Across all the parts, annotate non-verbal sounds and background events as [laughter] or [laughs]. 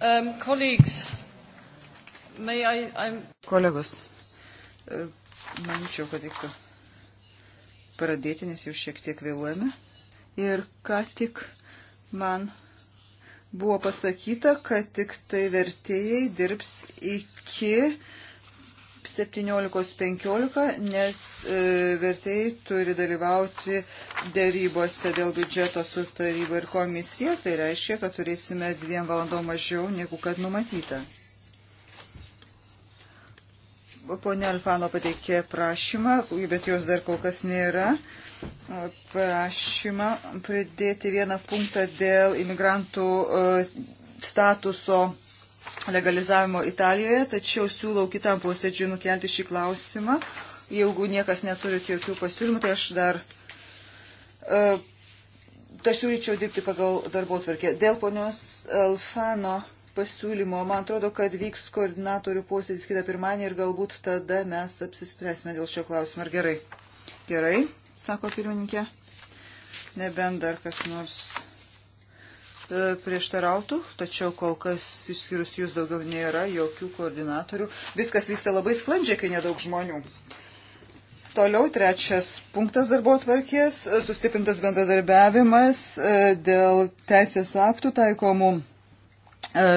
Um, colleagues, may I, I'm... Kolegos, e, manyčiau, kad reiktų pradėti, nes jau šiek tiek vėluojame. Ir ką tik man buvo pasakyta, kad tik tai vertėjai dirbs iki 17.15, nes e, vertėjai turi dalyvauti dėrybose dėl biudžeto su taryba ir komisija, tai reiškia, kad turėsime dviem valandom mažiau negu kad numatyta. Pone Alfano pateikė prašymą, bet jos dar kol kas nėra. Prašymą pridėti vieną punktą dėl imigrantų e, statuso legalizavimo Italijoje, tačiau siūlau kitam posėdžiui nukelti šį klausimą. Jeigu niekas neturit jokių pasiūlymų, tai aš dar uh, tai siūlyčiau dirbti pagal darbo tvarkę. Dėl ponios Alfano pasiūlymo, man atrodo, kad vyks koordinatorių posėdis kitą pirmanį ir galbūt tada mes apsispręsime dėl šio klausimo. Ar gerai? Gerai, sako pirmininkė. Nebent dar kas nors E, prieštarautų, tačiau kol kas išskyrus jūs daugiau nėra jokių koordinatorių. Viskas vyksta labai sklandžiai, kai nedaug žmonių. Toliau trečias punktas darbo atvarkės e, - sustiprintas bendradarbiavimas e, dėl teisės aktų taikomų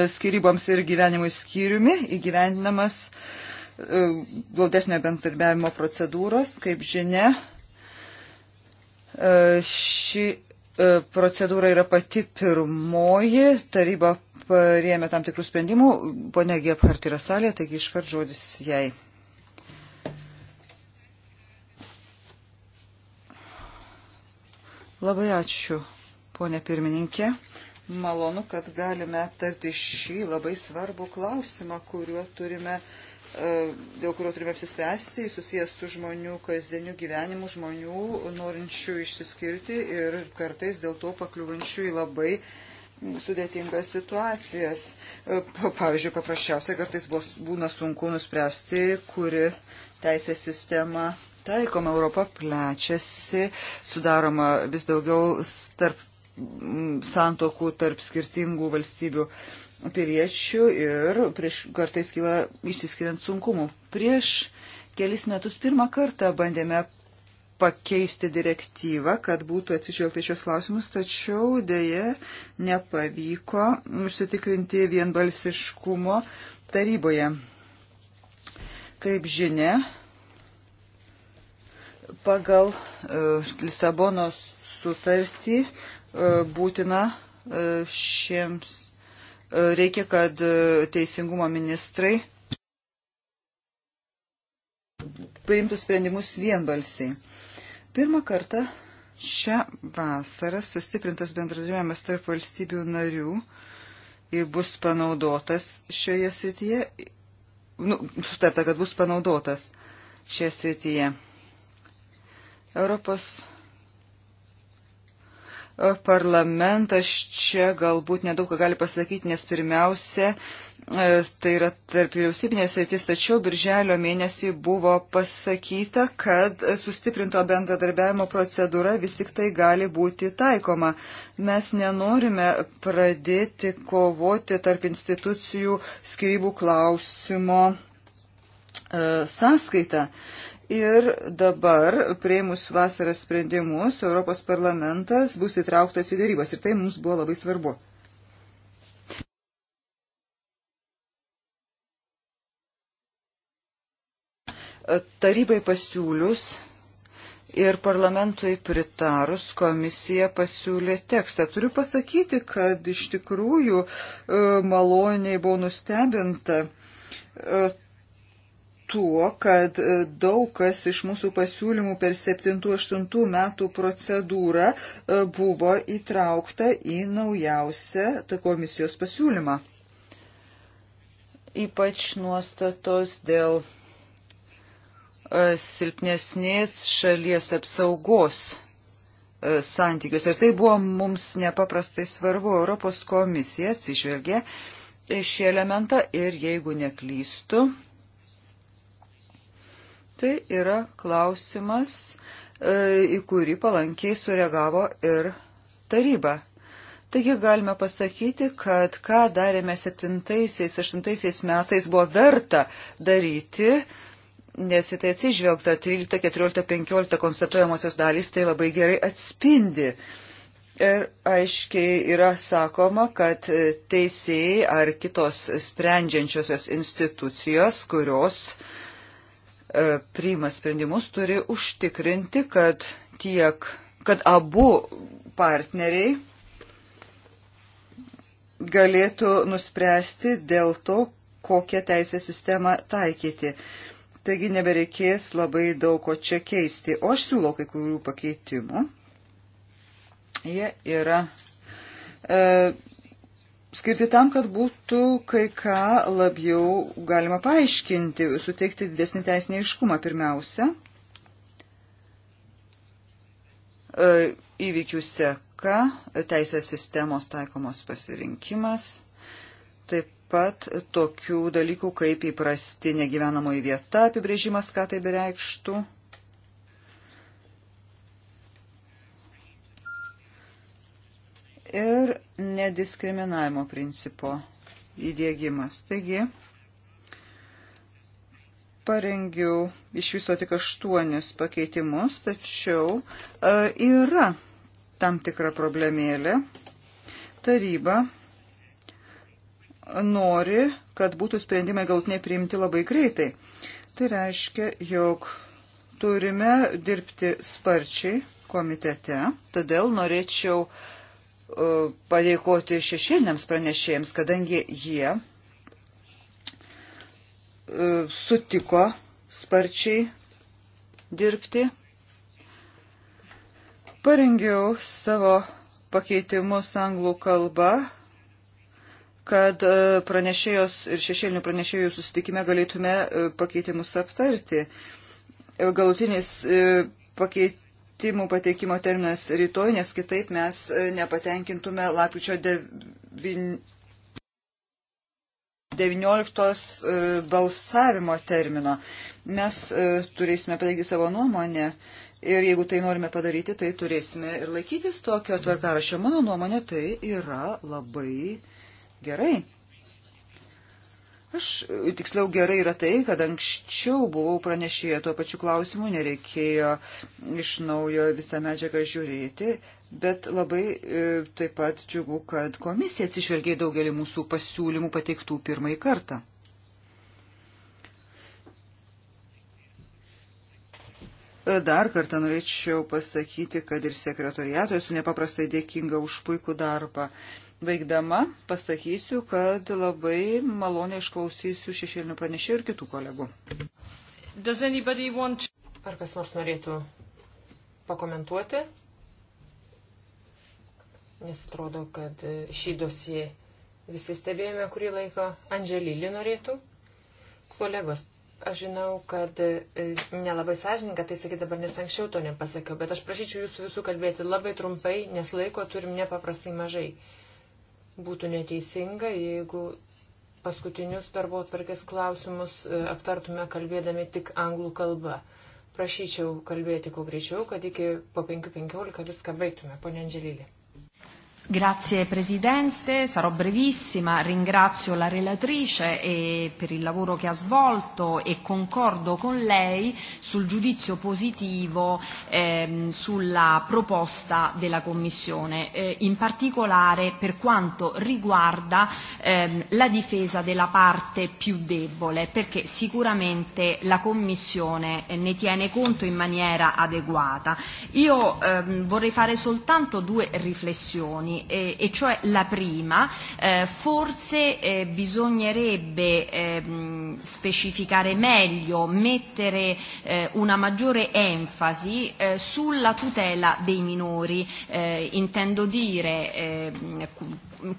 skiryboms ir gyvenimui skyriumi įgyvendinamas glaudesnio bendradarbiavimo procedūros. Kaip žinia, ši E, procedūra yra pati pirmoji, taryba parėmė tam tikrų sprendimų, ponia Gephardt yra salė, taigi iškart žodis jai. Labai ačiū, ponia pirmininkė. Malonu, kad galime aptarti šį labai svarbų klausimą, kuriuo turime uh, E, dėl kurio turime apsispręsti, susijęs su žmonių kasdieniu gyvenimu, žmonių norinčių išsiskirti ir kartais dėl to pakliuvančių į labai sudėtingas situacijas. E, pavyzdžiui, paprasčiausiai kartais būna sunku nuspręsti, kuri teisės sistema taikoma. Europa plečiasi, sudaroma vis daugiau tarp santokų tarp skirtingų valstybių piliečių ir prieš kartais kyla išsiskiriant sunkumų. Prieš kelis metus pirmą kartą bandėme pakeisti direktyvą, kad būtų atsižvelgta šios klausimus, tačiau dėje nepavyko užsitikrinti vienbalsiškumo taryboje. Kaip žinia, pagal uh, Lisabonos sutartį uh, būtina uh, šiems Reikia, kad e, teisingumo ministrai priimtų sprendimus vienbalsiai. Pirmą kartą šią vasarą sustiprintas bendradarbiavimas tarp valstybių narių bus panaudotas šioje srityje, nu, sutarta, kad bus panaudotas šioje srityje. Europos Parlamentas čia galbūt nedaug ką gali pasakyti, nes pirmiausia, e, tai yra tarp vyriausybinės rytis, tačiau birželio mėnesį buvo pasakyta, kad sustiprinto bendradarbiavimo procedūra vis tik tai gali būti taikoma. Mes nenorime pradėti kovoti tarp institucijų skirybų klausimo sąskaitą. E, Ir dabar, prieimus vasaras sprendimus, Europos parlamentas bus įtrauktas į dėrybas. Ir tai mums buvo labai svarbu. Tarybai pasiūlius ir parlamentui pritarus komisija pasiūlė tekstą. Turiu pasakyti, kad iš tikrųjų e, maloniai buvau nustebinta e, tuo, kad e, daug kas iš mūsų pasiūlymų per 7-8 metų procedūrą e, buvo įtraukta į naujausią komisijos pasiūlymą. Ypač nuostatos dėl e, silpnesnės šalies apsaugos santykius. Ir tai buvo mums nepaprastai svarbu. Europos komisija atsižvelgė šį elementą ir jeigu neklystų, Tai yra klausimas, e, į kurį palankiai sureagavo ir taryba. Taigi galime pasakyti, kad ką darėme 7-8 metais buvo verta daryti, nes į tai atsižvelgta 13, 14, 15 konstatuojamosios dalys tai labai gerai atspindi. Ir aiškiai yra sakoma, kad teisėjai ar kitos sprendžiančiosios institucijos, kurios uh, E, priima sprendimus, turi užtikrinti, kad, tiek, kad abu partneriai galėtų nuspręsti dėl to, kokią teisę sistemą taikyti. Taigi nebereikės labai daug ko čia keisti. O aš siūlau kai kurių pakeitimų. Jie yra e, skirti tam, kad būtų kai ką labiau galima paaiškinti, suteikti didesnį teisinį aiškumą pirmiausia. E, įvykių seka, teisės sistemos taikomos pasirinkimas, taip pat tokių dalykų kaip įprastinė gyvenamoji vieta apibrėžimas, ką tai bereikštų ir nediskriminavimo principo įdėgymas. Taigi, parengiau iš viso tik aštuonius pakeitimus, tačiau e, yra tam tikra problemėlė. Taryba nori, kad būtų sprendimai galtiniai priimti labai greitai. Tai reiškia, jog turime dirbti sparčiai komitete, todėl norėčiau uh, E, padėkoti šešėliniams pranešėjams, kadangi jie e, sutiko sparčiai dirbti. Parengiau savo pakeitimus anglų kalba, kad e, pranešėjos ir šešėlinių pranešėjų susitikime galėtume pakeitimus aptarti. Galutinis pakeitimas pakeitimų pateikimo terminas rytoj, nes kitaip mes e, nepatenkintume lapkričio 19 e, balsavimo termino. Mes e, turėsime pateikti savo nuomonę. Ir jeigu tai norime padaryti, tai turėsime ir laikytis tokio tvarkarašio. Mano nuomonė tai yra labai gerai. Aš tiksliau gerai yra tai, kad anksčiau buvau pranešėję tuo pačiu klausimu, nereikėjo iš naujo visą medžiagą žiūrėti, bet labai e, taip pat džiugu, kad komisija atsižvelgė daugelį mūsų pasiūlymų pateiktų pirmąjį kartą. E, dar kartą norėčiau pasakyti, kad ir sekretoriatoje esu nepaprastai dėkinga už puikų darbą. Baigdama pasakysiu, kad labai maloniai išklausysiu šešėlinių pranešėjų ir kitų kolegų. Want... Ar kas nors norėtų pakomentuoti? Nes atrodo, kad e, šį dosiją visi stebėjome kurį laiką. Andželylį norėtų. Kolegos, aš žinau, kad e, nelabai sąžininga, tai sakyt dabar, nes anksčiau to nepasakiau, bet aš prašyčiau jūsų visų kalbėti labai trumpai, nes laiko turim nepaprastai mažai. Būtų neteisinga, jeigu paskutinius darbo atvarkės klausimus e, aptartume kalbėdami tik anglų kalba. Prašyčiau kalbėti kuo greičiau, kad iki po 5.15 viską baigtume. Pone Andželylė. Grazie Presidente, sarò brevissima, ringrazio la relatrice e per il lavoro che ha svolto e concordo con lei sul giudizio positivo ehm, sulla proposta della Commissione, eh, in particolare per quanto riguarda ehm, la difesa della parte più debole, perché sicuramente la Commissione eh, ne tiene conto in maniera adeguata. Io ehm, vorrei fare soltanto due riflessioni questioni eh, e cioè la prima, eh, forse eh, bisognerebbe eh, specificare meglio, mettere eh, una maggiore enfasi eh, sulla tutela dei minori, eh, intendo dire eh,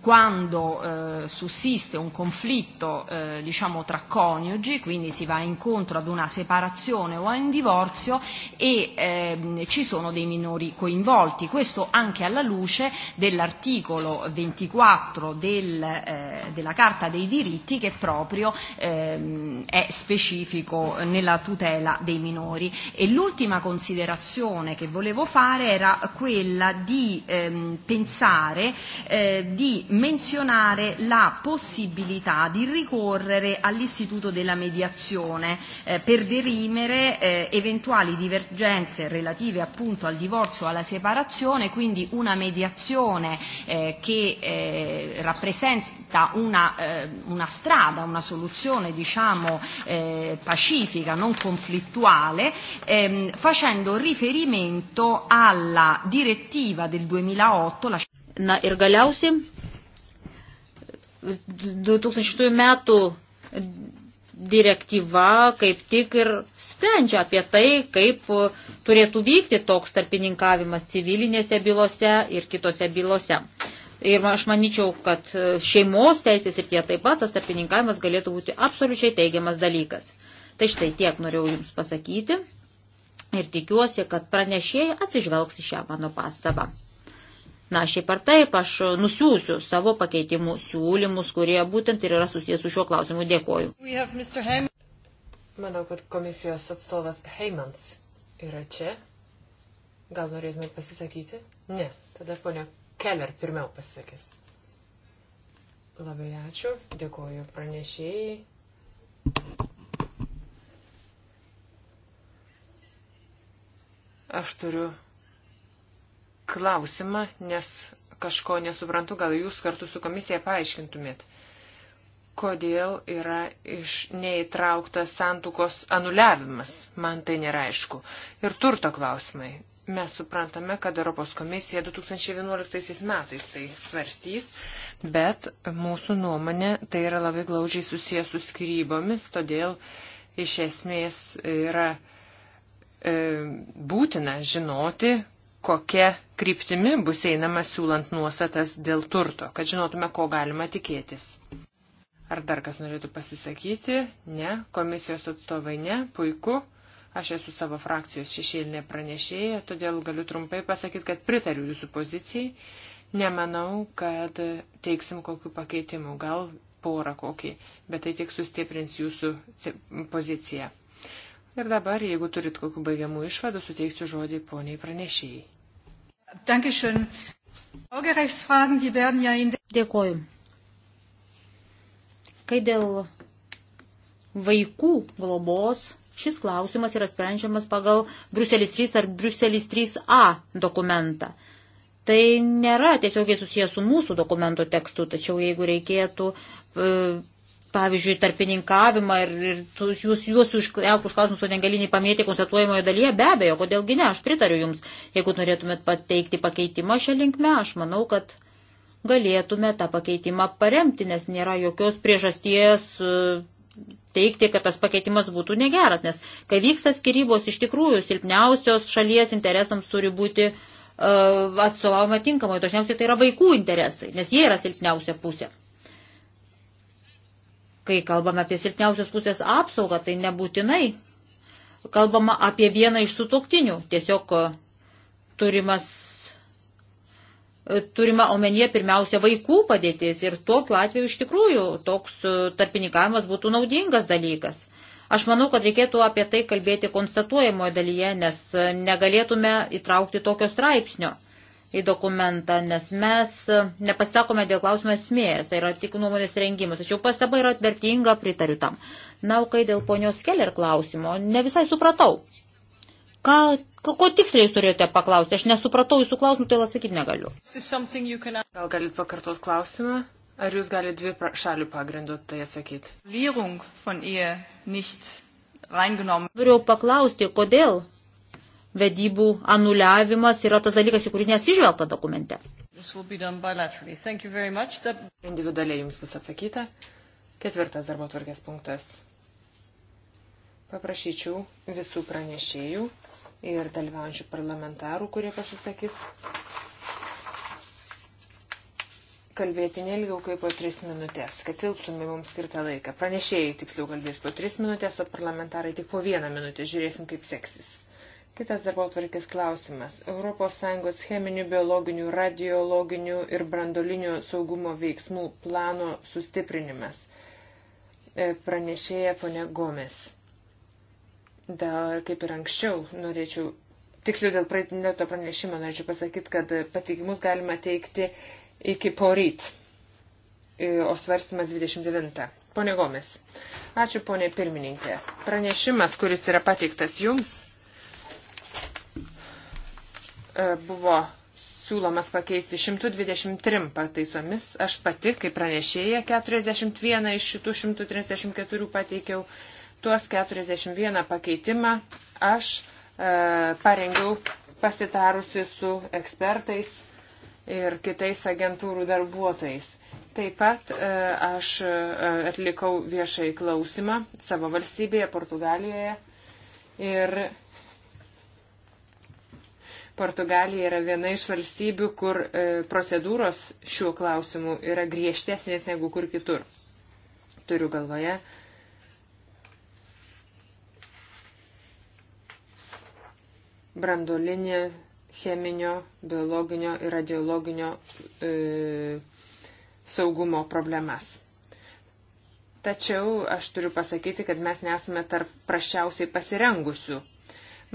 quando eh, sussiste un conflitto eh, diciamo, tra coniugi, quindi si va incontro ad una separazione o a un divorzio e eh, ci sono dei minori coinvolti. Questo anche alla luce dell'articolo 24 del, eh, della Carta dei diritti che proprio eh, è specifico nella tutela dei minori. E l'ultima considerazione che volevo fare era quella di ehm, pensare eh, di di menzionare la possibilità di ricorrere all'istituto della mediazione eh, per derimere eh, eventuali divergenze relative appunto al divorzio o alla separazione, quindi una mediazione eh, che eh, rappresenta una, eh, una strada, una soluzione diciamo eh, pacifica, non conflittuale, ehm, facendo riferimento alla direttiva del 2008 la Na ir galiausiai 2000 metų direktyva kaip tik ir sprendžia apie tai, kaip turėtų vykti toks tarpininkavimas civilinėse bylose ir kitose bylose. Ir aš manyčiau, kad šeimos teisės ir tie taip pat tas tarpininkavimas galėtų būti absoliučiai teigiamas dalykas. Tai štai tiek norėjau Jums pasakyti ir tikiuosi, kad pranešėjai atsižvelgs į šią mano pastabą. Na, šiaip ar taip, aš nusiųsiu savo pakeitimų siūlymus, kurie būtent ir yra susijęs su šiuo klausimu. Dėkoju. Manau, kad komisijos atstovas Heimans yra čia. Gal norėtumėt pasisakyti? Ne. Tada ponia Keller pirmiau pasisakys. Labai ačiū. Dėkoju pranešėjai. Aš turiu klausimą, nes kažko nesuprantu, gal jūs kartu su komisija paaiškintumėt, kodėl yra iš neįtrauktas santukos anuliavimas, man tai nėra aišku. Ir turto klausimai. Mes suprantame, kad Europos komisija 2011 metais tai svarstys, bet mūsų nuomonė tai yra labai glaudžiai susijęs su skrybomis, todėl iš esmės yra e, būtina žinoti, kokia kryptimi bus einama siūlant nuostatas dėl turto, kad žinotume, ko galima tikėtis. Ar dar kas norėtų pasisakyti? Ne, komisijos atstovai ne, puiku. Aš esu savo frakcijos šešėlinė pranešėja, todėl galiu trumpai pasakyti, kad pritariu jūsų pozicijai. Nemanau, kad teiksim kokiu pakeitimu, gal porą kokį, bet tai tik sustiprins jūsų poziciją. Ir dabar, jeigu turit kokiu baigiamų išvadų, suteiksiu žodį poniai pranešėjai. Dėkoju. Kai dėl vaikų globos šis klausimas yra sprendžiamas pagal Bruselis 3 ar Bruselis 3a dokumentą. Tai nėra tiesiogiai susijęs su mūsų dokumento tekstu, tačiau jeigu reikėtų e, pavyzdžiui, tarpininkavimą ir, ir jūs, jūs užkeltus klausimus, o negalinį pamėtį konstatuojamoje dalyje, be abejo, kodėlgi ne, aš pritariu jums. Jeigu norėtumėt pateikti pakeitimą šią linkmę, aš manau, kad galėtume tą pakeitimą paremti, nes nėra jokios priežasties e, teikti, kad tas pakeitimas būtų negeras, nes kai vyksta skirybos, iš tikrųjų silpniausios šalies interesams turi būti uh, atstovaujama tinkamai, dažniausiai tai yra vaikų interesai, nes jie yra silpniausia pusė. Kai kalbame apie silpniausios pusės apsaugą, tai nebūtinai kalbama apie vieną iš sutoktinių. Tiesiog e, turimas, e, turima omenyje pirmiausia vaikų padėtis ir tokiu atveju iš tikrųjų toks e, tarpininkavimas būtų naudingas dalykas. Aš manau, kad reikėtų apie tai kalbėti konstatuojamoje dalyje, nes negalėtume įtraukti tokio straipsnio į dokumentą, nes mes nepasakome dėl klausimo esmės, tai yra tik nuomonės rengimas. Tačiau pasaba yra vertinga, pritariu tam. Na, o kai dėl ponios Keller klausimo, ne visai supratau. Ką, ko, ko tiksliai turėjote paklausti? Aš nesupratau jūsų klausimų, tai atsakyti negaliu. Can... Gal galit pakartot klausimą? Ar jūs galite dvi šalių pagrindų tai atsakyti? Norėjau paklausti, kodėl vedybų anuliavimas yra tas dalykas, į kurį nesižvelgta dokumente. The... Individualiai jums bus atsakyta. Ketvirtas darbo tvarkės punktas. Paprašyčiau visų pranešėjų ir dalyvaujančių parlamentarų, kurie pasisakys, kalbėti nelgiau kaip po tris minutės, kad tilptume mums skirtą laiką. Pranešėjai tiksliau kalbės po tris minutės, o parlamentarai tik po vieną minutę. Žiūrėsim, kaip seksis. Kitas darbo tvarkės klausimas. ES cheminių, biologinių, radiologinių ir brandolinių saugumo veiksmų plano sustiprinimas. E, pranešėja ponė Gomes. Dar kaip ir anksčiau, norėčiau, tiksliau dėl praeitinėto pranešimo, norėčiau pasakyti, kad pateikimus galima teikti iki poryt, e, o svarstymas 29. Pone Gomes, ačiū ponė pirmininkė. Pranešimas, kuris yra pateiktas jums E, buvo siūlomas pakeisti 123 pataisomis. Aš pati, kaip pranešėja, 41 iš šitų 134 pateikiau. Tuos 41 pakeitimą aš e, parengiau pasitarusi su ekspertais ir kitais agentūrų darbuotojais. Taip pat e, aš e, atlikau viešai klausimą savo valstybėje, Portugalijoje. Ir Portugalija yra viena iš valstybių, kur e, procedūros šiuo klausimu yra griežtesnės negu kur kitur. Turiu galvoje. Brandolinė cheminio, biologinio ir radiologinio e, saugumo problemas. Tačiau aš turiu pasakyti, kad mes nesame tarp prašiausiai pasirengusių.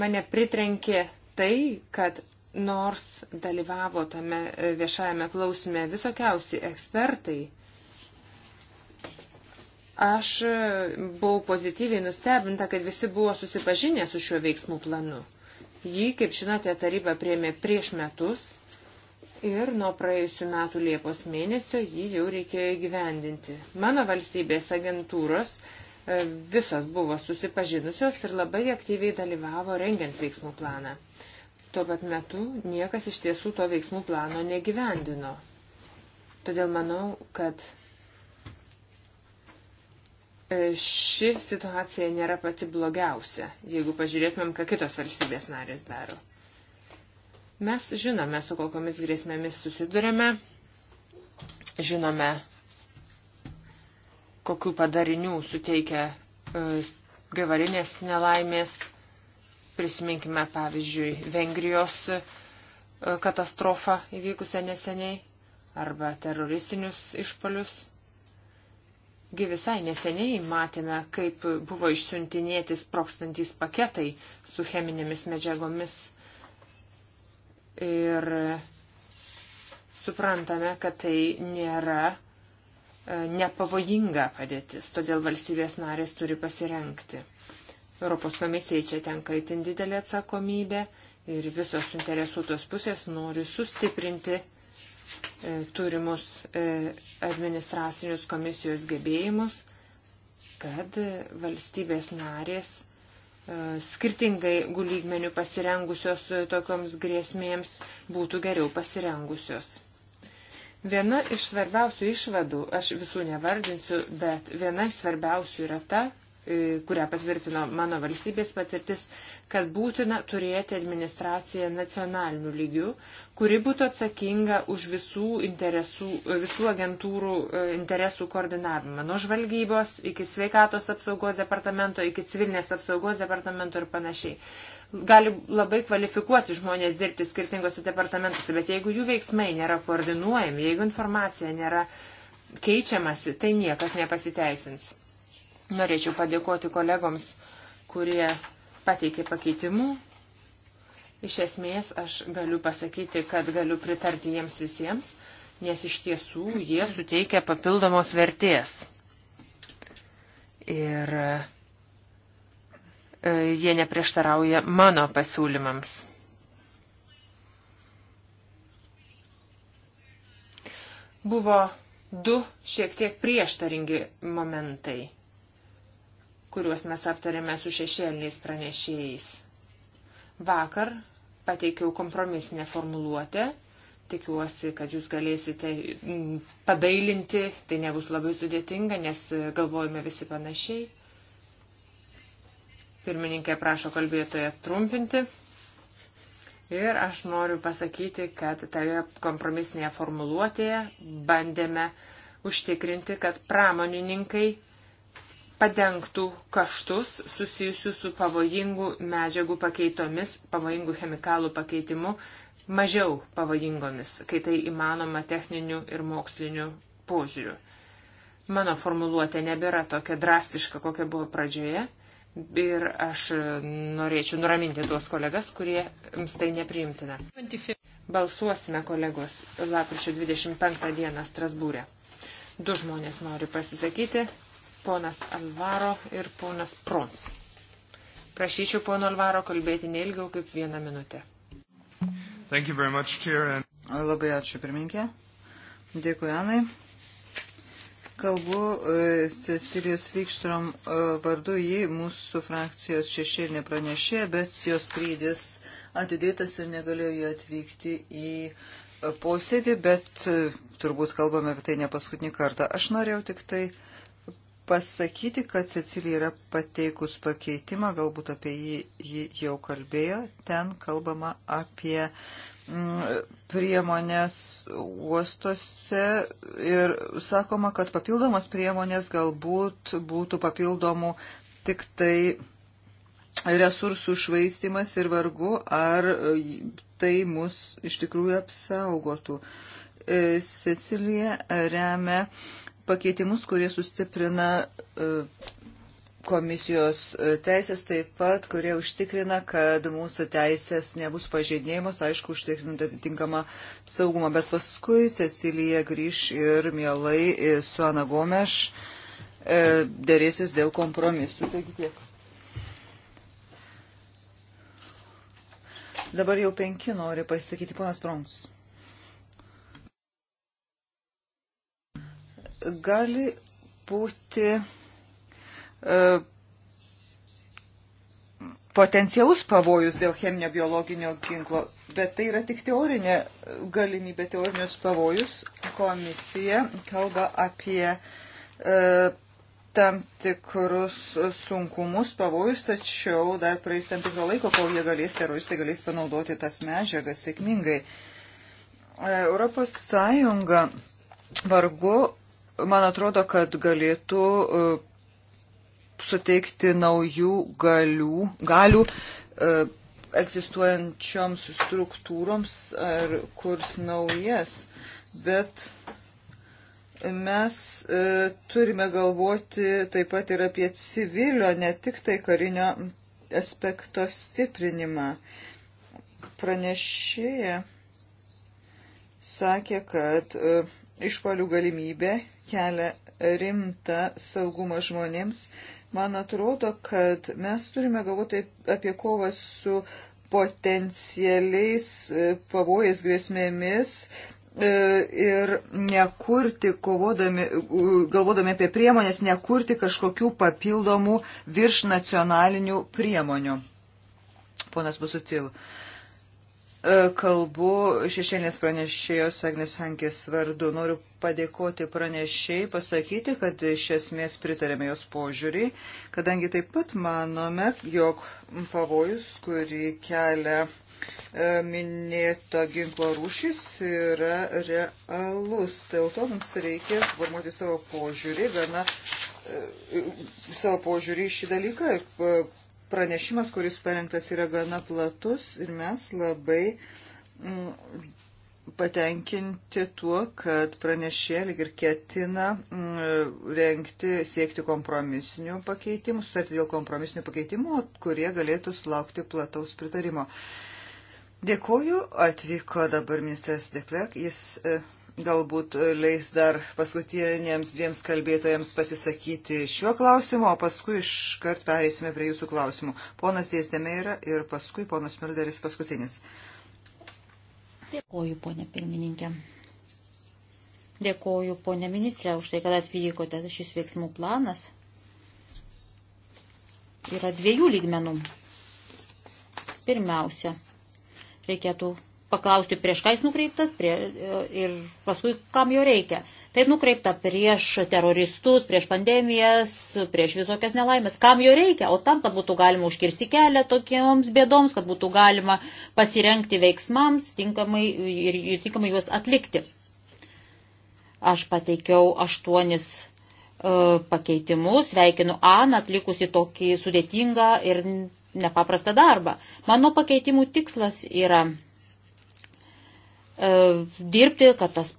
Mane pritrenkė tai, kad nors dalyvavo tame viešajame klausime visokiausi ekspertai, aš buvau pozityviai nustebinta, kad visi buvo susipažinę su šiuo veiksmų planu. Jį, kaip žinote, taryba priemė prieš metus ir nuo praėjusių metų Liepos mėnesio jį jau reikėjo įgyvendinti. Mano valstybės agentūros E, visos buvo susipažinusios ir labai aktyviai dalyvavo rengiant veiksmų planą. Tuo pat metu niekas iš tiesų to veiksmų plano negyvendino. Todėl manau, kad e, ši situacija nėra pati blogiausia, jeigu pažiūrėtumėm, ką kitos valstybės narės daro. Mes žinome, su kokiamis grėsmėmis susidurėme, žinome, kokiu padarinių suteikia e, gavarinės nelaimės. Prisiminkime, pavyzdžiui, Vengrijos e, katastrofą įvykusią neseniai arba teroristinius išpolius. Gi visai neseniai matėme, kaip buvo išsiuntinėti sprokstantys paketai su cheminėmis medžiagomis. Ir suprantame, kad tai nėra uh, E, nepavojinga padėtis, todėl valstybės narės turi pasirenkti. Europos komisijai čia tenka itin didelė atsakomybė ir visos interesuotos pusės nori sustiprinti e, turimus e, administracinius komisijos gebėjimus, kad valstybės narės skirtingai gulygmenių pasirengusios tokioms grėsmėms būtų geriau pasirengusios. Viena iš svarbiausių išvadų, aš visų nevardinsiu, bet viena iš svarbiausių yra ta, E, kurią patvirtino mano valstybės patirtis, kad būtina turėti administraciją nacionaliniu lygiu, kuri būtų atsakinga už visų, interesų, visų agentūrų e, interesų koordinavimą, nuo žvalgybos iki sveikatos apsaugos departamento, iki civilinės apsaugos departamento ir panašiai. Gali labai kvalifikuoti žmonės dirbti skirtingose departamentuose, bet jeigu jų veiksmai nėra koordinuojami, jeigu informacija nėra keičiamasi, tai niekas nepasiteisins. Norėčiau padėkoti kolegoms, kurie pateikė pakeitimų. Iš esmės aš galiu pasakyti, kad galiu pritarti jiems visiems, nes iš tiesų jie suteikia papildomos vertės. Ir e, jie neprieštarauja mano pasiūlymams. Buvo du šiek tiek prieštaringi momentai kuriuos mes aptarėme su šešėliniais pranešėjais. Vakar pateikiau kompromisinę formuluotę. Tikiuosi, kad jūs galėsite mm, padailinti, tai nebus labai sudėtinga, nes galvojame visi panašiai. Pirmininkė prašo kalbėtoje trumpinti. Ir aš noriu pasakyti, kad toje kompromisinėje formuluotėje bandėme užtikrinti, kad pramonininkai padengtų kaštus susijusius su pavojingų medžiagų pakeitomis, pavojingų chemikalų pakeitimu mažiau pavojingomis, kai tai įmanoma techniniu ir moksliniu požiūriu. Mano formuluotė nebėra tokia drastiška, kokia buvo pradžioje. Ir aš norėčiau nuraminti tuos kolegas, kurie jums tai nepriimtina. Balsuosime, kolegos, lapkričio 25 dieną Strasbūrė. Du žmonės nori pasisakyti ponas Alvaro ir ponas Prons. Prašyčiau pono Alvaro kalbėti neilgiau kaip vieną minutę. Much, Chair, and... Labai ačiū, pirminkė. Dėkui, Anai. Kalbu e, Cecilijos Vykštrom e, vardu, ji mūsų frakcijos šešėlinė pranešė, bet jos skrydis atidėtas ir negalėjo jį atvykti į e, posėdį, bet turbūt kalbame apie tai ne paskutinį kartą. Aš norėjau tik tai pasakyti, kad Cecilija yra pateikus pakeitimą, galbūt apie jį, jį jau kalbėjo, ten kalbama apie mm, priemonės uostuose ir sakoma, kad papildomas priemonės galbūt būtų papildomų tik tai resursų švaistimas ir vargu, ar tai mus iš tikrųjų apsaugotų. E, Cecilija remia uh, pakeitimus, kurie sustiprina e, komisijos e, teisės taip pat, kurie užtikrina, kad mūsų teisės nebus pažeidinėjimas, aišku, užtikrinant atitinkamą saugumą. Bet paskui Cecilija grįž ir mielai e, su Ana Gomeš dėrėsis dėl kompromisų. Taigi tiek. Dabar jau penki nori pasisakyti, ponas Prongs. gali būti e, potencialus pavojus dėl cheminio biologinio ginklo, bet tai yra tik teorinė galimybė, teorinius pavojus. Komisija kalba apie e, tam tikrus sunkumus, pavojus, tačiau dar praeis tam tikro laiko, kol jie galės, teroristai galės panaudoti tas medžiagas sėkmingai. E, Europos Sąjunga vargu man atrodo, kad galėtų e, suteikti naujų galių, galių e, egzistuojančioms struktūroms ar kurs naujas, bet mes e, turime galvoti taip pat ir apie civilio, ne tik tai karinio aspekto stiprinimą. Pranešėja sakė, kad išpalių galimybė kelia rimtą saugumą žmonėms. Man atrodo, kad mes turime galvoti apie kovą su potencialiais e, pavojais grėsmėmis e, ir nekurti, kovodami, galvodami apie priemonės, nekurti kažkokių papildomų virš nacionalinių priemonių. Ponas Busutil, e, kalbu šešėlės pranešėjos Agnes Hankės vardu. Noriu padėkoti pranešiai, pasakyti, kad iš esmės pritarėme jos požiūrį, kadangi taip pat manome, jog pavojus, kurį kelia e, minėta ginklo rūšis yra realus. Dėl to mums reikia formuoti savo požiūrį, gana e, savo požiūrį į šį dalyką. E, pranešimas, kuris parengtas, yra gana platus ir mes labai mm, patenkinti tuo, kad pranešė lyg ir ketina mm, rengti, siekti kompromisinių pakeitimų, susitarti dėl kompromisinių pakeitimų, kurie galėtų sulaukti plataus pritarimo. Dėkoju, atvyko dabar ministras Deklerk, jis e, galbūt leis dar paskutiniams dviems kalbėtojams pasisakyti šiuo klausimu, o paskui iškart pereisime prie jūsų klausimų. Ponas Dėstėme yra ir paskui ponas Milderis paskutinis. Dėkoju, ponė pirmininkė. Dėkoju, ponė ministrė, už tai, kad atvykote. Šis veiksmų planas yra dviejų lygmenų. Pirmiausia, reikėtų paklausti, prieš ką jis nukreiptas prie, e, ir paskui, kam jo reikia. Tai nukreipta prieš teroristus, prieš pandemijas, prieš visokias nelaimės. Kam jo reikia? O tam, kad būtų galima užkirsti kelią tokiems bėdoms, kad būtų galima pasirenkti veiksmams tinkamai ir, ir tinkamai juos atlikti. Aš pateikiau aštuonis uh, pakeitimus, sveikinu Aną atlikusi tokį sudėtingą ir nepaprastą darbą. Mano pakeitimų tikslas yra E, dirbti, kad tas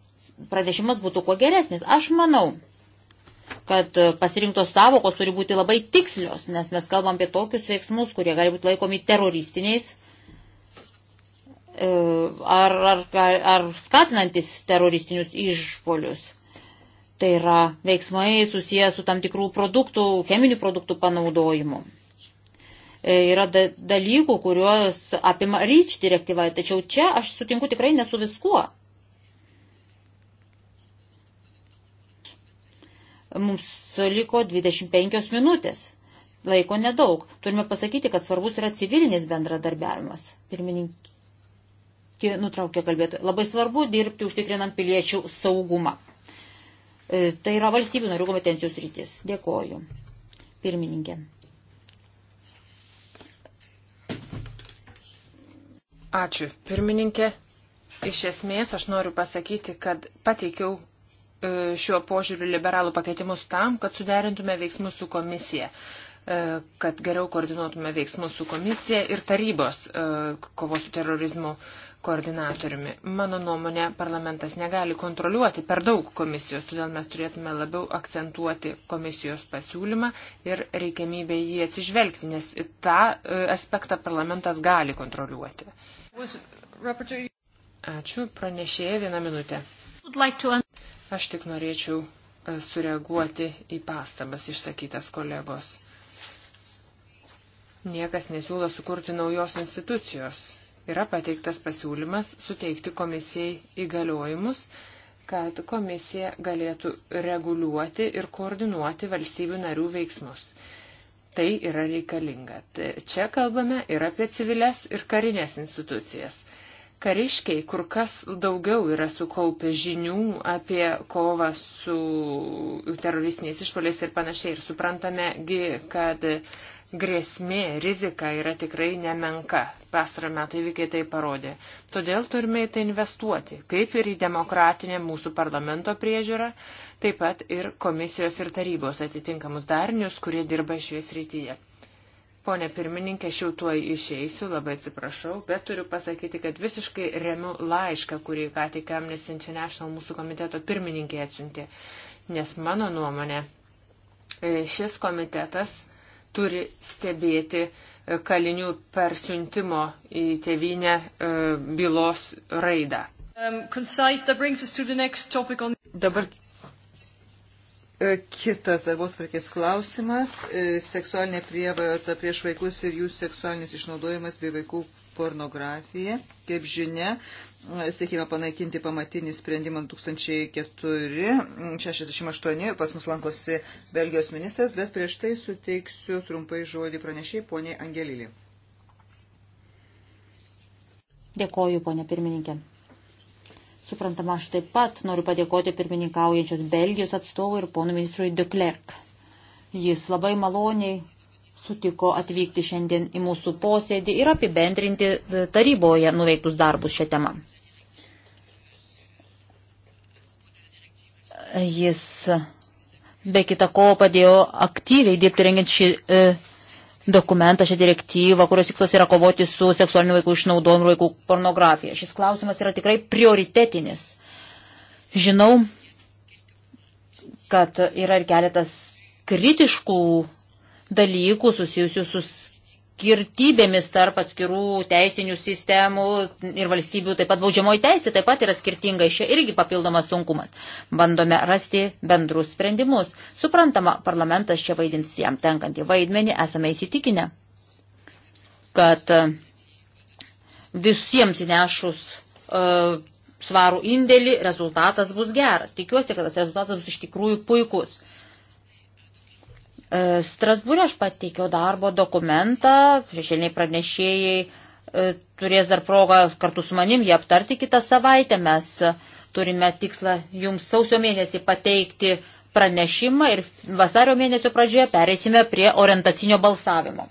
pranešimas būtų kuo geresnis. Aš manau, kad e, pasirinktos savokos turi būti labai tikslios, nes mes kalbam apie tokius veiksmus, kurie gali būti laikomi teroristiniais e, ar, ar, ar skatinantis teroristinius išpolius. Tai yra veiksmai susiję su tam tikrų produktų, cheminių produktų panaudojimu. E, yra dalykų, kuriuos apima ryč direktyva, tačiau čia aš sutinku tikrai nesu viskuo. Mums liko 25 minutės. Laiko nedaug. Turime pasakyti, kad svarbus yra civilinis bendradarbiavimas. Pirmininkė nutraukė kalbėti. Labai svarbu dirbti užtikrinant piliečių saugumą. E, tai yra valstybių narių kompetencijos rytis. Dėkoju. Pirmininkė. Ačiū, pirmininkė. Iš esmės aš noriu pasakyti, kad pateikiau e, šiuo požiūriu liberalų pakeitimus tam, kad suderintume veiksmus su komisija e, kad geriau koordinuotume veiksmus su komisija ir tarybos e, kovos su terorizmu koordinatoriumi. Mano nuomonė, parlamentas negali kontroliuoti per daug komisijos, todėl mes turėtume labiau akcentuoti komisijos pasiūlymą ir reikiamybę jį atsižvelgti, nes tą aspektą parlamentas gali kontroliuoti. Ačiū, pranešėja vieną minutę. Aš tik norėčiau e, sureaguoti į pastabas išsakytas kolegos. Niekas nesiūlo sukurti naujos institucijos. Yra pateiktas pasiūlymas suteikti komisijai įgaliojimus, kad komisija galėtų reguliuoti ir koordinuoti valstybių narių veiksmus. Tai yra reikalinga. Čia kalbame ir apie civilės ir karinės institucijas. Kariškiai kur kas daugiau yra sukaupę žinių apie kovą su teroristiniais išpoliais ir panašiai. Ir suprantamegi, kad grėsmė, rizika yra tikrai nemenka. Pastarą metą įvykiai tai parodė. Todėl turime į tai investuoti, kaip ir į demokratinę mūsų parlamento priežiūrą, taip pat ir komisijos ir tarybos atitinkamus darinius, kurie dirba šioje srityje. Pone pirmininkė, aš jau tuo išeisiu, labai atsiprašau, bet turiu pasakyti, kad visiškai remiu laišką, kurį ką tik Amnesty International mūsų komiteto pirmininkė atsiuntė, nes mano nuomonė e, šis komitetas turi stebėti e, kalinių persiuntimo į tevinę e, bylos raidą. Um, concise, on... Dabar e, kitas darbo tvarkės klausimas - seksualinė prievarta prieš vaikus ir jų seksualinis išnaudojimas bei vaikų pornografija. Kaip žinia, siekime panaikinti pamatinį sprendimą 2004-68, pas mus lankosi Belgijos ministras, bet prieš tai suteiksiu trumpai žodį pranešiai poniai Angelilį. Dėkoju, ponė pirmininkė. Suprantama, aš taip pat noriu padėkoti pirmininkaujančios Belgijos atstovui ir ponų ministrui Duklerk. Jis labai maloniai sutiko atvykti šiandien į mūsų posėdį ir apibendrinti taryboje nuveiktus darbus šią temą. Jis be kita ko padėjo aktyviai dirbti rengiant šį e, dokumentą, šią direktyvą, kurios tikslas yra kovoti su seksualiniu vaikų išnaudojimu, vaikų pornografija. Šis klausimas yra tikrai prioritetinis. Žinau, kad yra ir keletas kritiškų dalykų susijusių su skirtybėmis tarp atskirų teisinių sistemų ir valstybių, taip pat baudžiamoji teisė taip pat yra skirtinga, iš čia irgi papildomas sunkumas. Bandome rasti bendrus sprendimus. Suprantama, parlamentas čia vaidins jam tenkantį vaidmenį, esame įsitikinę, kad e, visiems įnešus uh, svarų indėlį rezultatas bus geras. Tikiuosi, kad tas rezultatas bus iš tikrųjų puikus. E, Strasbūrė aš pateikiau darbo dokumentą, šešėliniai pranešėjai e, turės dar progą kartu su manim jį aptarti kitą savaitę. Mes turime tikslą jums sausio mėnesį pateikti pranešimą ir vasario mėnesio pradžioje pereisime prie orientacinio balsavimo.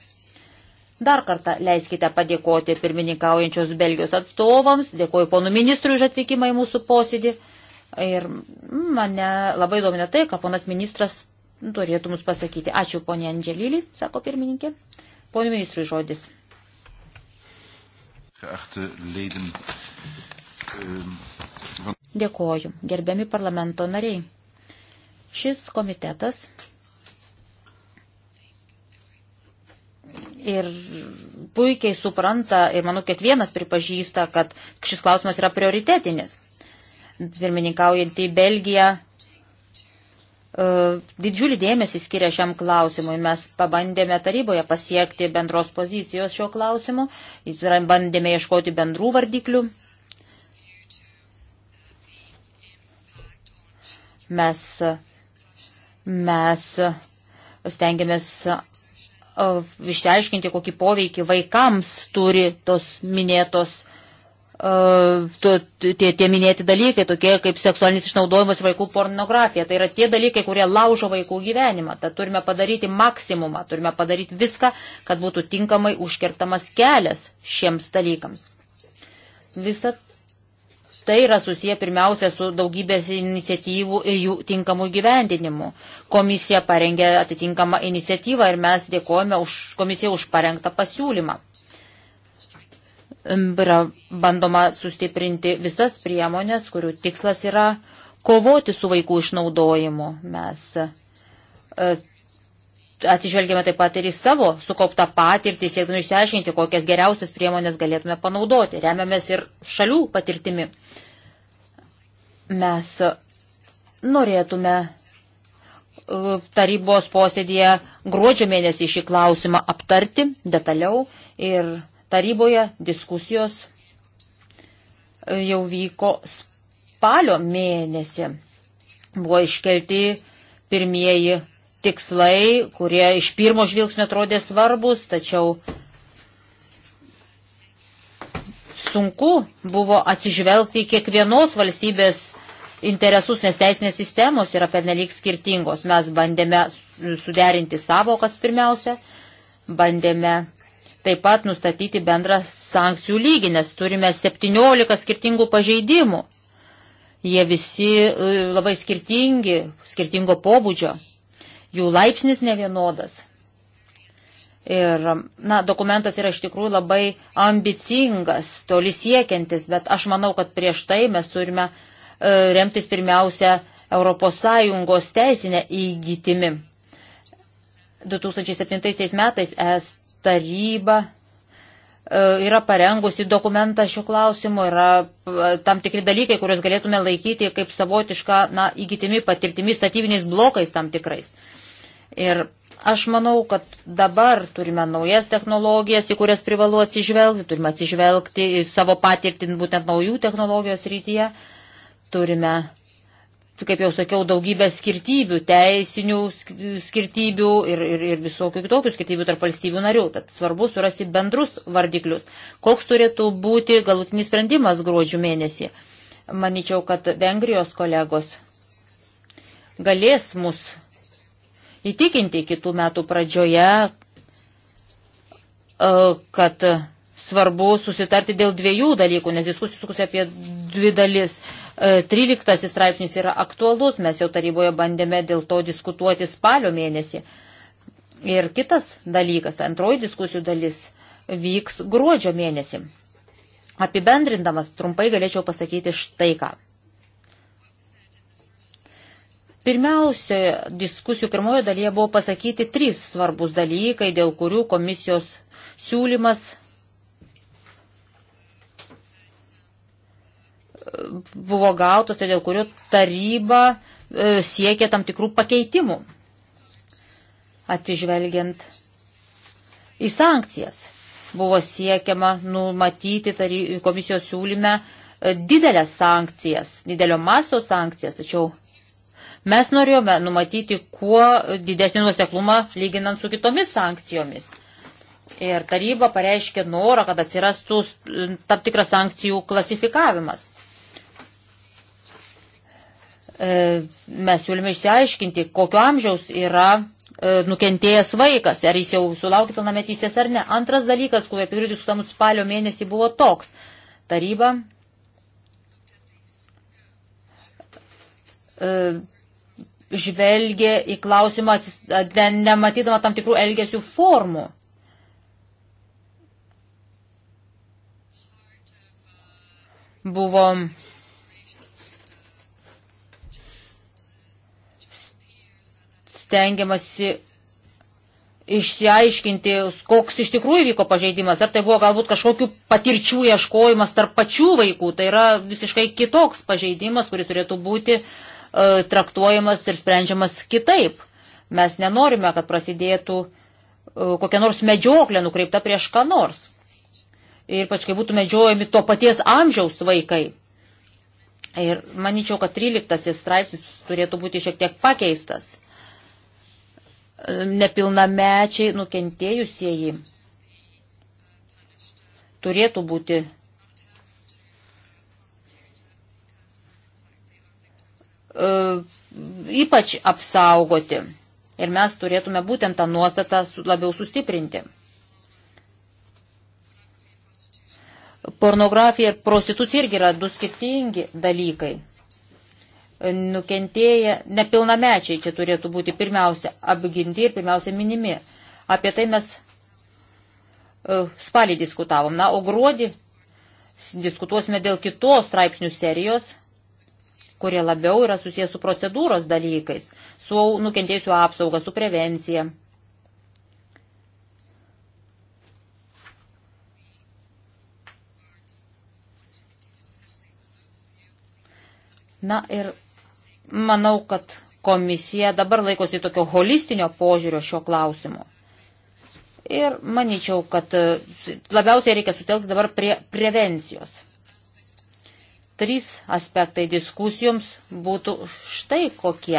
Dar kartą leiskite padėkoti pirmininkaujančios Belgijos atstovams, dėkoju ponų ministrui už atvykimą į mūsų posėdį. Ir mane labai domina tai, ką ponas ministras turėtų mums pasakyti. Ačiū ponė Andželylį, sako pirmininkė. Pone ministrui žodis. Ehm, Dėkoju, gerbiami parlamento nariai. Šis komitetas ir puikiai supranta, ir manau, kiekvienas pripažįsta, kad šis klausimas yra prioritetinis. Pirmininkaujantį Belgiją E, didžiulį dėmesį skiria šiam klausimui. Mes pabandėme taryboje pasiekti bendros pozicijos šio klausimu, bandėme ieškoti bendrų vardiklių. Mes, mes stengiamės e, išsiaiškinti, kokį poveikį vaikams turi tos minėtos to, tie, tie minėti dalykai, tokie kaip seksualinis išnaudojimas ir vaikų pornografija. Tai yra tie dalykai, kurie laužo vaikų gyvenimą. Tad turime padaryti maksimumą, turime padaryti viską, kad būtų tinkamai užkirtamas kelias šiems dalykams. Visa tai yra susiję pirmiausia su daugybės iniciatyvų ir jų tinkamų gyvendinimu. Komisija parengė atitinkamą iniciatyvą ir mes dėkojame už komisiją už parengtą pasiūlymą yra bandoma sustiprinti visas priemonės, kurių tikslas yra kovoti su vaikų išnaudojimu. Mes e, atsižvelgėme taip pat ir į savo sukauptą patirtį, siekdami išsiaiškinti, kokias geriausias priemonės galėtume panaudoti. Remiamės ir šalių patirtimi. Mes norėtume e, tarybos posėdėje gruodžio mėnesį šį klausimą aptarti detaliau ir Taryboje diskusijos e, jau vyko spalio mėnesį. Buvo iškelti pirmieji tikslai, kurie iš pirmo žvilgsnio atrodė svarbus, tačiau sunku buvo atsižvelgti į kiekvienos valstybės interesus, nes teisinės sistemos yra pernelyg skirtingos. Mes bandėme suderinti savokas pirmiausia, bandėme taip pat nustatyti bendrą sankcijų lygį, nes turime 17 skirtingų pažeidimų. Jie visi e, labai skirtingi, skirtingo pobūdžio. Jų laipsnis nevienodas. Ir, na, dokumentas yra iš tikrųjų labai ambicingas, toli siekiantis, bet aš manau, kad prieš tai mes turime e, remtis pirmiausia ES teisinę įgytimi. 2007 metais es taryba e, yra parengusi dokumentą šiuo klausimu, yra e, tam tikri dalykai, kuriuos galėtume laikyti kaip savotišką, na, įgytimi patirtimi statybiniais blokais tam tikrais. Ir aš manau, kad dabar turime naujas technologijas, į kurias privalu atsižvelgti, turime atsižvelgti į savo patirtį būtent naujų technologijos rytyje, turime Tai kaip jau sakiau, daugybę skirtybių, teisinių skirtybių ir, ir, ir visokių kitokių skirtybių tarp valstybių narių. Tad svarbu surasti bendrus vardiklius. Koks turėtų būti galutinis sprendimas gruodžio mėnesį? Maničiau, kad Vengrijos kolegos galės mus įtikinti kitų metų pradžioje, e, kad svarbu susitarti dėl dviejų dalykų, nes diskusijos apie dvi dalis 13 straipsnis yra aktualus, mes jau taryboje bandėme dėl to diskutuoti spalio mėnesį. Ir kitas dalykas, antroji diskusijų dalis, vyks gruodžio mėnesį. Apibendrindamas trumpai galėčiau pasakyti štai ką. Pirmiausia, diskusijų pirmojo dalyje buvo pasakyti trys svarbus dalykai, dėl kurių komisijos siūlymas buvo gautos ir tai dėl kurių taryba e, siekia tam tikrų pakeitimų, atsižvelgiant į sankcijas. Buvo siekiama numatyti komisijos siūlyme e, didelės sankcijas, didelio maso sankcijas, tačiau mes norėjome numatyti kuo didesnį nuoseklumą lyginant su kitomis sankcijomis. Ir taryba pareiškė norą, kad atsirastų tam tikras sankcijų klasifikavimas. E, mes siūlėme išsiaiškinti, kokio amžiaus yra e, nukentėjęs vaikas, ar jis jau sulaukė pilnametystės ar ne. Antras dalykas, kurį apie kurį diskutavom spalio mėnesį, buvo toks. Taryba e, žvelgė į klausimą, nematydama tam tikrų elgesių formų. Buvo stengiamasi išsiaiškinti, koks iš tikrųjų vyko pažeidimas, ar tai buvo galbūt kažkokių patirčių ieškojimas tarp pačių vaikų, tai yra visiškai kitoks pažeidimas, kuris turėtų būti e, traktuojamas ir sprendžiamas kitaip. Mes nenorime, kad prasidėtų e, kokia nors medžioklė nukreipta prieš ką nors. Ir pač kai būtų medžiojami to paties amžiaus vaikai. Ir manyčiau, kad 13 straipsnis turėtų būti šiek tiek pakeistas nepilnamečiai nukentėjusieji turėtų būti e, ypač apsaugoti. Ir mes turėtume būtent tą nuostatą labiau sustiprinti. Pornografija ir prostitucija irgi yra du skirtingi dalykai nukentėję nepilnamečiai čia turėtų būti pirmiausia apginti ir pirmiausia minimi. Apie tai mes e, spalį diskutavom. Na, o gruodį diskutuosime dėl kitos straipsnių serijos, kurie labiau yra susijęs su procedūros dalykais, su nukentėjusiu apsauga, su prevencija. Na ir Manau, kad komisija dabar laikosi tokio holistinio požiūrio šio klausimu. Ir manyčiau, kad e, labiausiai reikia sutelkti dabar prie prevencijos. Trys aspektai diskusijoms būtų štai kokie.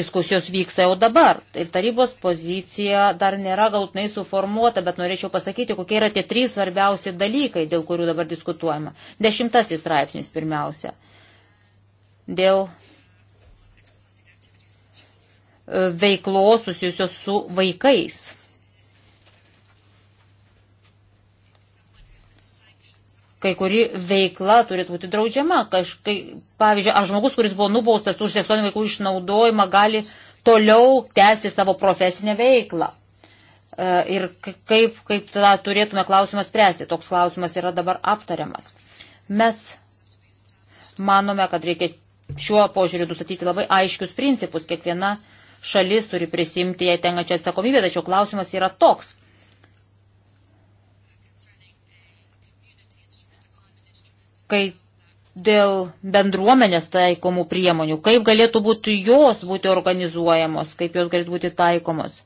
Diskusijos vyksta jau dabar ir tarybos pozicija dar nėra galtinai suformuota, bet norėčiau pasakyti, kokie yra tie trys svarbiausi dalykai, dėl kurių dabar diskutuojama. Dešimtasis straipsnis pirmiausia – dėl e, veiklos susijusios su vaikais. Kai kuri veikla turėtų būti draudžiama. Kažkai, pavyzdžiui, ar žmogus, kuris buvo nubaustas už seksualinį vaikų išnaudojimą, gali toliau tęsti savo profesinę veiklą. E, ir kaip, kaip tada turėtume klausimą spręsti. Toks klausimas yra dabar aptariamas. Mes manome, kad reikia šiuo požiūriu nustatyti labai aiškius principus. Kiekviena šalis turi prisimti jai tenkančią atsakomybę, tačiau klausimas yra toks. Kai dėl bendruomenės taikomų priemonių, kaip galėtų būti jos būti organizuojamos, kaip jos galėtų būti taikomos.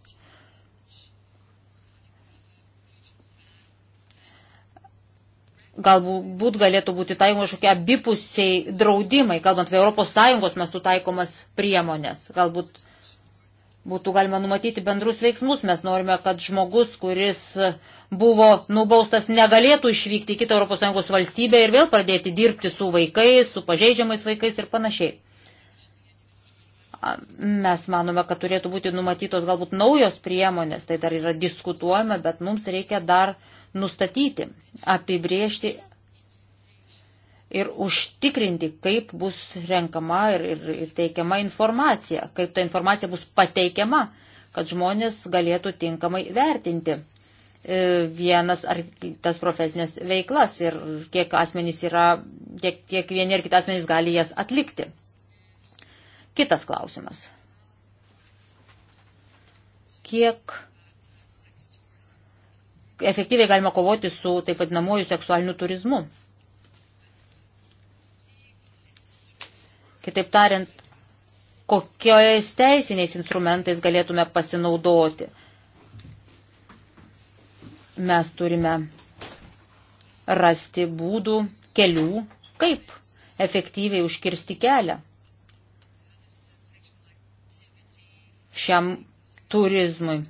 galbūt galėtų būti taikomi kažkokie abipusiai draudimai, kalbant apie ES mestų taikomas priemonės. Galbūt būtų galima numatyti bendrus veiksmus. Mes norime, kad žmogus, kuris buvo nubaustas, negalėtų išvykti į kitą ES valstybę ir vėl pradėti dirbti su vaikais, su pažeidžiamais vaikais ir panašiai. Mes manome, kad turėtų būti numatytos galbūt naujos priemonės, tai dar yra diskutuojama, bet mums reikia dar uh, nustatyti, apibriežti ir užtikrinti, kaip bus renkama ir, ir, ir teikiama informacija, kaip ta informacija bus pateikiama, kad žmonės galėtų tinkamai vertinti e, vienas ar tas profesinės veiklas ir kiek asmenys yra, kiek, kiek vieni ar kitas asmenys gali jas atlikti. Kitas klausimas. Kiek efektyviai galima kovoti su taip vadinamoju seksualiniu turizmu. Kitaip tariant, kokiais teisiniais instrumentais galėtume pasinaudoti. Mes turime rasti būdų, kelių, kaip efektyviai užkirsti kelią šiam turizmui.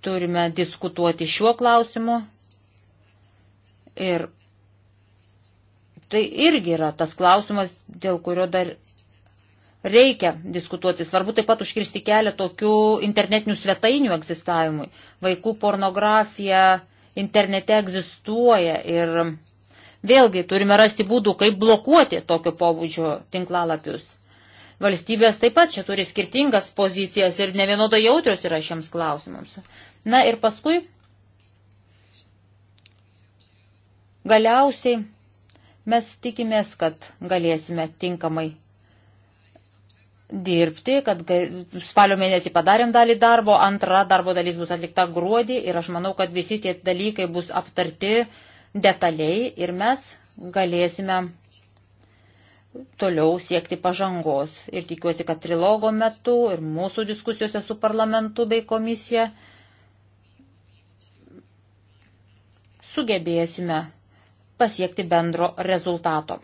Turime diskutuoti šiuo klausimu. Ir tai irgi yra tas klausimas, dėl kurio dar reikia diskutuoti. Svarbu taip pat užkirsti kelią tokių internetinių svetainių egzistavimui. Vaikų pornografija internete egzistuoja ir vėlgi turime rasti būdų, kaip blokuoti tokio pobūdžio tinklalapius. Valstybės taip pat čia turi skirtingas pozicijas ir nevienodai jautrios yra šiems klausimams. Na ir paskui galiausiai mes tikimės, kad galėsime tinkamai dirbti, kad spalio mėnesį padarėm dalį darbo, antra darbo dalis bus atlikta gruodį ir aš manau, kad visi tie dalykai bus aptarti detaliai ir mes galėsime toliau siekti pažangos. Ir tikiuosi, kad trilogo metu ir mūsų diskusijose su parlamentu bei komisija sugebėsime pasiekti bendro rezultato.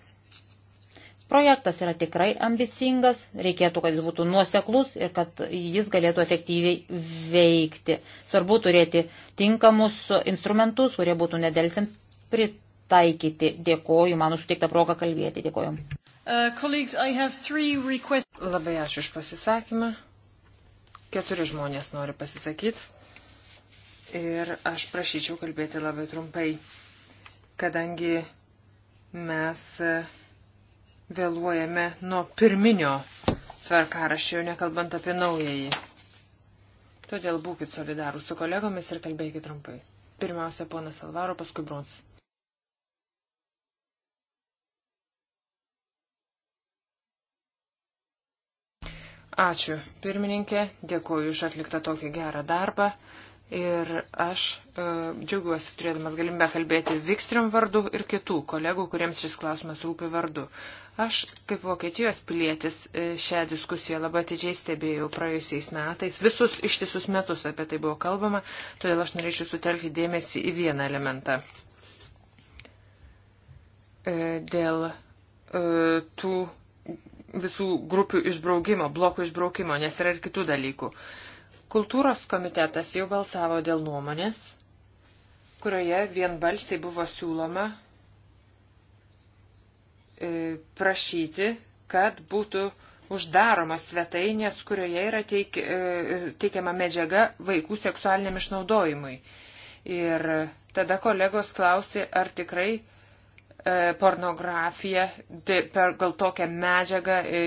Projektas yra tikrai ambicingas, reikėtų, kad jis būtų nuoseklus ir kad jis galėtų efektyviai veikti. Svarbu turėti tinkamus instrumentus, kurie būtų nedelsiant pritaikyti. Dėkoju, man užtikta proga kalbėti. Dėkoju. Uh, Labai ačiū iš pasisakymą. Keturi žmonės nori pasisakyti. Ir aš prašyčiau kalbėti labai trumpai, kadangi mes uh, vėluojame nuo pirminio tvarkaraščio, nekalbant apie naująjį. Todėl būkite solidarūs su kolegomis ir kalbėkite trumpai. Pirmiausia, ponas Alvaro, paskui Brons. Ačiū, pirmininkė, dėkuoju už atliktą tokį gerą darbą. Ir aš e, džiaugiuosi turėdamas galimybę kalbėti Vikstrim vardu ir kitų kolegų, kuriems šis klausimas rūpi vardu. Aš kaip Vokietijos pilietis e, šią diskusiją labai atidžiai stebėjau praėjusiais metais. Visus ištisus metus apie tai buvo kalbama, todėl aš norėčiau sutelkti dėmesį į vieną elementą. E, dėl e, tų visų grupių išbraukimo, blokų išbraukimo, nes yra ir kitų dalykų. Kultūros komitetas jau balsavo dėl nuomonės, kurioje vienbalsiai buvo siūloma e, prašyti, kad būtų uždaromas svetainės, kurioje yra teik, e, teikiama medžiaga vaikų seksualiniam išnaudojimui. Ir tada kolegos klausė, ar tikrai E, pornografija per gal tokią medžiagą e,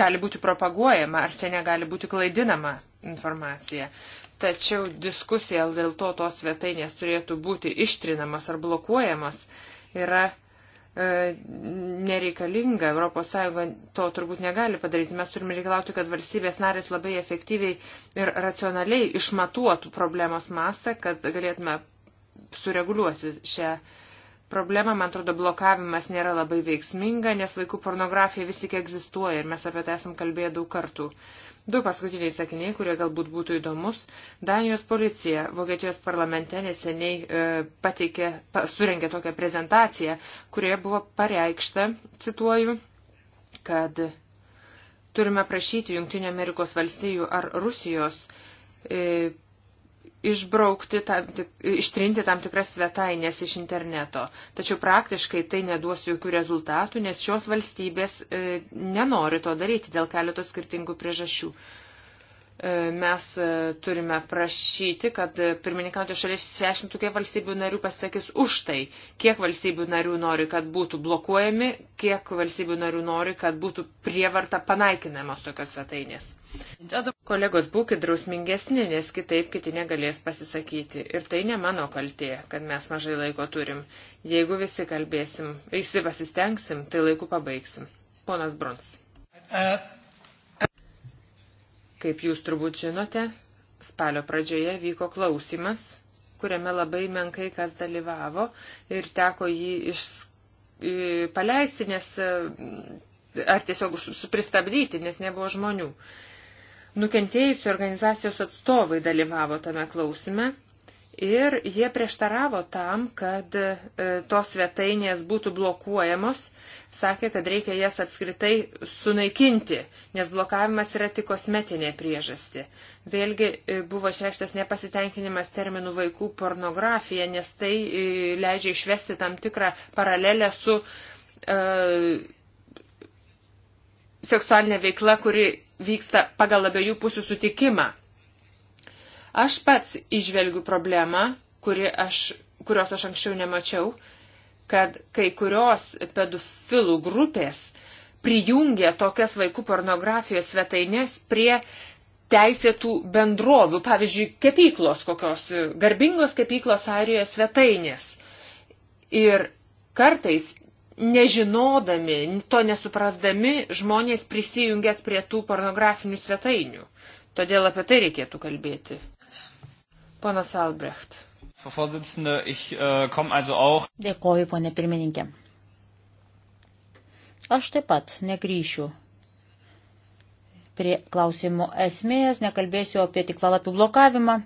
gali būti propaguojama, ar čia negali būti klaidinama informacija. Tačiau diskusija dėl to tos svetainės turėtų būti ištrinamos ar blokuojamos yra e, nereikalinga. ES to turbūt negali padaryti. Mes turime reikalauti, kad valstybės narės labai efektyviai ir racionaliai išmatuotų problemos mastą, kad galėtume sureguliuoti šią problemą Problema, man atrodo, blokavimas nėra labai veiksminga, nes vaikų pornografija vis tik egzistuoja ir mes apie tai esam kalbėję daug kartų. Du paskutiniai sakiniai, kurie galbūt būtų įdomus. Danijos policija Vokietijos parlamente neseniai e, pateikė, pa, surengė tokią prezentaciją, kurioje buvo pareikšta, cituoju, kad turime prašyti Junktinių Amerikos valstijų ar Rusijos e, išbraukti, tam, ištrinti tam tikras svetainės iš interneto. Tačiau praktiškai tai neduos jokių rezultatų, nes šios valstybės e, nenori to daryti dėl keletos skirtingų priežasčių. E, mes e, turime prašyti, kad pirmininkauti šalis išsiaiškintų, kiek valstybių narių pasisakys už tai, kiek valstybių narių nori, kad būtų blokuojami, kiek valstybių narių nori, kad būtų prievarta panaikinamos tokios svetainės. Kolegos, būkite drausmingesni, nes kitaip kiti negalės pasisakyti. Ir tai ne mano kaltė, kad mes mažai laiko turim. Jeigu visi kalbėsim, visi pasistengsim, tai laiku pabaigsim. Ponas Bruns. Uh, Kaip jūs turbūt žinote, spalio pradžioje vyko klausimas, kuriame labai menkai kas dalyvavo ir teko jį iš, paleisti, nes e, ar tiesiog supristabdyti, nes nebuvo žmonių. Nukentėjusių organizacijos atstovai dalyvavo tame klausime ir jie prieštaravo tam, kad e, tos svetainės būtų blokuojamos, sakė, kad reikia jas apskritai sunaikinti, nes blokavimas yra tik kosmetinė priežasti. Vėlgi e, buvo šeštas nepasitenkinimas terminų vaikų pornografija, nes tai e, leidžia išvesti tam tikrą paralelę su e, seksualinė veikla, kuri vyksta pagal abiejų pusių sutikimą. Aš pats išvelgiu problemą, kuri aš, kurios aš anksčiau nemačiau, kad kai kurios pedofilų grupės prijungia tokias vaikų pornografijos svetainės prie teisėtų bendrovių, pavyzdžiui, kepyklos kokios, garbingos kepyklos Airijoje svetainės. Ir kartais nežinodami, to nesuprasdami, žmonės prisijungiat prie tų pornografinių svetainių. Todėl apie tai reikėtų kalbėti. Ponas Albrecht. Äh, Dėkoju, ponė pirmininkė. Aš taip pat negryšiu prie klausimų esmės, nekalbėsiu apie tiklalapių blokavimą,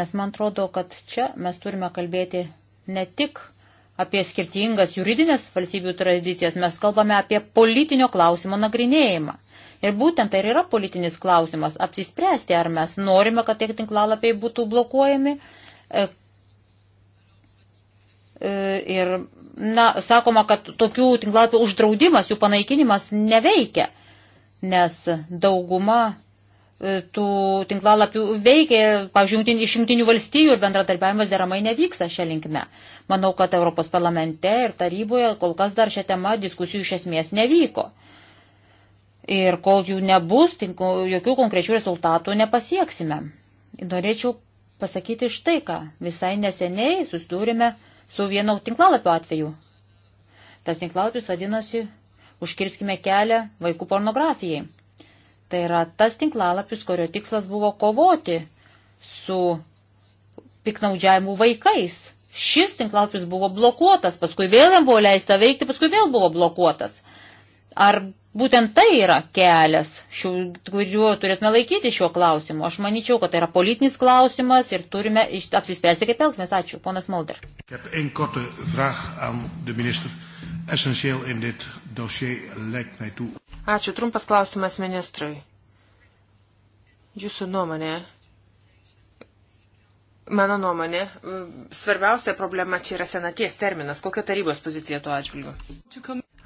nes man atrodo, kad čia mes turime kalbėti ne tik apie skirtingas juridinės valstybių tradicijas, mes kalbame apie politinio klausimo nagrinėjimą. Ir būtent tai yra politinis klausimas - apsispręsti, ar mes norime, kad tie tinklalapiai būtų blokuojami. E, e, ir, na, sakoma, kad tokių tinklalapių uždraudimas, jų panaikinimas neveikia, nes dauguma E, tų tinklalapių veikia, pavyzdžiui, iš jungtinių valstijų ir bendradarbiavimas deramai nevyksta šią linkme. Manau, kad Europos parlamente ir taryboje kol kas dar šią temą diskusijų iš esmės nevyko. Ir kol jų nebus, jokių konkrečių rezultatų nepasieksime. Norėčiau pasakyti štai ką. Visai neseniai susidūrėme su vienu tinklalapiu atveju. Tas tinklalapis vadinasi Užkirskime kelią vaikų pornografijai. Tai yra tas tinklalapis, kurio tikslas buvo kovoti su piknaudžiavimu vaikais. Šis tinklalapis buvo blokuotas, paskui vėl jam buvo leista veikti, paskui vėl buvo blokuotas. Ar būtent tai yra kelias, šių, kuriuo turėtume laikyti šiuo klausimu? Aš manyčiau, kad tai yra politinis klausimas ir turime apsispręsti, kaip elgsimės. Ačiū, ponas Mulder. Essentieel in dit dossier lijkt mij toe Ačiū. Trumpas klausimas ministrui. Jūsų nuomonė. Mano nuomonė, svarbiausia problema čia yra senaties terminas. Kokia tarybos pozicija tuo atžvilgiu?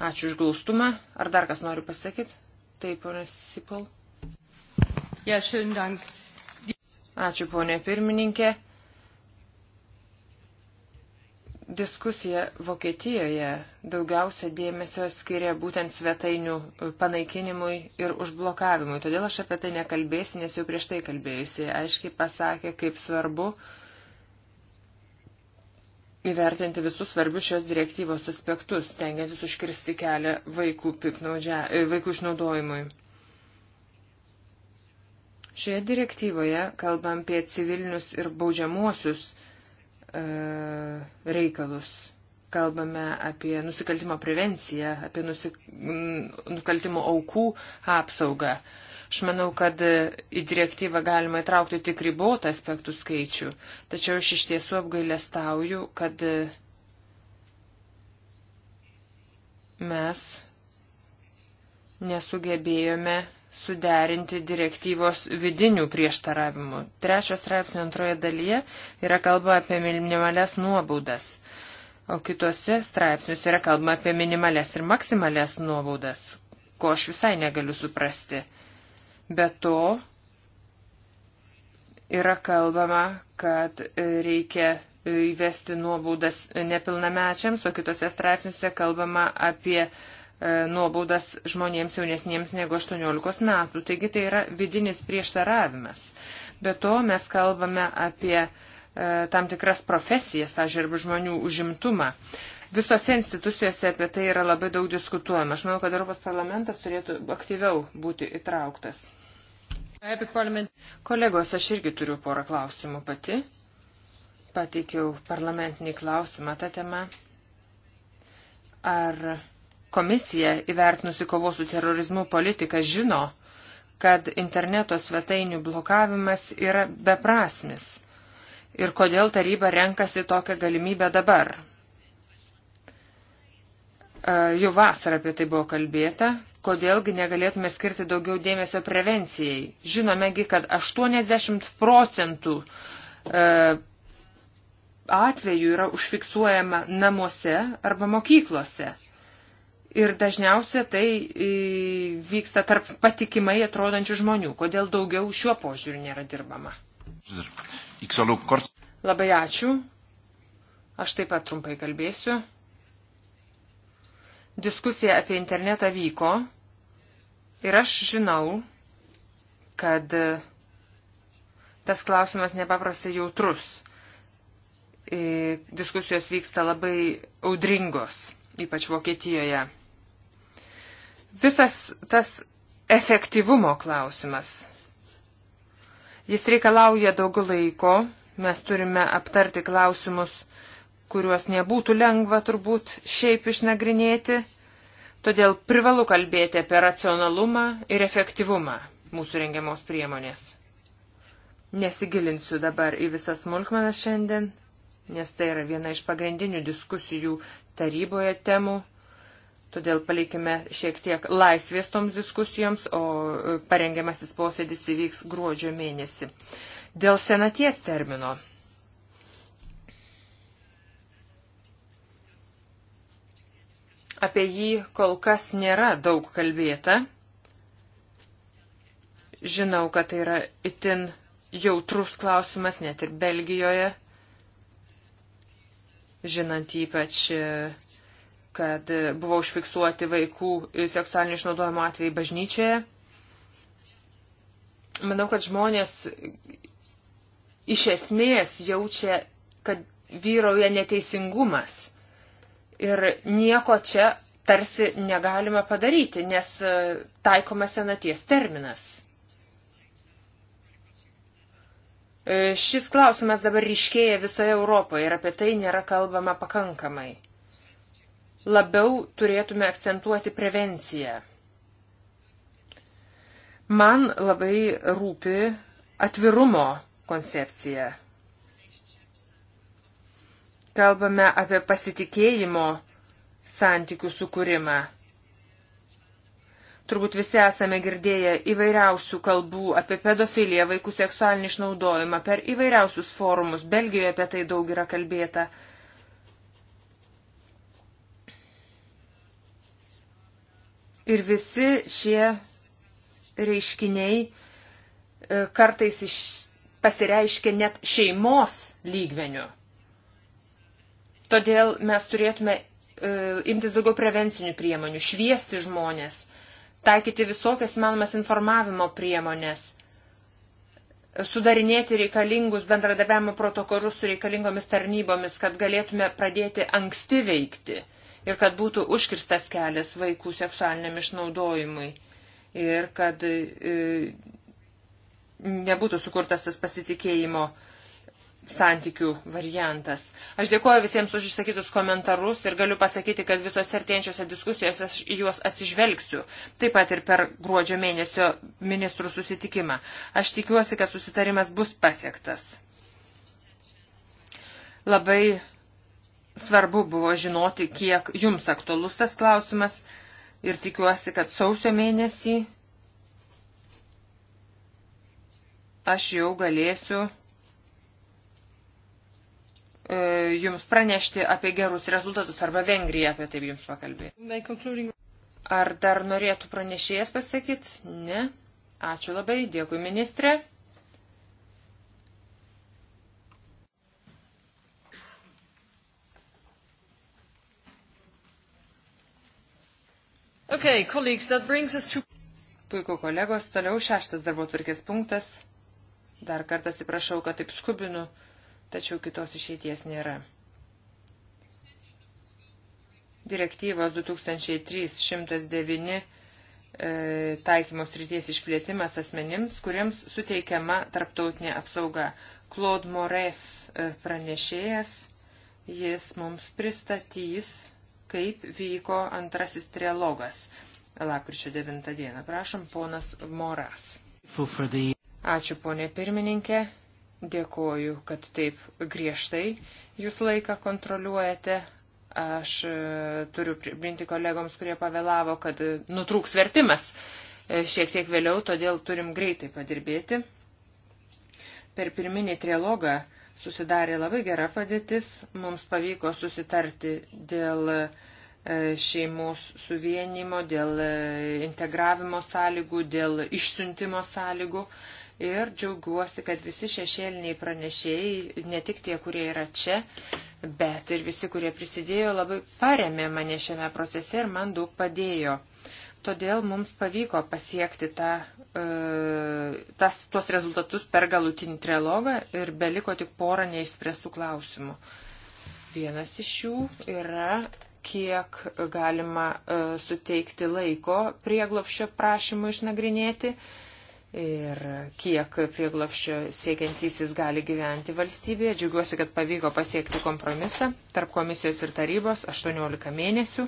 Ačiū už glaustumą. Ar dar kas nori pasakyti? Taip, ponas Sipal. Ja, Ačiū, ponė pirmininkė diskusija Vokietijoje daugiausia dėmesio skiria būtent svetainių e, panaikinimui ir užblokavimui. Todėl aš apie tai nekalbėsiu, nes jau prieš tai kalbėjusi. Aiškiai pasakė, kaip svarbu įvertinti visus svarbius šios direktyvos aspektus, tengiantis užkirsti kelią vaikų, piknaudžia, e, vaikų išnaudojimui. Šioje direktyvoje kalbam apie civilinius ir baudžiamuosius E, reikalus. Kalbame apie nusikaltimo prevenciją, apie nusik... nusikaltimo aukų apsaugą. Aš manau, kad į direktyvą galima įtraukti tik ribotą aspektų skaičių, tačiau aš iš tiesų apgailestauju, kad mes nesugebėjome suderinti direktyvos vidinių prieštaravimų. Trečios straipsnio antroje dalyje yra kalba apie minimales nuobaudas, o kitose straipsniuose yra kalba apie minimales ir maksimales nuobaudas, ko aš visai negaliu suprasti. Be to yra kalbama, kad reikia įvesti nuobaudas nepilnamečiams, o kitose straipsniuose kalbama apie uh, E, nuobaudas žmonėms jaunesniems negu 18 metų. Taigi tai yra vidinis prieštaravimas. Be to mes kalbame apie e, tam tikras profesijas, pažiūrėjau, žmonių užimtumą. Visose institucijose apie tai yra labai daug diskutuojama. Aš manau, kad Europos parlamentas turėtų aktyviau būti įtrauktas. Kolegos, aš irgi turiu porą klausimų pati. Pateikiau parlamentinį klausimą tą temą. Ar Komisija įvertinusi kovos su terorizmu politiką žino, kad interneto svetainių blokavimas yra beprasmis ir kodėl taryba renkasi tokią galimybę dabar. E, jau vasarą apie tai buvo kalbėta, kodėlgi negalėtume skirti daugiau dėmesio prevencijai. Žinomegi, kad 80 procentų e, atvejų yra užfiksuojama namuose arba mokyklose. Ir dažniausia tai e, vyksta tarp patikimai atrodančių žmonių. Kodėl daugiau šiuo požiūriu nėra dirbama? Labai ačiū. Aš taip pat trumpai kalbėsiu. Diskusija apie internetą vyko ir aš žinau, kad tas klausimas nepaprastai jautrus. E, diskusijos vyksta labai audringos, ypač Vokietijoje. Visas tas efektyvumo klausimas. Jis reikalauja daug laiko, mes turime aptarti klausimus, kuriuos nebūtų lengva turbūt šiaip išnagrinėti, todėl privalu kalbėti apie racionalumą ir efektyvumą mūsų rengiamos priemonės. Nesigilinsiu dabar į visas smulkmenas šiandien, nes tai yra viena iš pagrindinių diskusijų taryboje temų Todėl palikime šiek tiek laisvės toms diskusijoms, o e, parengiamasis posėdis įvyks gruodžio mėnesį. Dėl senaties termino. Apie jį kol kas nėra daug kalbėta. Žinau, kad tai yra itin jautrus klausimas net ir Belgijoje, žinant ypač e, kad buvo užfiksuoti vaikų seksualinio išnaudojimo atvejai bažnyčioje. Manau, kad žmonės iš esmės jaučia, kad vyrauja neteisingumas. Ir nieko čia tarsi negalima padaryti, nes e, taikoma senaties terminas. E, šis klausimas dabar ryškėja visoje Europoje ir apie tai nėra kalbama pakankamai labiau turėtume akcentuoti prevenciją. Man labai rūpi atvirumo koncepcija. Kalbame apie pasitikėjimo santykių sukūrimą. Turbūt visi esame girdėję įvairiausių kalbų apie pedofiliją, vaikų seksualinį išnaudojimą per įvairiausius forumus. Belgijoje apie tai daug yra kalbėta. Uh, Ir visi šie reiškiniai e, kartais iš, pasireiškia net šeimos lygmeniu. Todėl mes turėtume e, imtis daugiau prevencinių priemonių, šviesti žmonės, taikyti visokias manomas informavimo priemonės, sudarinėti reikalingus bendradarbiavimo protokolus su reikalingomis tarnybomis, kad galėtume pradėti anksti veikti ir kad būtų užkirstas kelias vaikų seksualiniam išnaudojimui ir kad e, nebūtų sukurtas tas pasitikėjimo santykių variantas. Aš dėkuoju visiems už išsakytus komentarus ir galiu pasakyti, kad visose artėjančiose diskusijose aš juos atsižvelgsiu, taip pat ir per gruodžio mėnesio ministrų susitikimą. Aš tikiuosi, kad susitarimas bus pasiektas. Labai Svarbu buvo žinoti, kiek jums aktualus tas klausimas ir tikiuosi, kad sausio mėnesį aš jau galėsiu e, jums pranešti apie gerus rezultatus arba Vengrija apie tai jums pakalbė. Ar dar norėtų pranešėjas pasakyti? Ne. Ačiū labai, dėkui ministrė. Okay, colleagues, that brings us to... Puiku, kolegos, toliau šeštas darbo tvarkės punktas. Dar kartą atsiprašau, kad taip skubinu, tačiau kitos išeities nėra. Direktyvos 2309 taikymos ryties išplėtimas asmenims, kuriems suteikiama tarptautinė apsauga. Claude Mores e, pranešėjas, jis mums pristatys kaip vyko antrasis trialogas lapkričio 9 dieną. Prašom, ponas Moras. Ačiū, ponė pirmininkė. Dėkoju, kad taip griežtai jūs laiką kontroliuojate. Aš e, turiu priminti kolegoms, kurie pavėlavo, kad e, nutrūks vertimas e, šiek tiek vėliau, todėl turim greitai padirbėti. Per pirminį trilogą uh, susidarė labai gera padėtis, mums pavyko susitarti dėl e, šeimos suvienimo, dėl e, integravimo sąlygų, dėl išsiuntimo sąlygų. Ir džiaugiuosi, kad visi šešėliniai pranešėjai, ne tik tie, kurie yra čia, bet ir visi, kurie prisidėjo, labai paremė mane šiame procese ir man daug padėjo. Todėl mums pavyko pasiekti tą, e, tas, tuos rezultatus per galutinį trilogą ir beliko tik porą neišspręstų klausimų. Vienas iš jų yra, kiek galima e, suteikti laiko prieglopščio prašymui išnagrinėti ir kiek prieglopščio siekiantysis gali gyventi valstybėje. Džiaugiuosi, kad pavyko pasiekti kompromisą tarp komisijos ir tarybos 18 mėnesių.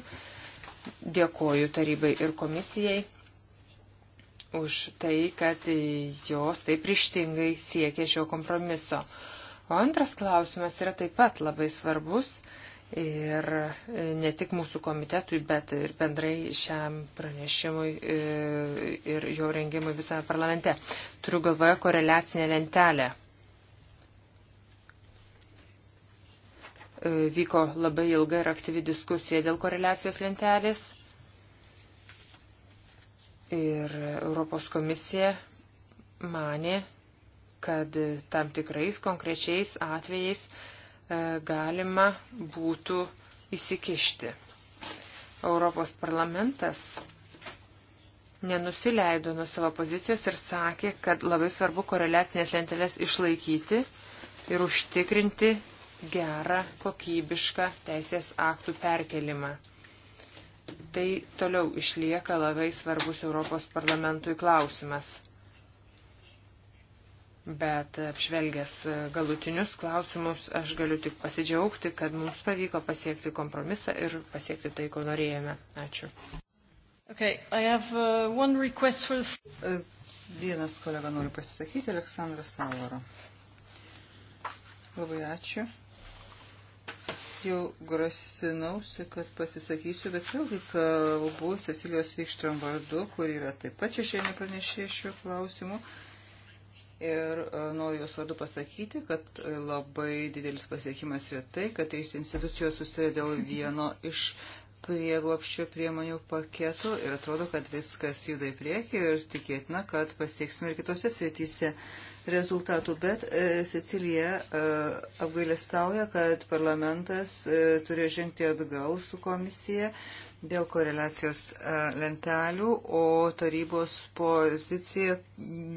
Dėkoju tarybai ir komisijai už tai, kad jos taip ryštingai siekia šio kompromiso. O antras klausimas yra taip pat labai svarbus ir e, ne tik mūsų komitetui, bet ir bendrai šiam pranešimui e, ir jo rengimui visame parlamente. Turiu galvoje koreliacinę lentelę. E, vyko labai ilga ir aktyvi diskusija dėl koreliacijos lentelės. Ir Europos komisija mane, kad tam tikrais konkrečiais atvejais e, galima būtų įsikišti. Europos parlamentas nenusileido nuo savo pozicijos ir sakė, kad labai svarbu koreliacinės lentelės išlaikyti ir užtikrinti gerą, kokybišką teisės aktų perkelimą. Tai toliau išlieka labai svarbus Europos parlamentui klausimas. Bet apžvelgęs galutinius klausimus, aš galiu tik pasidžiaugti, kad mums pavyko pasiekti kompromisą ir pasiekti tai, ko norėjome. Ačiū. Okay, have, uh, for... E, vienas kolega nori pasisakyti, Aleksandras Savaro. Labai ačiū jau grasinausi, kad pasisakysiu, bet vėlgi kalbu Cecilijos Vykštrom vardu, kur yra taip pat šešėlė pranešė šiuo klausimu. Ir e, noriu jos vardu pasakyti, kad labai didelis pasiekimas yra tai, kad trys institucijos sustarė dėl vieno iš prieglopščio priemonių paketų ir atrodo, kad viskas juda į priekį ir tikėtina, kad pasieksime ir kitose srityse. Uh, rezultatų, bet e, Sicilija e, apgailestauja, kad parlamentas e, turėjo žengti atgal su komisija dėl koreliacijos lentelių, o tarybos pozicija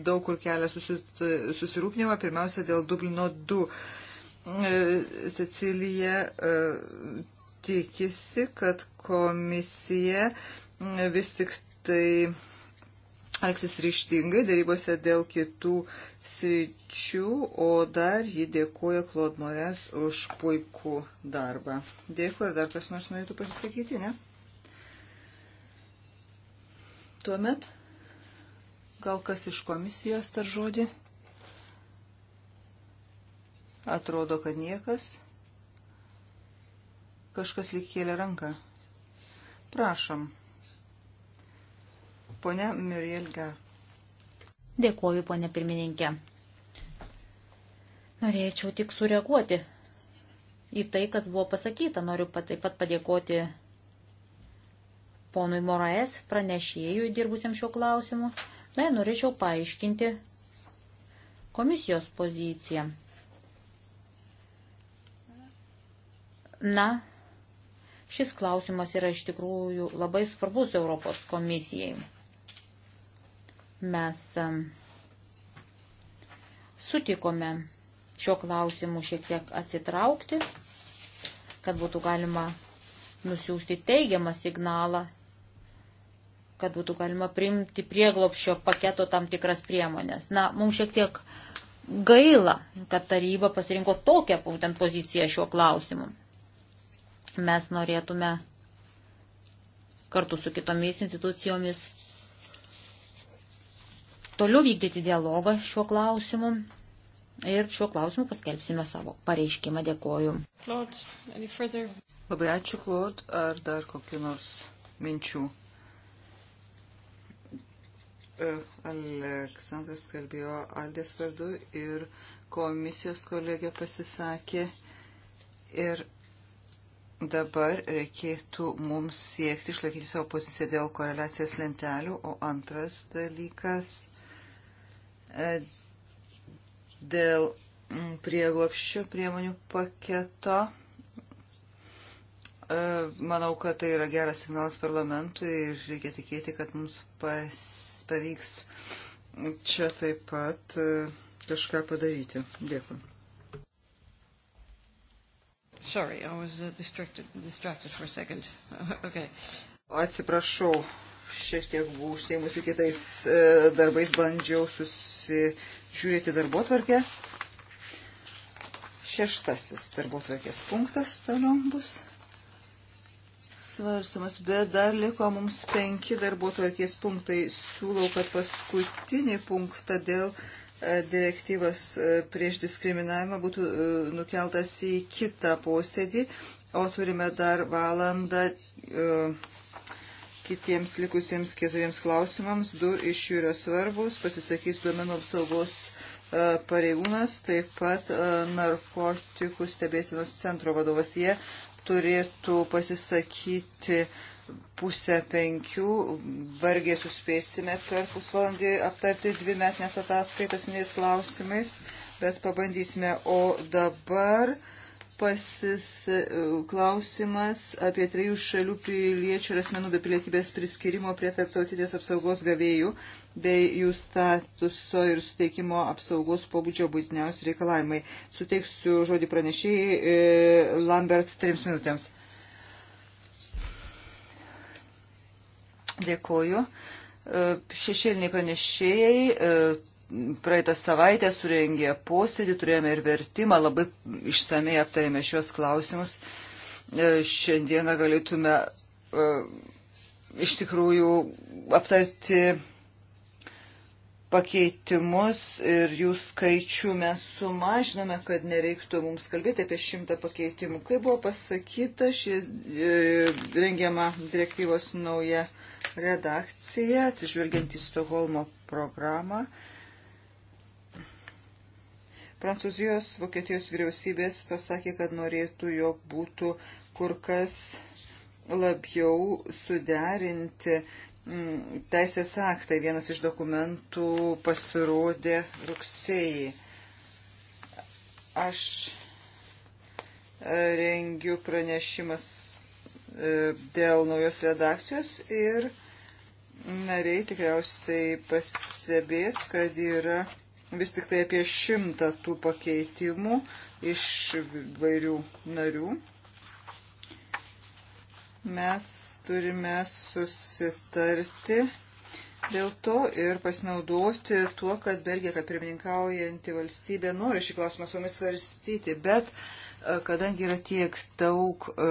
daug kur kelia susirūpinimą, pirmiausia dėl Dublino 2. Sicilija tikisi, kad komisija vis tik tai elgsis ryštingai darybose dėl kitų sričių, o dar ji dėkoja Klod Morės už puikų darbą. Dėkui, ar dar kas nors norėtų pasisakyti, ne? Tuomet gal kas iš komisijos tar žodį? Atrodo, kad niekas. Kažkas lyg kėlė ranką. Prašom. Pone Muriel Gart. Dėkuoju, ponė pirmininkė. Norėčiau tik sureaguoti į tai, kas buvo pasakyta. Noriu taip pat padėkoti ponui Moraes, pranešėjui dirbusiam šiuo klausimu. Na ir norėčiau paaiškinti komisijos poziciją. Na, šis klausimas yra iš tikrųjų labai svarbus Europos komisijai. Mes sutikome šio klausimu šiek tiek atsitraukti, kad būtų galima nusiųsti teigiamą signalą, kad būtų galima priimti prieglopšio paketo tam tikras priemonės. Na, mums šiek tiek gaila, kad taryba pasirinko tokią būtent poziciją šiuo klausimu. Mes norėtume kartu su kitomis institucijomis toliau vykdyti dialogą šiuo klausimu. Ir šiuo klausimu paskelbsime savo pareiškimą. Dėkoju. Claude, Labai ačiū, Klod. Ar dar kokiu nors minčių? E, Aleksandras kalbėjo Aldės vardu ir komisijos kolegė pasisakė. Ir dabar reikėtų mums siekti išlaikyti savo poziciją dėl koreliacijos lentelių. O antras dalykas E, dėl mm, prieglopščių priemonių paketo. E, manau, kad tai yra geras signalas parlamentui ir reikia tikėti, kad mums pas, pavyks čia taip pat e, kažką padaryti. Dėkui. Sorry, I was uh, distracted, distracted for a second. [laughs] okay. Atsiprašau, šiek tiek buvau užsieimusi kitais e, darbais, bandžiau susižiūrėti darbo tvarkę. Šeštasis darbo tvarkės punktas toliau bus svarstomas, bet dar liko mums penki darbo tvarkės punktai. Siūlau, kad paskutinį punktą dėl e, direktyvas e, prieš diskriminavimą būtų nukeltas į kitą posėdį, o turime dar valandą kitiems likusiems keturiems klausimams. Du iš jų yra svarbus. Pasisakys duomenų apsaugos e, pareigūnas, taip pat e, narkotikų stebėsienos centro vadovas. Jie turėtų pasisakyti pusę penkių, vargiai suspėsime per pusvalandį aptarti dvi metinės ataskaitas minės klausimais, bet pabandysime. O dabar uh, pasis e, klausimas apie trijų šalių piliečių ir asmenų be pilietybės priskirimo prie tarptautinės apsaugos gavėjų bei jų statuso ir suteikimo apsaugos pobūdžio būtiniausi reikalavimai. Suteiksiu žodį pranešėjai e, Lambert trims minutėms. Dėkoju. E, šešėliniai pranešėjai praeitą savaitę surengė posėdį, turėjome ir vertimą, labai išsamei aptarėme šios klausimus. E, šiandieną galėtume e, iš tikrųjų aptarti pakeitimus ir jų skaičių mes sumažinome, kad nereiktų mums kalbėti apie šimtą pakeitimų. Kaip buvo pasakyta, šis e, rengiama direktyvos nauja redakcija, atsižvelgiant į Stokholmo programą. E, Prancūzijos, Vokietijos vyriausybės pasakė, kad norėtų, jog būtų kur kas labiau suderinti mm, teisės aktai. Vienas iš dokumentų pasirodė rugsėjai. Aš e, rengiu pranešimas e, dėl naujos redakcijos ir nariai tikriausiai pastebės, kad yra vis tik tai apie šimtą tų pakeitimų iš vairių narių. Mes turime susitarti dėl to ir pasinaudoti tuo, kad Belgija, kaip pirmininkaujanti valstybė, nori šį klausimą su mumis svarstyti, bet e, kadangi yra tiek daug e,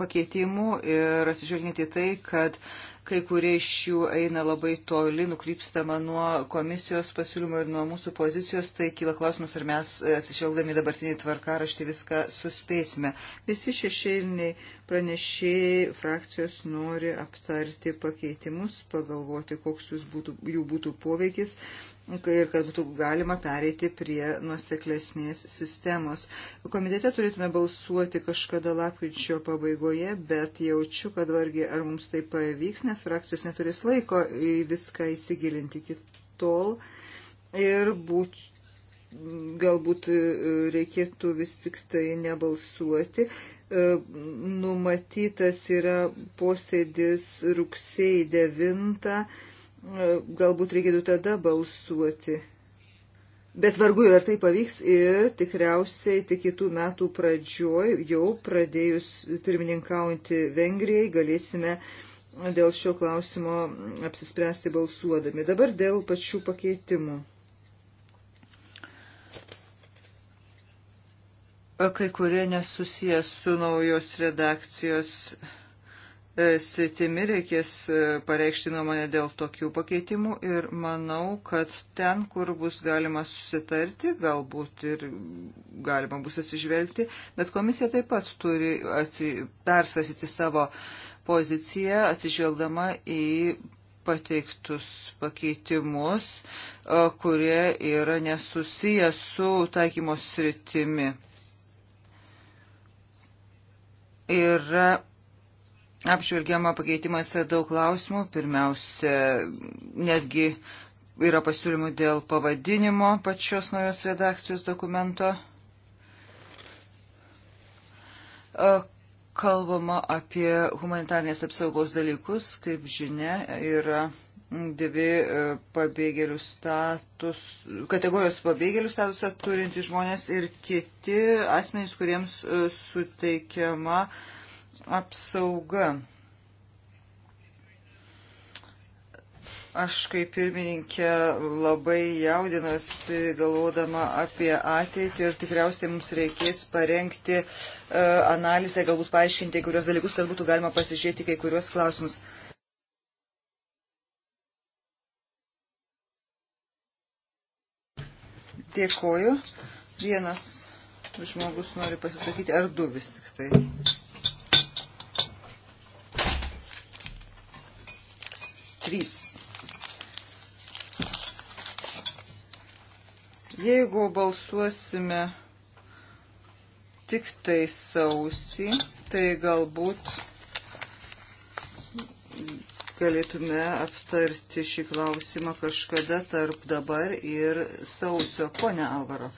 pakeitimų ir atsižvelginti tai, kad Kai kurie iš jų eina labai toli, nukrypstama nuo komisijos pasiūlymo ir nuo mūsų pozicijos, tai kyla klausimas, ar mes e, atsižvelgdami dabartinį tvarkaraštį viską suspėsime. Visi šešėliniai pranešėjai frakcijos nori aptarti pakeitimus, pagalvoti, koks būtų, jų būtų poveikis ir kad būtų galima pereiti prie nuoseklesnės sistemos. Komitete turėtume balsuoti kažkada lapkričio pabaigoje, bet jaučiu, kad vargiai ar mums tai pavyks, nes frakcijos neturės laiko į viską įsigilinti iki tol. Ir būt, galbūt e, reikėtų vis tik tai nebalsuoti e, numatytas yra posėdis rugsėjai 9 galbūt reikėtų tada balsuoti. Bet vargu ir ar tai pavyks ir tikriausiai tik kitų metų pradžioj, jau pradėjus pirmininkaujantį Vengrijai, galėsime dėl šio klausimo apsispręsti balsuodami. Dabar dėl pačių pakeitimų. Kai kurie nesusijęs su naujos redakcijos E, sritimi reikės e, pareikšti nuomonę dėl tokių pakeitimų ir manau, kad ten, kur bus galima susitarti, galbūt ir galima bus atsižvelgti, bet komisija taip pat turi atsi, persvasyti savo poziciją atsižvelgdama į pateiktus pakeitimus, e, kurie yra nesusiję su taikymos sritimi. Yra Apžvelgiama pakeitimuose daug klausimų. Pirmiausia, netgi yra pasiūlymų dėl pavadinimo pačios naujos redakcijos dokumento. Kalbama apie humanitarnės apsaugos dalykus, kaip žinia, yra dvi e, pabėgėlių status, kategorijos pabėgėlių statusą turintys žmonės ir kiti asmenys, kuriems e, suteikiama uh, apsauga. Aš kaip pirmininkė labai jaudinuosi galvodama apie ateitį ir tikriausiai mums reikės parengti uh, analizę, galbūt paaiškinti kai kurios dalykus, kad būtų galima pasižiūrėti kai kurios klausimus. Dėkoju. Vienas žmogus nori pasisakyti, ar du vis tik tai. 3. Jeigu balsuosime tik tai sausį, tai galbūt galėtume aptarti šį klausimą kažkada tarp dabar ir sausio. Pone Alvaro,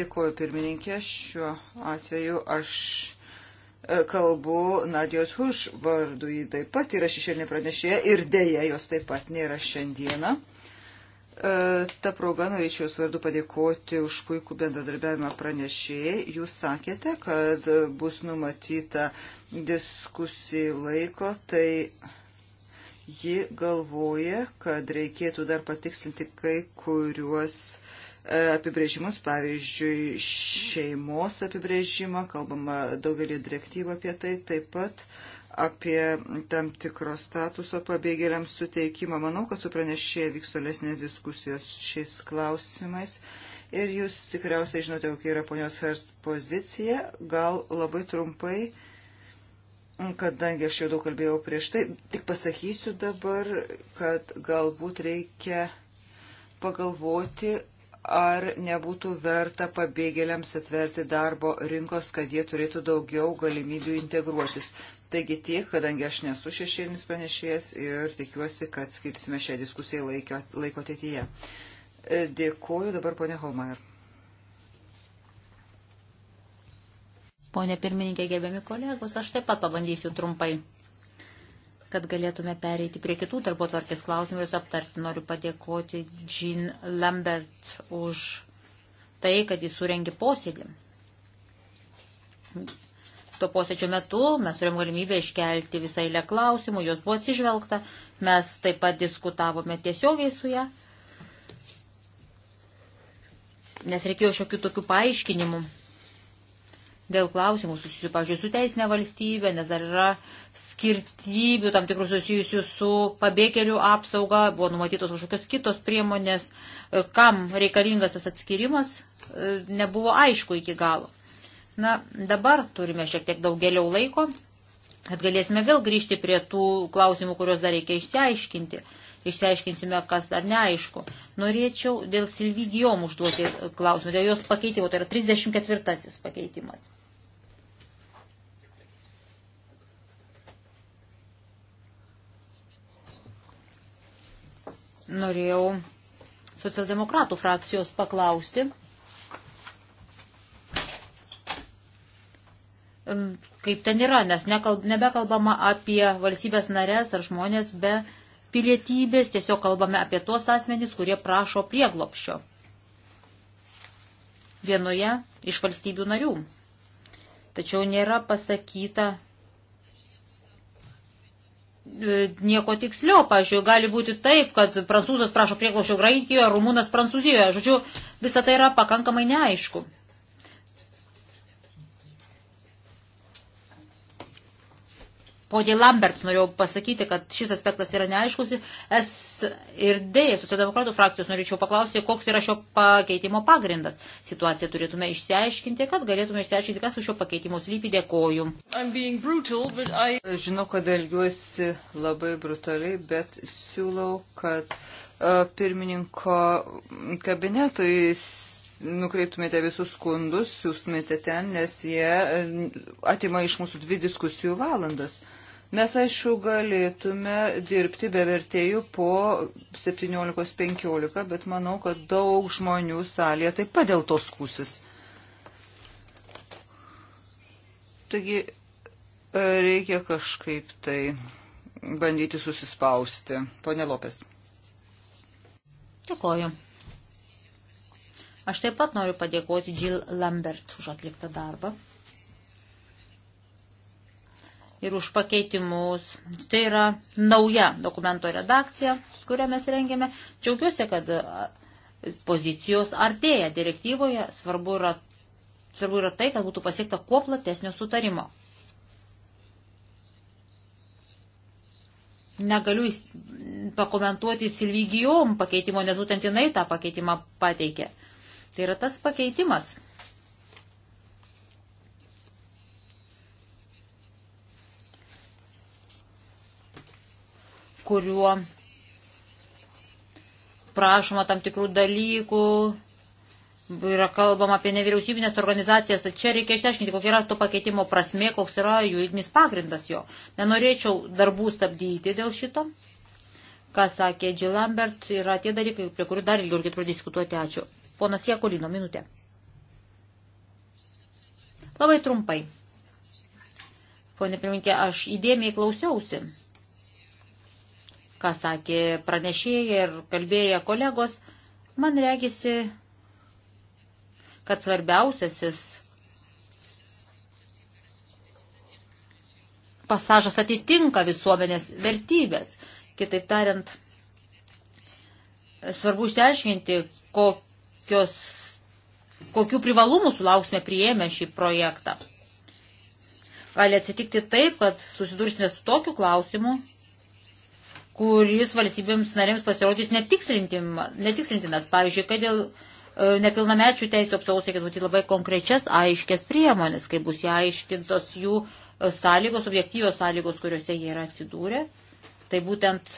dėkoju pirmininkė, šiuo atveju aš kalbu Nadijos Huš vardu, ji taip pat yra šešėlinė pranešėja ir dėja jos taip pat nėra šiandieną. E, ta proga norėčiau jos vardu padėkoti už puikų bendradarbiavimą pranešėjai. Jūs sakėte, kad bus numatyta diskusijai laiko, tai ji galvoja, kad reikėtų dar patikslinti kai kuriuos E, apibrėžimus, pavyzdžiui, šeimos apibrėžimą, kalbama daugelį direktyvų apie tai, taip pat apie tam tikro statuso pabėgėliams suteikimą. Manau, kad su pranešėje vyks tolesnės diskusijos šiais klausimais. Ir jūs tikriausiai žinote, kokia yra ponios Herst pozicija. Gal labai trumpai, kadangi aš jau daug kalbėjau prieš tai, tik pasakysiu dabar, kad galbūt reikia pagalvoti, ar nebūtų verta pabėgėliams atverti darbo rinkos, kad jie turėtų daugiau galimybių integruotis. Taigi tiek, kadangi aš nesu šešėlinis pranešėjas ir tikiuosi, kad skirsime šią diskusiją laikio, laiko ateityje. E, Dėkuoju dabar ponė Holmair. Pone pirmininkė, gerbiami kolegos, aš taip pat pabandysiu trumpai kad galėtume pereiti prie kitų darbo tvarkės klausimų ir aptarti. Noriu padėkoti Jean Lambert už tai, kad jis surengė posėdį. To posėdžio metu mes turėjom galimybę iškelti visą eilę klausimų, jos buvo atsižvelgta, mes taip pat diskutavome tiesiogiai su ją, nes reikėjo šiokių tokių paaiškinimų dėl klausimų susijusių, pavyzdžiui, su teisinė valstybė, nes dar yra skirtybių tam tikrų susijusių su pabėgėlių apsauga, buvo numatytos kažkokios kitos priemonės, e, kam reikalingas tas atskirimas, e, nebuvo aišku iki galo. Na, dabar turime šiek tiek daugeliau laiko, kad galėsime vėl grįžti prie tų klausimų, kuriuos dar reikia išsiaiškinti. Išsiaiškinsime, kas dar neaišku. Norėčiau dėl Silvigijom užduoti klausimą, dėl jos pakeitimo, tai yra 34 pakeitimas. norėjau socialdemokratų frakcijos paklausti. Kaip ten yra, nes nekalb, nebekalbama apie valstybės narės ar žmonės be pilietybės, tiesiog kalbame apie tuos asmenys, kurie prašo prieglopščio vienoje iš valstybių narių. Tačiau nėra pasakyta E, nieko tiksliau. Pavyzdžiui, gali būti taip, kad prancūzas prašo prieglošio Graikijoje, rumūnas Prancūzijoje. Žodžiu, visa tai yra pakankamai neaišku. Poniai Lamberts norėjau pasakyti, kad šis aspektas yra neaiškus. S ir D, socialdemokratų frakcijos, norėčiau paklausti, koks yra šio pakeitimo pagrindas. Situaciją turėtume išsiaiškinti, kad galėtume išsiaiškinti, kas už šio pakeitimo slypi. Dėkoju. Brutal, I... Žinau, kad elgiuosi labai brutaliai, bet siūlau, kad uh, pirmininko kabinetui nukreiptumėte visus skundus, siūstumėte ten, nes jie atima iš mūsų dvi diskusijų valandas. Mes, aišku, galėtume dirbti be vertėjų po 17.15, bet manau, kad daug žmonių salėje taip pat dėl to skusis. Taigi e, reikia kažkaip tai bandyti susispausti. Pone Lopės. Dėkoju. Aš taip pat noriu padėkoti Jill Lambert už atliktą darbą ir už pakeitimus. Tai yra nauja dokumento redakcija, kurią mes rengėme. Džiaugiuosi, kad pozicijos artėja direktyvoje. Svarbu yra, svarbu yra tai, kad būtų pasiekta kuo platesnio sutarimo. Negaliu pakomentuoti Silvygijom pakeitimo, nes būtent jinai tą pakeitimą pateikė. Tai yra tas pakeitimas kuriuo prašoma tam tikrų dalykų, yra kalbama apie nevyriausybinės organizacijas, tai čia reikia išsiaiškinti, kokia yra to pakeitimo prasmė, koks yra juridinis pagrindas jo. Nenorėčiau darbų stabdyti dėl šito. Ką sakė G. Lambert, yra tie dalykai, prie kurių dar ilgiau reikėtų diskutuoti. Ačiū. Ponas Jekolino, minutė. Labai trumpai. Pone pirminkė, aš įdėmiai klausiausi ką sakė pranešėjai ir kalbėję kolegos, man regisi, kad svarbiausiasis pasažas atitinka visuomenės vertybės. Kitaip tariant, svarbu išsiaiškinti, kokios, kokių privalumų sulauksime prieėmę šį projektą. Gali atsitikti taip, kad susidursime su tokiu klausimu, kuris valstybėms narėms pasirodys netikslintinas. Pavyzdžiui, kad dėl e, nepilnamečių teisų apsaugos reikia būti labai konkrečias, aiškės priemonės, kai bus jie aiškintos jų e, sąlygos, objektyvios sąlygos, kuriuose jie yra atsidūrę. Tai būtent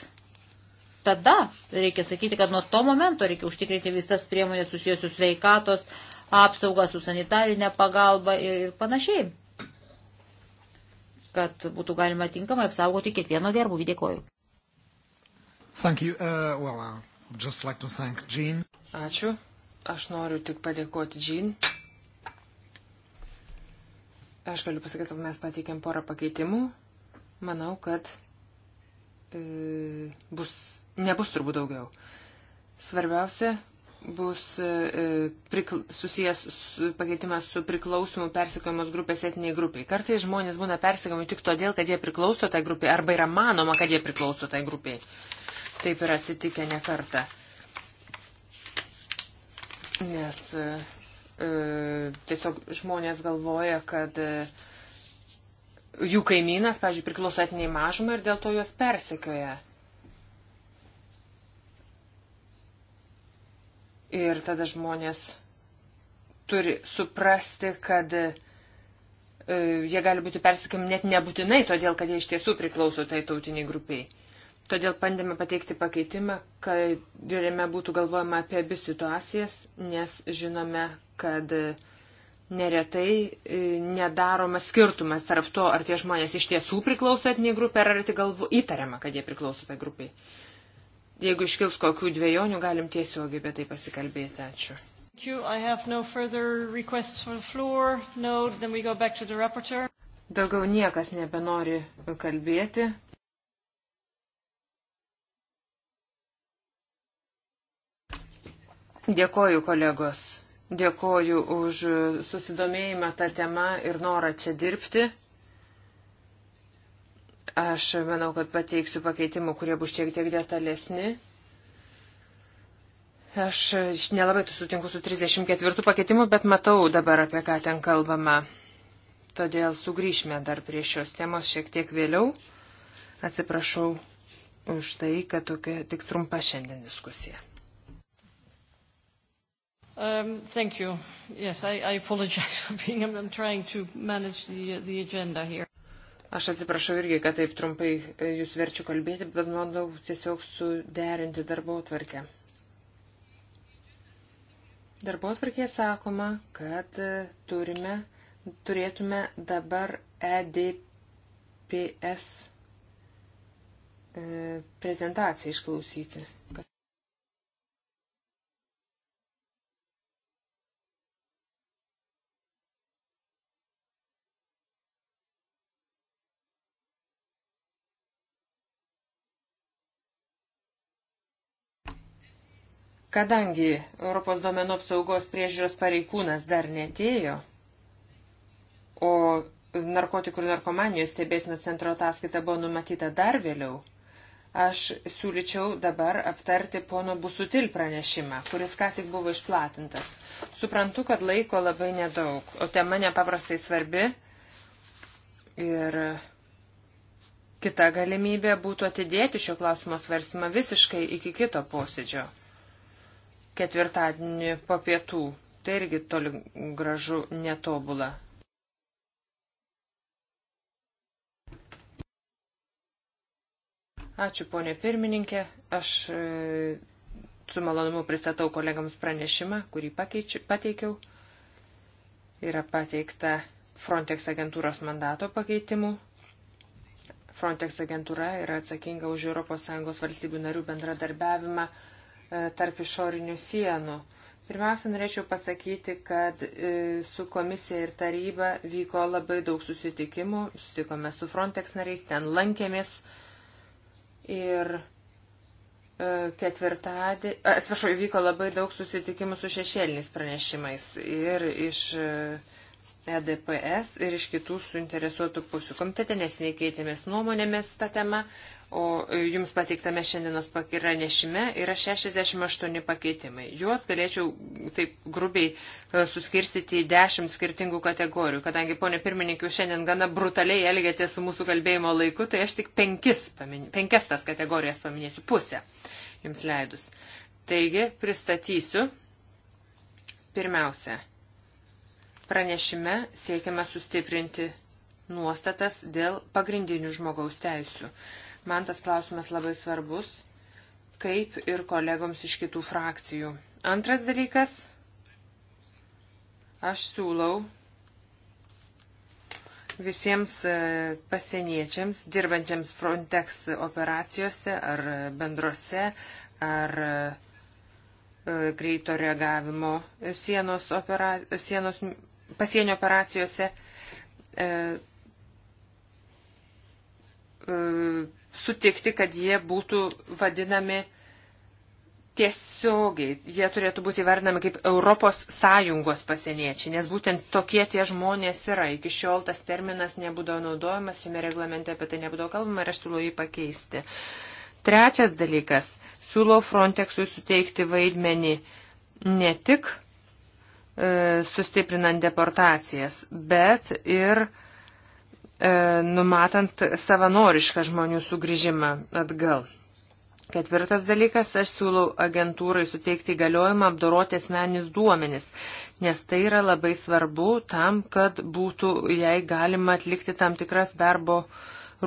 tada reikia sakyti, kad nuo to momento reikia užtikrinti visas priemonės susijusius sveikatos, apsaugą su sanitarinė pagalba ir, ir panašiai kad būtų galima tinkamai apsaugoti kiekvieno gerbuvį. Dėkoju. Thank you. Uh, well, I'd just like to thank Jean. Ačiū. Aš noriu tik padėkoti Jean. Aš galiu pasakyti, kad mes pateikėm porą pakeitimų. Manau, kad e, bus, nebus turbūt daugiau. Svarbiausia bus e, prikl, susijęs su, pakeitimas su priklausimu persikojamos grupės etiniai grupiai. Kartai žmonės būna persikojami tik todėl, kad jie priklauso tai grupiai arba yra manoma, kad jie priklauso tai grupiai. Taip yra atsitikę ne kartą. Nes e, e, tiesiog žmonės galvoja, kad e, jų kaimynas, pažiūrėjau, priklauso etiniai mažumai ir dėl to juos persekioja. Ir tada žmonės turi suprasti, kad e, jie gali būti persekiami net nebūtinai, todėl kad jie iš tiesų priklauso tai tautiniai grupiai. Todėl bandėme pateikti pakeitimą, kad jame būtų galvojama apie abi situacijas, nes žinome, kad neretai e, nedaromas skirtumas tarp to, ar tie žmonės iš tiesų priklauso etniai grupė, ar tik galvo įtariama, kad jie priklauso tai grupiai. Jeigu iškils kokių dviejonių, galim tiesiogiai apie tai pasikalbėti. Ačiū. Daugiau niekas nebenori kalbėti. Dėkoju, kolegos. Dėkoju už susidomėjimą tą temą ir norą čia dirbti. Aš manau, kad pateiksiu pakeitimų, kurie bus šiek tiek detalesni. Aš nelabai sutinku su 34 pakeitimu, bet matau dabar, apie ką ten kalbama. Todėl sugrįžime dar prie šios temos šiek tiek vėliau. Atsiprašau už tai, kad tokia tik trumpa šiandien diskusija. Um, thank you. Yes, I, I apologize [laughs] for being, I'm, I'm trying to manage the, uh, the agenda here. Aš atsiprašau irgi, kad taip trumpai e, jūs verčiu kalbėti, bet manau tiesiog suderinti darbo atvarkę. Darbo atvarkėje sakoma, kad e, turime, turėtume dabar EDPS e, prezentaciją išklausyti. Kadangi Europos duomenų apsaugos priežiūros pareikūnas dar netėjo, o narkotikų ir narkomanijos stebėsime centro ataskaita buvo numatyta dar vėliau, aš siūlyčiau dabar aptarti pono Busutil pranešimą, kuris ką tik buvo išplatintas. Suprantu, kad laiko labai nedaug, o tema nepaprastai svarbi ir kita galimybė būtų atidėti šio klausimo svarsimą visiškai iki kito posėdžio ketvirtadienį po pietų. Tai irgi toli gražu netobula. Ačiū, ponė pirmininkė. Aš e, su malonumu pristatau kolegams pranešimą, kurį pakeičiu, pateikiau. Yra pateikta Frontex agentūros mandato pakeitimų. Frontex agentūra yra atsakinga už ES valstybių narių bendradarbiavimą E, tarp išorinių sienų. Pirmiausia, norėčiau pasakyti, kad e, su komisija ir taryba vyko labai daug susitikimų, susitikome su Frontex nariais, ten lankėmės ir e, ketvirtadį, atsiprašau, vyko labai daug susitikimų su šešėliniais pranešimais ir iš EDPS ir iš kitų suinteresuotų pusių. Komitete nesiniai keitėmės nuomonėmis tą temą, O e, jums pateiktame šiandienos pranešime yra 68 pakeitimai. Juos galėčiau taip grubiai e, suskirstyti į 10 skirtingų kategorijų. Kadangi, ponė pirmininkė, šiandien gana brutaliai elgėte su mūsų kalbėjimo laiku, tai aš tik penkis, pamin... penkias tas kategorijas paminėsiu, pusę jums leidus. Taigi, pristatysiu pirmiausia. Pranešime siekiame sustiprinti nuostatas dėl pagrindinių žmogaus teisių. Man tas klausimas labai svarbus, kaip ir kolegoms iš kitų frakcijų. Antras dalykas, aš siūlau visiems e, pasieniečiams, dirbančiams Frontex operacijose ar bendrose, ar e, greito reagavimo sienos, opera, sienos pasienio operacijose. E, e, sutikti, kad jie būtų vadinami tiesiogiai, jie turėtų būti įvardinami kaip Europos Sąjungos pasieniečiai, nes būtent tokie tie žmonės yra. Iki šiol tas terminas nebūdavo naudojamas, šiame reglamente apie tai nebūdavo kalbama ir aš siūlau jį pakeisti. Trečias dalykas - siūlau Frontexui suteikti vaidmenį ne tik e, sustiprinant deportacijas, bet ir e, E, numatant savanorišką žmonių sugrįžimą atgal. Ketvirtas dalykas, aš siūlau agentūrai suteikti įgaliojimą apdoroti asmeninius duomenis, nes tai yra labai svarbu tam, kad būtų jai galima atlikti tam tikras darbo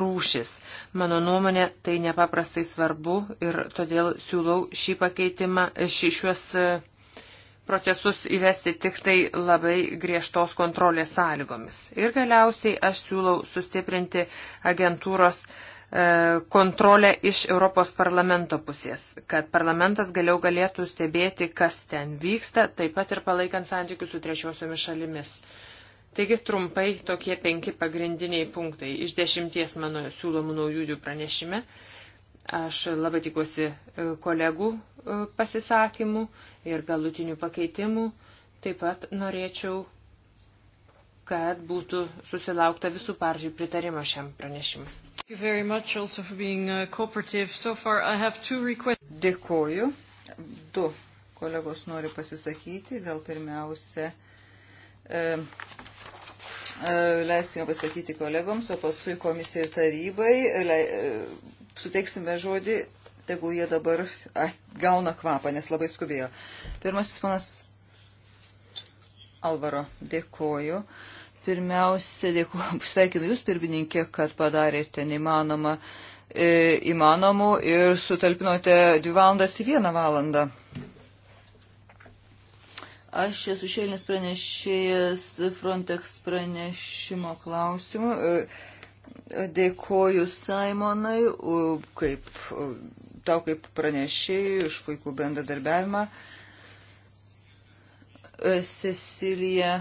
rūšis. Mano nuomonė, tai nepaprastai svarbu ir todėl siūlau šį pakeitimą, šiuos procesus įvesti tik tai labai griežtos kontrolės sąlygomis. Ir galiausiai aš siūlau sustiprinti agentūros e, kontrolę iš Europos parlamento pusės, kad parlamentas galiau galėtų stebėti, kas ten vyksta, taip pat ir palaikant santykius su trečiosiomis šalimis. Taigi trumpai tokie penki pagrindiniai punktai iš dešimties mano siūlomų naujųjų pranešime. Aš labai tikiuosi e, kolegų e, pasisakymų ir galutinių pakeitimų. Taip pat norėčiau, kad būtų susilaukta visų partijų pritarimo šiam pranešimui. Uh, Dėkoju. Du kolegos nori pasisakyti. Gal pirmiausia, e, e, leiskime pasakyti kolegoms, o paskui komisijai ir tarybai. Le, e, suteiksime žodį tegu jie dabar gauna kvapą, nes labai skubėjo. Pirmasis panas Alvaro, dėkoju. Pirmiausia, dėkoju, [laughs] sveikinu Jūs, pirmininkė, kad padarėte neįmanomą, e, įmanomų ir sutalpinote dvi valandas į vieną valandą. Aš esu šėlinis pranešėjas Frontex pranešimo klausimų. E, dėkoju Simonai, kaip tau kaip pranešėjai už puikų bendradarbiavimą. E, Cecilija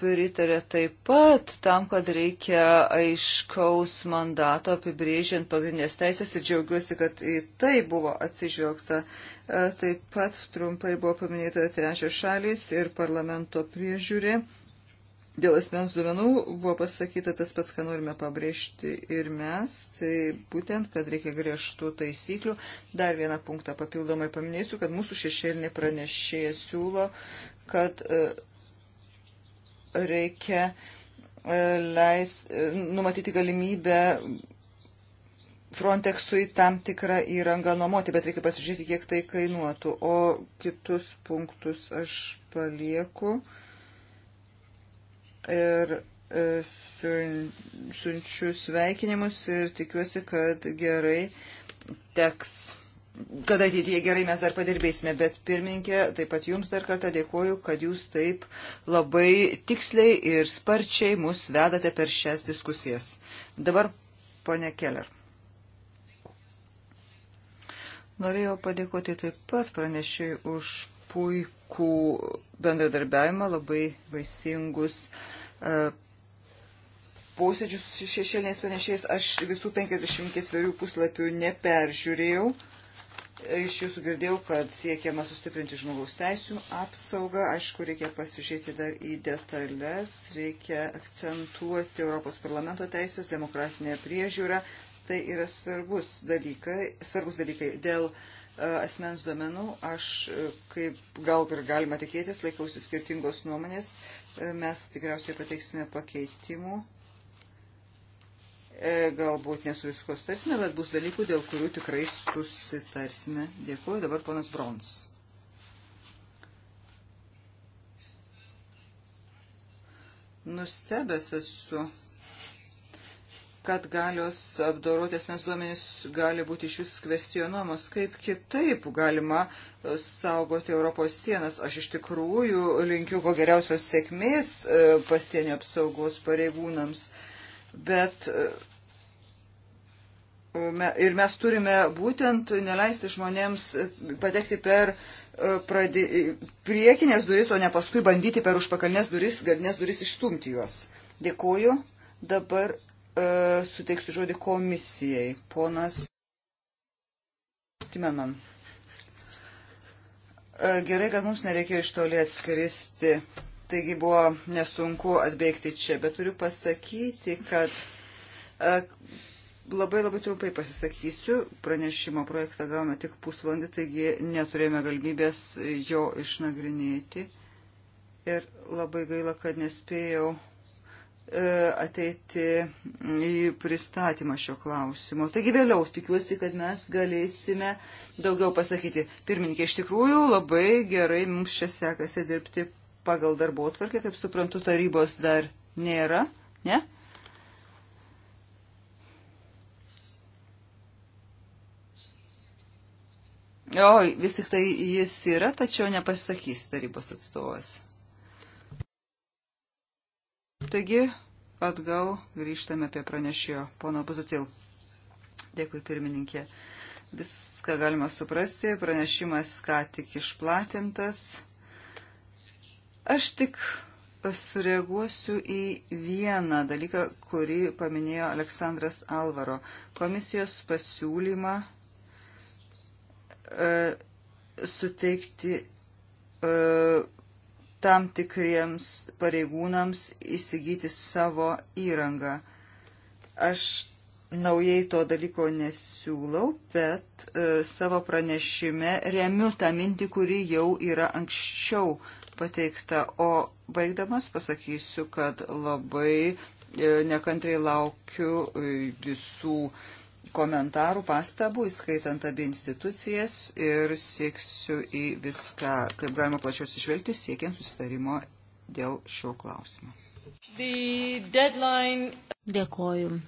pritarė taip pat tam, kad reikia aiškaus mandato apibrėžiant pagrindinės teisės ir džiaugiuosi, kad į tai buvo atsižvelgta. E, taip pat trumpai buvo paminėta trečios šalis ir parlamento priežiūrė. Dėl asmens duomenų buvo pasakyta tas pats, ką norime pabrėžti ir mes, tai būtent, kad reikia griežtų taisyklių. Dar vieną punktą papildomai paminėsiu, kad mūsų šešėlinė pranešėja siūlo, kad e, reikia e, leis, e, numatyti galimybę Frontexui tam tikrą įrangą nuomoti, bet reikia pasižiūrėti, kiek tai kainuotų. O kitus punktus aš palieku. Uh, ir e, siunčiu sveikinimus ir tikiuosi, kad gerai teks kad ateityje gerai mes dar padirbėsime, bet pirmininkė, taip pat jums dar kartą dėkoju, kad jūs taip labai tiksliai ir sparčiai mus vedate per šias diskusijas. Dabar, ponė Keller. Norėjau padėkoti taip pat pranešėjai už puikų bendradarbiavimą, labai vaisingus e, posėdžius su šešėliniais panešiais. Aš visų 54 puslapių neperžiūrėjau. E, iš jūsų girdėjau, kad siekiama sustiprinti žmogaus teisų apsaugą. Aišku, reikia pasižiūrėti dar į detalės, reikia akcentuoti Europos parlamento teisės, demokratinę priežiūrą. Tai yra svarbus dalykai, svarbus dalykai dėl uh, asmens duomenų. Aš, kaip gal ir galima tikėtis, laikausi skirtingos nuomonės. Mes tikriausiai pateiksime pakeitimų. Galbūt nesu visko sutarsime, bet bus dalykų, dėl kurių tikrai susitarsime. Dėkuoju. Dabar ponas Brons. Nustebęs esu kad galios apdoroti asmens duomenys gali būti iš vis kvestionuomos. Kaip kitaip galima e, saugoti Europos sienas? Aš iš tikrųjų linkiu ko geriausios sėkmės e, pasienio apsaugos pareigūnams, bet e, ir mes turime būtent neleisti žmonėms patekti per pradė... priekinės duris, o ne paskui bandyti per užpakalinės duris, galinės duris išstumti juos. Dėkuoju. Dabar E, suteiksiu žodį komisijai. Ponas Timenman. E, gerai, kad mums nereikėjo iš toli atskristi, taigi buvo nesunku atbėgti čia, bet turiu pasakyti, kad e, labai labai trumpai pasisakysiu, pranešimo projektą gavome tik pusvalandį, taigi neturėjome galimybės jo išnagrinėti ir labai gaila, kad nespėjau E, ateiti į pristatymą šio klausimo. Taigi vėliau tikiuosi, kad mes galėsime daugiau pasakyti. Pirmininkė, iš tikrųjų labai gerai mums čia sekasi dirbti pagal darbo tvarkę, kaip suprantu, tarybos dar nėra, ne? O, vis tik tai jis yra, tačiau nepasakys tarybos atstovas. Taigi, atgal grįžtame prie pranešėjo pono Buzutil. Dėkui pirmininkė. Viską galima suprasti, pranešimas ką tik išplatintas. Aš tik sureaguosiu į vieną dalyką, kurį paminėjo Aleksandras Alvaro. Komisijos pasiūlymą e, suteikti e, tam tikriems pareigūnams įsigyti savo įrangą. Aš naujai to dalyko nesiūlau, bet e, savo pranešime remiu tą mintį, kuri jau yra anksčiau pateikta. O baigdamas pasakysiu, kad labai e, nekantrai laukiu e, visų e, komentarų, pastabų, įskaitant abi institucijas ir sieksiu į viską, kaip galima plačiau atsižvelgti, siekiant susitarimo dėl šio klausimo. Deadline... Dėkoju.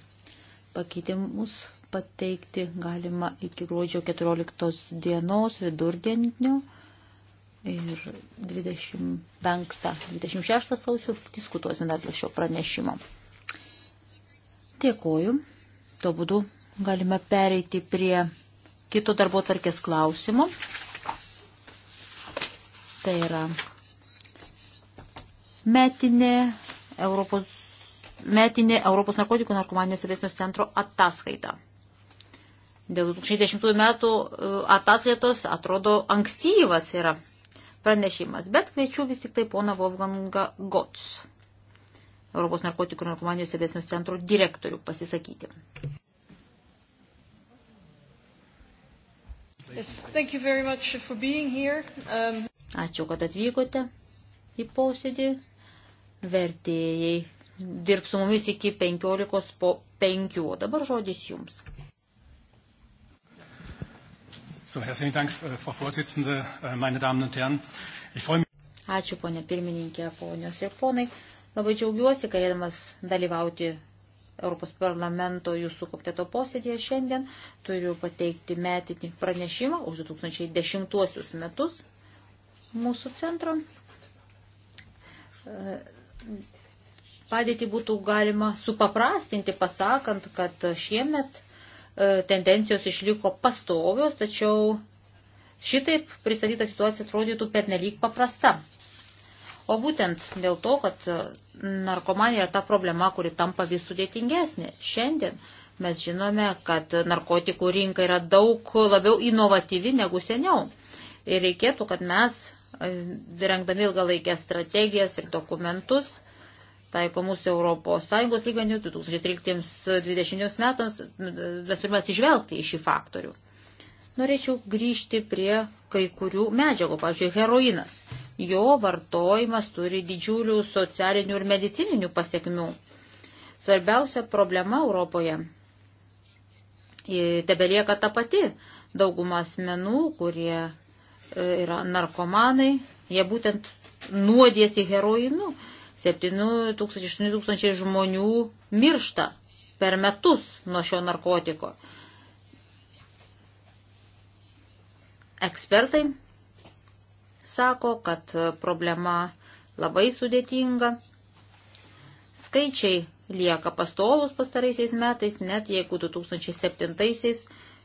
Pakeitimus pateikti galima iki gruodžio 14 dienos vidurdienio ir 25-26 sausio diskutuosime dar dėl šio pranešimo. Dėkoju. Tuo būdu Galime pereiti prie kito darbo tvarkės klausimo. Tai yra metinė Europos, metinė Europos narkotikų narkomanijos įvesnios centro ataskaita. Dėl 2010 metų e, ataskaitos atrodo ankstyvas yra pranešimas, bet kviečiu vis tik tai pona Wolfgangą Gots, Europos narkotikų narkomanijos įvesnios centro direktorių pasisakyti. Yes, thank you very much for being here. Um... Ačiū, kad atvykote į posėdį. Vertėjai dirbs su mumis iki 15 po 5. O dabar žodis jums. So, herzlichen Dank, äh, Frau Vorsitzende, äh, meine Damen und Herren. Ich freue mich. Ačiū, ponė pirmininkė, ponios ir ponai. Labai džiaugiuosi, galėdamas dalyvauti Europos parlamento jūsų komiteto posėdėje šiandien. Turiu pateikti metinį pranešimą už 2010 metus mūsų centro. E, padėtį būtų galima supaprastinti, pasakant, kad šiemet e, tendencijos išliko pastovios, tačiau šitaip pristatyta situacija atrodytų pernelyg paprasta. O būtent dėl to, kad e, narkomanija yra ta problema, kuri tampa vis sudėtingesnė. Šiandien mes žinome, kad narkotikų rinka yra daug labiau inovatyvi negu seniau. Ir reikėtų, kad mes, e, rengdami ilgalaikės strategijas ir dokumentus, taikomus Europos Sąjungos lygmenių 2013-2020 metams, e, mes turime atsižvelgti į šį faktorių. Norėčiau grįžti prie kai kurių medžiagų, pavyzdžiui, heroinas. Jo vartojimas turi didžiulių socialinių ir medicininių pasiekmių. Svarbiausia problema Europoje tebelieka ta pati. Dauguma asmenų, kurie e, yra narkomanai, jie būtent nuodėsi heroinu. 7-8 tūkstančiai žmonių miršta per metus nuo šio narkotiko. Ekspertai sako, kad problema labai sudėtinga. Skaičiai lieka pastovus pastaraisiais metais, net jeigu 2007-aisiais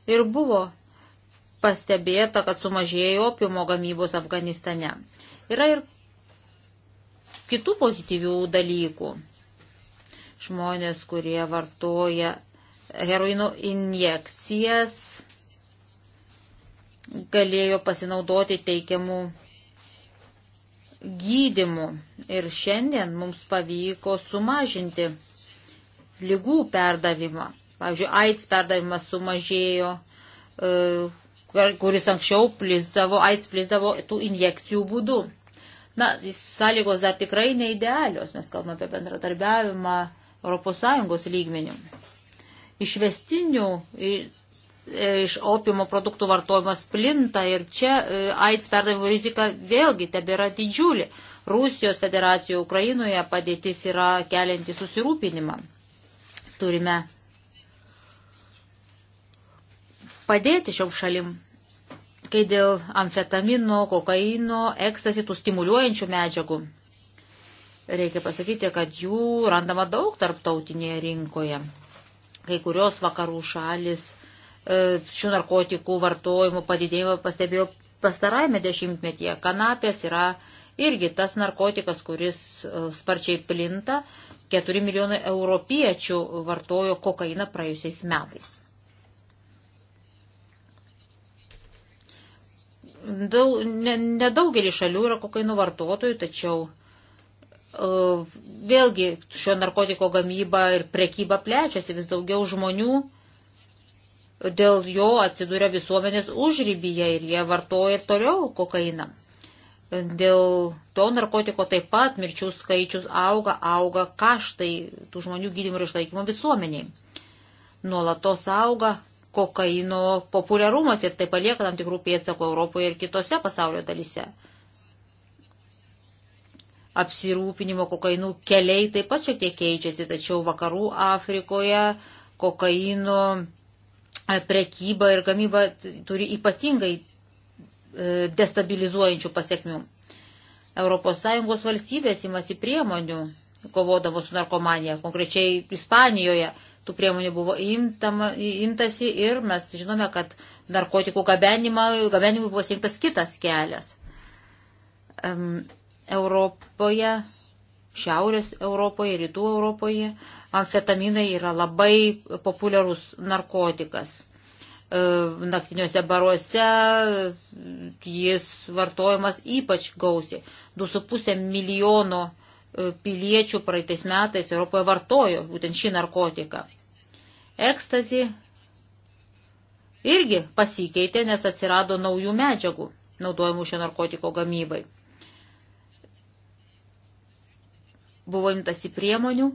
ir buvo pastebėta, kad sumažėjo opiumo gamybos Afganistane. Yra ir kitų pozityvių dalykų. Žmonės, kurie vartoja heroino injekcijas, galėjo pasinaudoti teikiamų gydimų. Ir šiandien mums pavyko sumažinti lygų perdavimą. Pavyzdžiui, AIDS perdavimas sumažėjo, e, kuris anksčiau plizdavo, AIDS plizdavo tų injekcijų būdu. Na, sąlygos dar tikrai neidealios, mes kalbame apie bendradarbiavimą ES lygmenių. Išvestinių E, iš opimo produktų vartojimas plinta ir čia e, AIDS perdavimo rizika vėlgi tebėra didžiulė. Rusijos federacijoje Ukrainoje padėtis yra kelianti susirūpinimą. Turime padėti šiom šalim, kai dėl amfetamino, kokaino, ekstasi tų stimuliuojančių medžiagų. Reikia pasakyti, kad jų randama daug tarptautinėje rinkoje. Kai kurios vakarų šalis E, šių narkotikų vartojimo padidėjimą pastebėjo pastarajame dešimtmetyje. Kanapės yra irgi tas narkotikas, kuris e, sparčiai plinta. 4 milijonai europiečių vartojo kokainą praėjusiais metais. Daug, ne, nedaugelį šalių yra kokaino vartotojų, tačiau e, vėlgi šio narkotiko gamyba ir prekyba plečiasi, vis daugiau žmonių dėl jo atsiduria visuomenės užrybyje ir jie vartoja ir toliau kokainą. Dėl to narkotiko taip pat mirčių skaičius auga, auga kaštai tų žmonių gydimo ir išlaikymo visuomeniai. Nuolatos auga kokaino populiarumas ir tai palieka tam tikrų pėdsakų Europoje ir kitose pasaulio dalise. Apsirūpinimo kokainų keliai taip pat šiek tiek keičiasi, tačiau vakarų Afrikoje kokaino E, prekyba ir gamyba turi ypatingai e, destabilizuojančių pasiekmių. ES valstybės imasi priemonių kovodamos su narkomanija. Konkrečiai Ispanijoje tų priemonių buvo imtama, imtasi ir mes žinome, kad narkotikų gabenimui buvo surinktas kitas kelias. Um, Europoje Šiaurės Europoje, Rytų Europoje amfetaminai yra labai populiarus narkotikas. E, naktiniuose baruose jis vartojamas ypač gausiai. 2,5 milijono e, piliečių praeitais metais Europoje vartojo būtent šį narkotiką. Ekstazi irgi pasikeitė, nes atsirado naujų medžiagų naudojimų šio narkotiko gamybai. Buvo imtasi priemonių,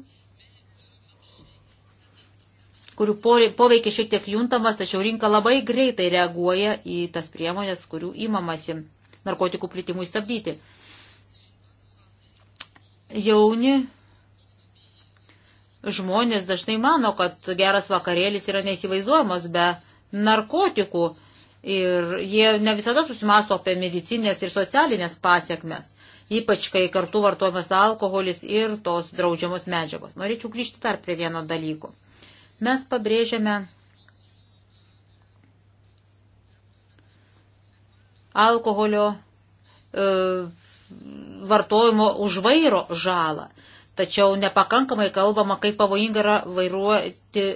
kurių poveikia šiek tiek juntamas, tačiau rinka labai greitai reaguoja į tas priemonės, kurių įmamasi narkotikų plitimui stabdyti. Jauni žmonės dažnai mano, kad geras vakarėlis yra neįsivaizduojamas be narkotikų ir jie ne visada susimasto apie medicinės ir socialinės pasiekmes ypač kai kartu vartojamas alkoholis ir tos draudžiamos medžiagos. Norėčiau grįžti dar prie vieno dalyko. Mes pabrėžiame alkoholio e, vartojimo užvairo žalą. Tačiau nepakankamai kalbama, kaip pavojinga yra vairuoti e,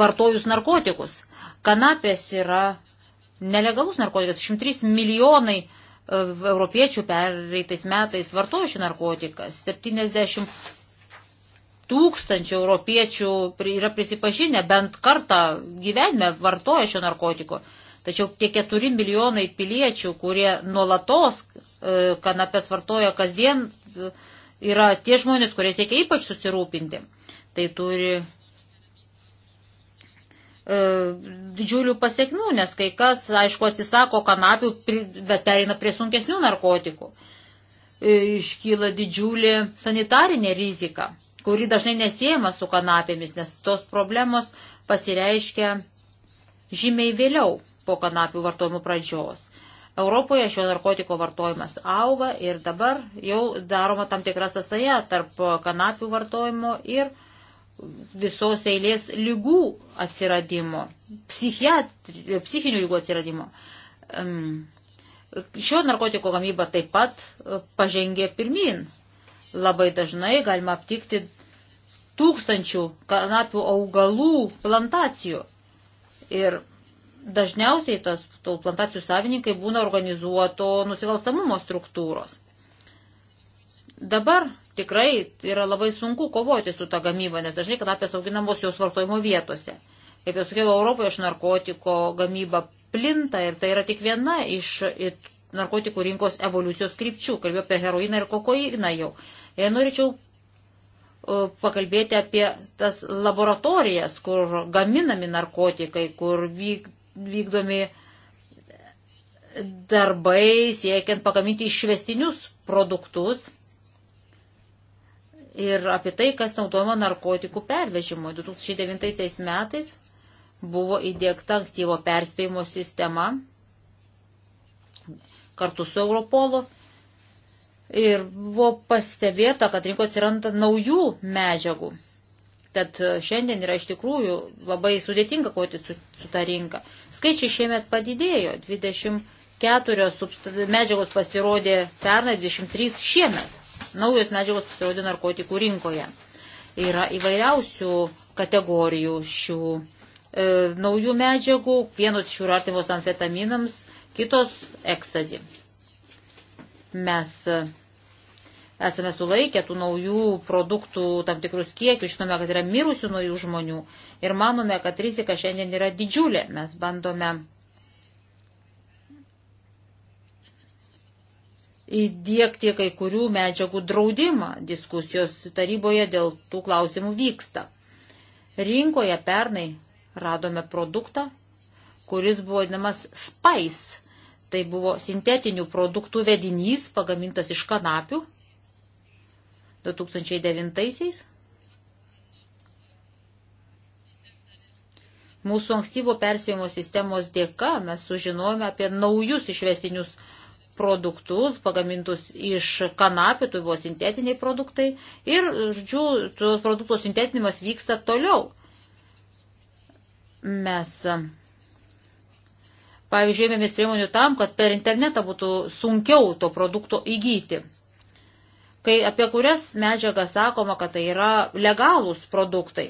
vartojus narkotikus. Kanapės yra nelegalus narkotikas. 103 milijonai e, europiečių pereitais metais vartojo šį narkotiką. 70 tūkstančių europiečių yra prisipažinę bent kartą gyvenime vartoja šio narkotiko. Tačiau tie 4 milijonai piliečių, kurie nuolatos e, kanapės vartoja kasdien, yra tie žmonės, kurie siekia ypač susirūpinti. Tai turi E, didžiulių pasiekmių, nes kai kas, aišku, atsisako kanapių, bet pereina prie sunkesnių narkotikų. E, iškyla didžiulė sanitarinė rizika, kuri dažnai nesijama su kanapėmis, nes tos problemos pasireiškia žymiai vėliau po kanapių vartojimo pradžios. Europoje šio narkotiko vartojimas auga ir dabar jau daroma tam tikra sąsaja tarp kanapių vartojimo ir narkotikų visos eilės lygų atsiradimo, psichinių lygų atsiradimo. Šio narkotiko gamyba taip pat e, pažengė pirmin. Labai dažnai galima aptikti tūkstančių kanapių augalų plantacijų. Ir dažniausiai tos to plantacijų savininkai būna organizuoto nusikalstamumo struktūros. Dabar tikrai yra labai sunku kovoti su tą gamybą, nes dažnai kanapės auginamos jos vartojimo vietose. Kaip jau sakiau, Europoje iš narkotiko gamyba plinta ir tai yra tik viena iš narkotikų rinkos evoliucijos krypčių. Kalbėjau apie heroiną ir kokoiną jau. Jei norėčiau pakalbėti apie tas laboratorijas, kur gaminami narkotikai, kur vykdomi darbai siekiant pagaminti išvestinius produktus ir apie tai, kas naudojama narkotikų pervežimui. 2009 metais buvo įdėkta ankstyvo perspėjimo sistema kartu su Europolu. Ir buvo pastebėta, kad rinkoje atsiranda naujų medžiagų. Tad šiandien yra iš tikrųjų labai sudėtinga kovoti su, su ta rinka. Skaičiai šiemet padidėjo. 24 medžiagos pasirodė pernai, 23 šiemet naujos medžiagos pasirodė narkotikų rinkoje. Yra įvairiausių kategorijų šių e, naujų medžiagų, vienos šių yra artimos amfetaminams, kitos ekstazi. Mes e, esame sulaikę tų naujų produktų tam tikrus kiekius, žinome, kad yra mirusių naujų žmonių ir manome, kad rizika šiandien yra didžiulė. Mes bandome įdėkti kai kurių medžiagų draudimą. Diskusijos taryboje dėl tų klausimų vyksta. Rinkoje pernai radome produktą, kuris buvo vadinamas spice. Tai buvo sintetinių produktų vedinys pagamintas iš kanapių 2009-aisiais. Mūsų ankstyvo perspėjimo sistemos dėka mes sužinojome apie naujus išvestinius produktus produktus pagamintus iš kanapių, tai buvo sintetiniai produktai ir, žodžiu, tos produktų sintetinimas vyksta toliau. Mes, pavyzdžiui, ėmėmės priemonių tam, kad per internetą būtų sunkiau to produkto įgyti. Kai apie kurias medžiagas sakoma, kad tai yra legalūs produktai.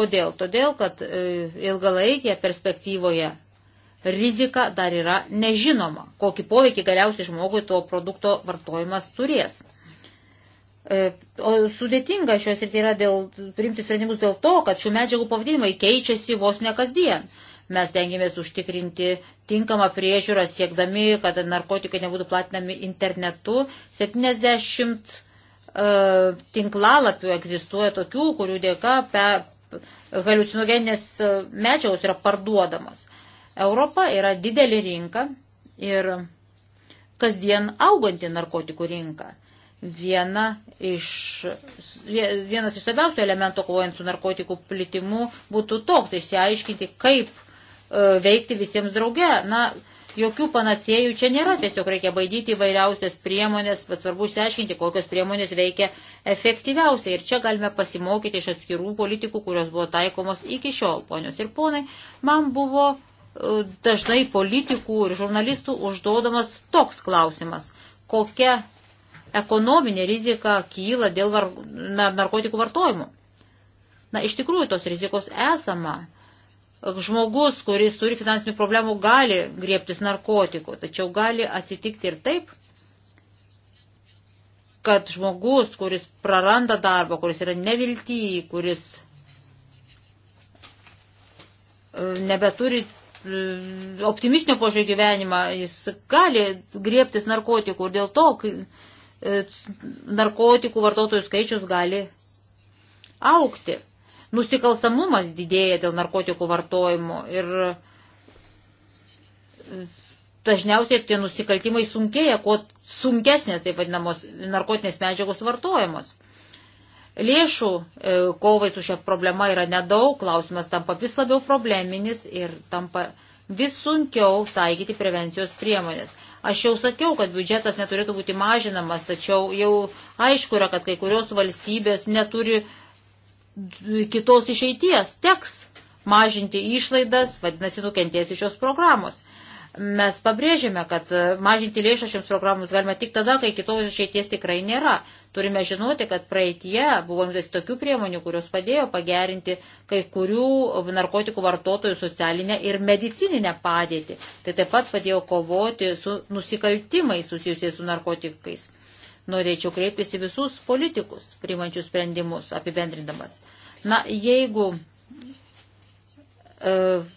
Kodėl? Todėl, kad e, ilgalaikėje perspektyvoje rizika dar yra nežinoma, kokį poveikį galiausiai žmogui to produkto vartojimas turės. E, o sudėtinga šios ir tai yra dėl, priimti sprendimus dėl to, kad šių medžiagų pavadinimai keičiasi vos ne kasdien. Mes tengiamės užtikrinti tinkamą priežiūrą, siekdami, kad narkotikai nebūtų platinami internetu. 70 uh, e, tinklalapių egzistuoja tokių, kurių dėka pe, haliucinogeninės e, medžiagos yra parduodamos. Europa yra didelė rinka ir kasdien auganti narkotikų rinka. Viena iš, vienas iš svarbiausių elementų kovojant su narkotikų plitimu būtų toks išsiaiškinti, kaip e, veikti visiems drauge. Na, jokių panacėjų čia nėra, tiesiog reikia baidyti įvairiausias priemonės, bet svarbu išsiaiškinti, kokios priemonės veikia efektyviausiai. Ir čia galime pasimokyti iš atskirų politikų, kurios buvo taikomos iki šiol, ponios ir ponai. Man buvo dažnai politikų ir žurnalistų užduodamas toks klausimas, kokia ekonominė rizika kyla dėl var, na, narkotikų vartojimo. Na, iš tikrųjų, tos rizikos esama. Žmogus, kuris turi finansinių problemų, gali griebtis narkotikų, tačiau gali atsitikti ir taip, kad žmogus, kuris praranda darbą, kuris yra nevilty, kuris e, nebeturi optimistinio požiūrį gyvenimą, jis gali griebtis narkotikų ir dėl to e, narkotikų vartotojų skaičius gali aukti. Nusikalstamumas didėja dėl narkotikų vartojimo ir e, dažniausiai tie nusikaltimai sunkėja, kuo sunkesnės taip vadinamos narkotinės medžiagos vartojamos. Lėšų e, kovai su šia problema yra nedaug, klausimas tampa vis labiau probleminis ir tampa vis sunkiau taikyti prevencijos priemonės. Aš jau sakiau, kad biudžetas neturėtų būti mažinamas, tačiau jau aišku yra, kad kai kurios valstybės neturi kitos išeities, teks mažinti išlaidas, vadinasi, nukentės iš šios programos. Mes pabrėžėme, kad e, mažinti lėšas šiems programams galima tik tada, kai kitos išeities tikrai nėra. Turime žinoti, kad praeitie buvo imtas tokių priemonių, kurios padėjo pagerinti kai kurių narkotikų vartotojų socialinę ir medicininę padėtį. Tai taip pat padėjo kovoti su nusikaltimais susijusiais su narkotikais. Norėčiau kreiptis į visus politikus, primančius sprendimus, apibendrindamas. Na, jeigu E,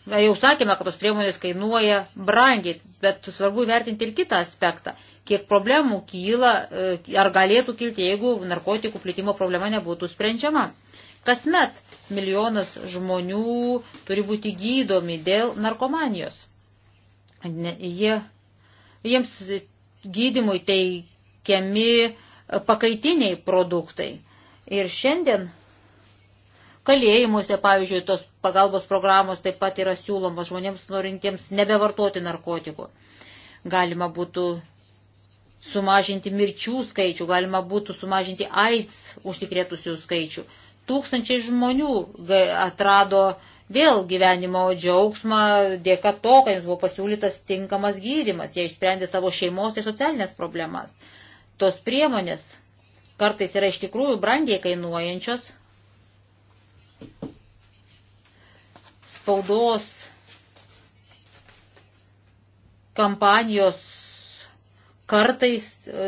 na, jau sakėme, kad tos priemonės kainuoja brangiai, bet svarbu vertinti ir kitą aspektą. Kiek problemų kyla, e, ar galėtų kilti, jeigu narkotikų plitimo problema nebūtų sprendžiama. Kasmet milijonas žmonių turi būti gydomi dėl narkomanijos. Ne, jie, jiems gydimui teikiami pakaitiniai produktai. Ir šiandien Kalėjimuose, pavyzdžiui, tos pagalbos programos taip pat yra siūlomos žmonėms norintiems nebevartoti narkotikų. Galima būtų sumažinti mirčių skaičių, galima būtų sumažinti AIDS užsikrėtusių skaičių. Tūkstančiai žmonių atrado vėl gyvenimo džiaugsmą dėka to, kad jiems buvo pasiūlytas tinkamas gydimas, jie išsprendė savo šeimos ir socialinės problemas. Tos priemonės kartais yra iš tikrųjų brangiai kainuojančios, spaudos kampanijos kartais e,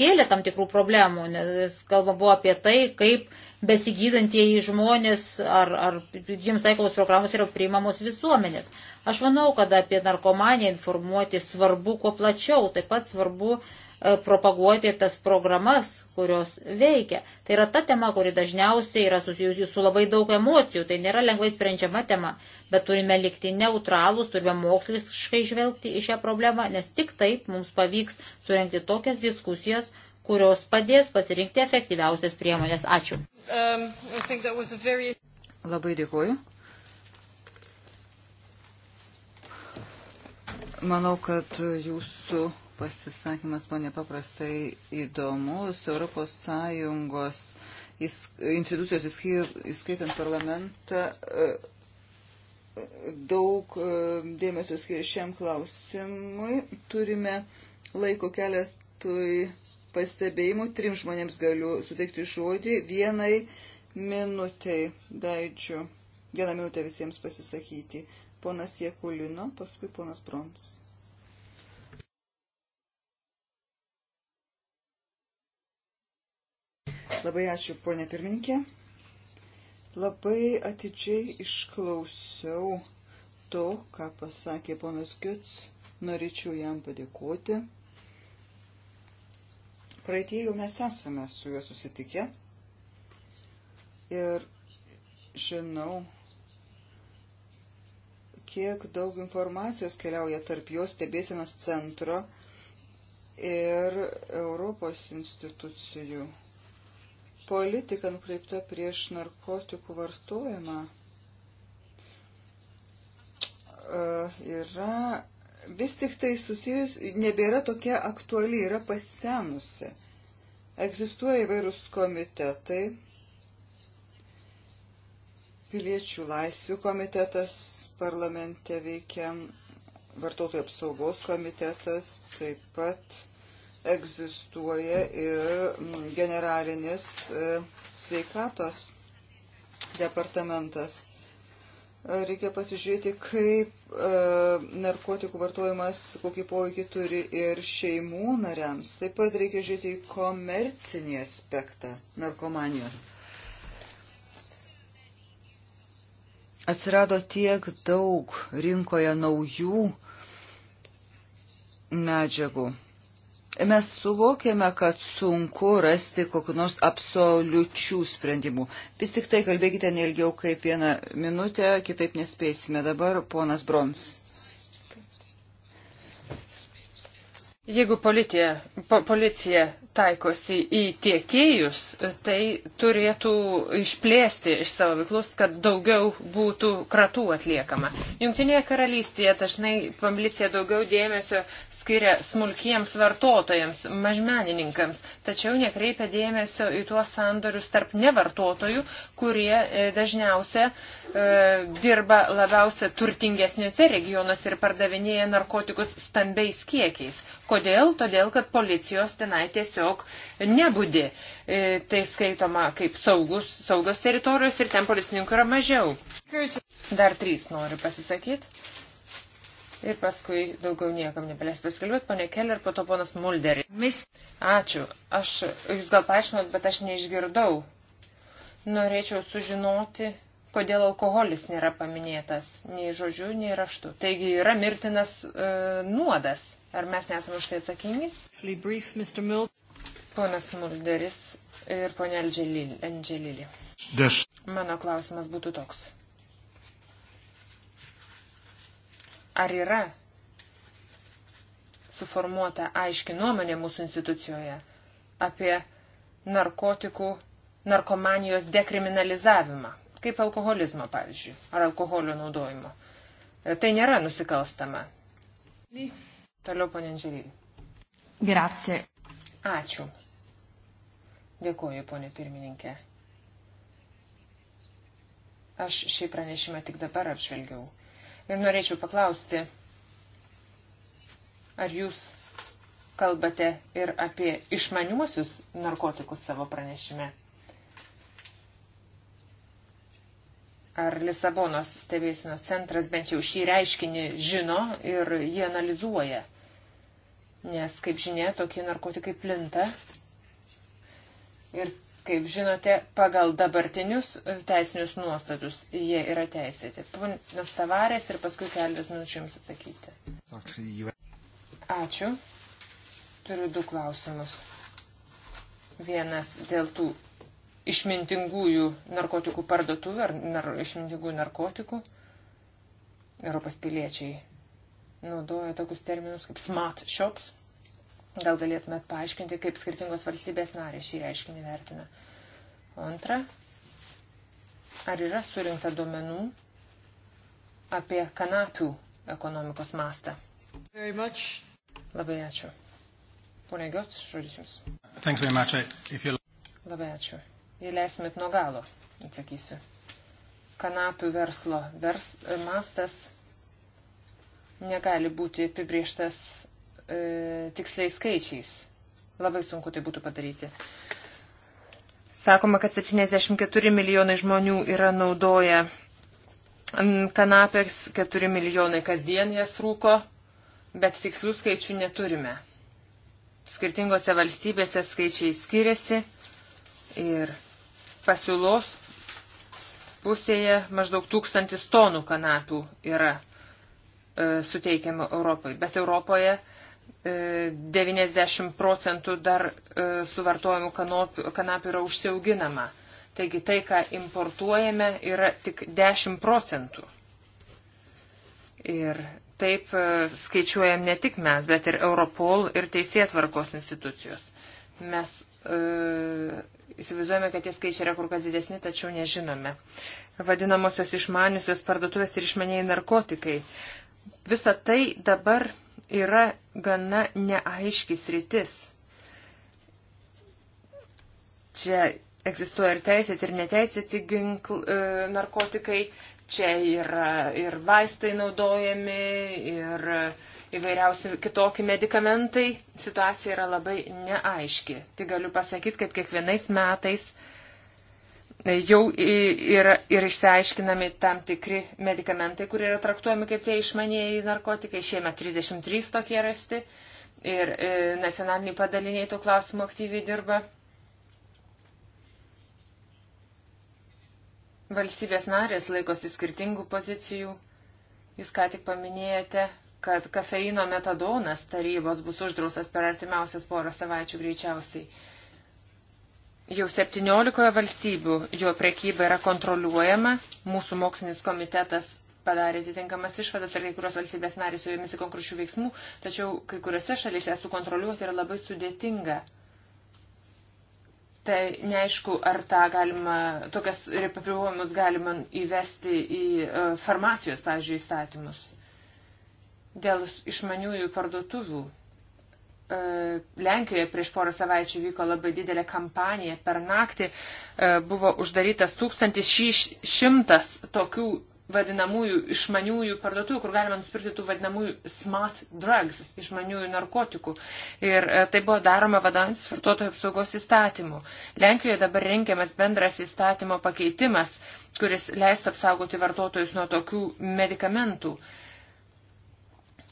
kėlė tam tikrų problemų, nes kalba buvo apie tai, kaip besigydantieji žmonės ar, ar jiems taikomos programos yra priimamos visuomenės. Aš manau, kad apie narkomaniją informuoti svarbu kuo plačiau, taip pat svarbu E, propaguoti tas programas, kurios veikia. Tai yra ta tema, kuri dažniausiai yra susijusi su labai daug emocijų, tai nėra lengvai sprendžiama tema, bet turime likti neutralus, turime moksliškai žvelgti į šią problemą, nes tik taip mums pavyks surenkti tokias diskusijas, kurios padės pasirinkti efektyviausias priemonės. Ačiū. Um, very... Labai dėkuoju. Manau, kad jūsų pasisakymas buvo nepaprastai įdomus. Europos Sąjungos institucijos, įskaitant parlamentą, e, e, daug e, dėmesio skiria šiam klausimui. Turime laiko keletui pastebėjimų. Trim žmonėms galiu suteikti žodį. Vienai minutiai daidžiu. Vieną minutę visiems pasisakyti. Ponas Jekulino, paskui ponas Bronsas. Labai ačiū, ponė pirminkė. Labai atidžiai išklausiau to, ką pasakė ponas Giuts. Norėčiau jam padėkoti. Praeitie jau mes esame su juo susitikę. Ir žinau, kiek daug informacijos keliauja tarp jo stebėsenos centro ir Europos institucijų politika nukreipta prieš narkotikų vartojimą e, yra vis tik tai susijus, nebėra tokia aktuali, yra pasenusi. Egzistuoja įvairūs komitetai, piliečių laisvių komitetas parlamente veikia, vartotojų apsaugos komitetas, taip pat egzistuoja ir mm, generalinis e, sveikatos departamentas. E, reikia pasižiūrėti, kaip e, narkotikų vartojimas kokį poveikį turi ir šeimų nariams. Taip pat reikia žiūrėti į komercinį aspektą narkomanijos. Atsirado tiek daug rinkoje naujų medžiagų Mes suvokėme, kad sunku rasti kokiu nors absoliučių sprendimų. Vis tik tai kalbėkite neilgiau kaip vieną minutę, kitaip nespėsime. Dabar ponas Brons. Jeigu policija, po, policija taikosi į tiekėjus, tai turėtų išplėsti iš savo veiklus, kad daugiau būtų kratų atliekama. Junktinėje karalystėje dažnai policija daugiau dėmesio skiria smulkiems vartotojams, mažmenininkams, tačiau nekreipia dėmesio į tuos sandorius tarp nevartotojų, kurie e, dažniausia e, dirba labiausia turtingesniuose regionuose ir pardavinėja narkotikus stambiais kiekiais. Kodėl? Todėl, kad policijos tenai tiesiog nebūdi. E, tai skaitoma kaip saugus, saugios teritorijos ir ten policininkų yra mažiau. Dar trys noriu pasisakyti ir paskui daugiau niekam nebelės paskelbėti. Pone Keller, po to ponas Mulderį. Mis... Ačiū. Aš, jūs gal paaiškinot, bet aš neišgirdau. Norėčiau sužinoti, kodėl alkoholis nėra paminėtas. Nei žodžiu, nei raštu. Taigi yra mirtinas e, nuodas. Ar mes nesame už tai atsakingi? Brief, Ponas Mulderis ir ponė Andželilė. Mano klausimas būtų toks. ar yra suformuota aiški nuomonė mūsų institucijoje apie narkotikų, narkomanijos dekriminalizavimą, kaip alkoholizmą, pavyzdžiui, ar alkoholio naudojimo. E, tai nėra nusikalstama. Toliau, ponė Andželylė. Grazie. Ačiū. Dėkuoju, ponė pirmininkė. Aš šį pranešimą tik dabar apžvelgiau. Ir norėčiau paklausti, ar jūs kalbate ir apie išmaniuosius narkotikus savo pranešime? Ar Lisabonos stebėsinos centras bent jau šį reiškinį žino ir jį analizuoja? Nes, kaip žinia, tokie narkotikai plinta ir kaip žinote, pagal dabartinius teisinius nuostatus jie yra teisėti. Ponas Tavarės ir paskui keletas minučių jums atsakyti. Ačiū. Turiu du klausimus. Vienas dėl tų išmintingųjų narkotikų parduotuvų ar nar, išmintingųjų narkotikų. Europos piliečiai naudoja tokius terminus kaip smart shops. Gal galėtumėt paaiškinti, kaip skirtingos valstybės narės šį reiškinį vertina. O antra, ar yra surinkta duomenų apie kanapių ekonomikos mastą? Labai ačiū. Pone Giots, žodis Jums. Labai ačiū. Jei leisimėt nuo galo, atsakysiu. Kanapių verslo vers, mastas negali būti apibrieštas e, tiksliais skaičiais. Labai sunku tai būtų padaryti. Sakoma, kad 74 milijonai žmonių yra naudoja kanapės, 4 milijonai kasdien jas rūko, bet tikslių skaičių neturime. Skirtingose valstybėse skaičiai skiriasi ir pasiūlos pusėje maždaug tūkstantis tonų kanapių yra e, suteikiama Europai, bet Europoje 90 e, procentų dar e, suvartojamų kanapių yra užsiauginama. Taigi tai, ką importuojame, yra tik 10 procentų. Ir taip e, skaičiuojam ne tik mes, bet ir Europol ir teisėtvarkos institucijos. Mes e, įsivaizduojame, kad tie skaičiai yra kur kas didesni, tačiau nežinome. Vadinamosios išmaniusios parduotuvės ir išmaniai narkotikai. Visa tai dabar yra gana neaiškis rytis. Čia egzistuoja ir teisėti, ir neteisėti ginkl, e, narkotikai, čia yra ir vaistai naudojami, ir įvairiausi kitokie medikamentai. Situacija yra labai neaiški. Tai galiu pasakyti, kad kiekvienais metais e, jau yra ir išsiaiškinami tam tikri medikamentai, kurie yra traktuojami kaip tie išmanieji narkotikai. Šiemet 33 tokie rasti ir e, nacionaliniai padaliniai tų klausimų aktyviai dirba. Valstybės narės laikosi skirtingų pozicijų. Jūs ką tik paminėjote, kad kafeino metadonas tarybos bus uždrausas per artimiausias porą savaičių greičiausiai. Jau 17 valstybių jo prekyba yra kontroliuojama. Mūsų mokslinis komitetas padarė atitinkamas išvadas ir kai kurios valstybės narės jau ėmėsi konkrečių veiksmų, tačiau kai kuriuose šalyse sukontroliuoti yra labai sudėtinga. Tai neaišku, ar tą galima, tokias apribojimus galima įvesti į e, farmacijos, pavyzdžiui, įstatymus dėl išmaniųjų parduotuvių E, Lenkijoje prieš porą savaičių vyko labai didelė kampanija. Per naktį e, buvo uždarytas 1100 tokių vadinamųjų išmaniųjų parduotuvių, kur galima nusipirkti tų vadinamųjų smart drugs, išmaniųjų narkotikų. Ir e, tai buvo daroma vadovantis vartotojų apsaugos įstatymu. Lenkijoje dabar rengiamas bendras įstatymo pakeitimas, kuris leistų apsaugoti vartotojus nuo tokių medikamentų. Uh,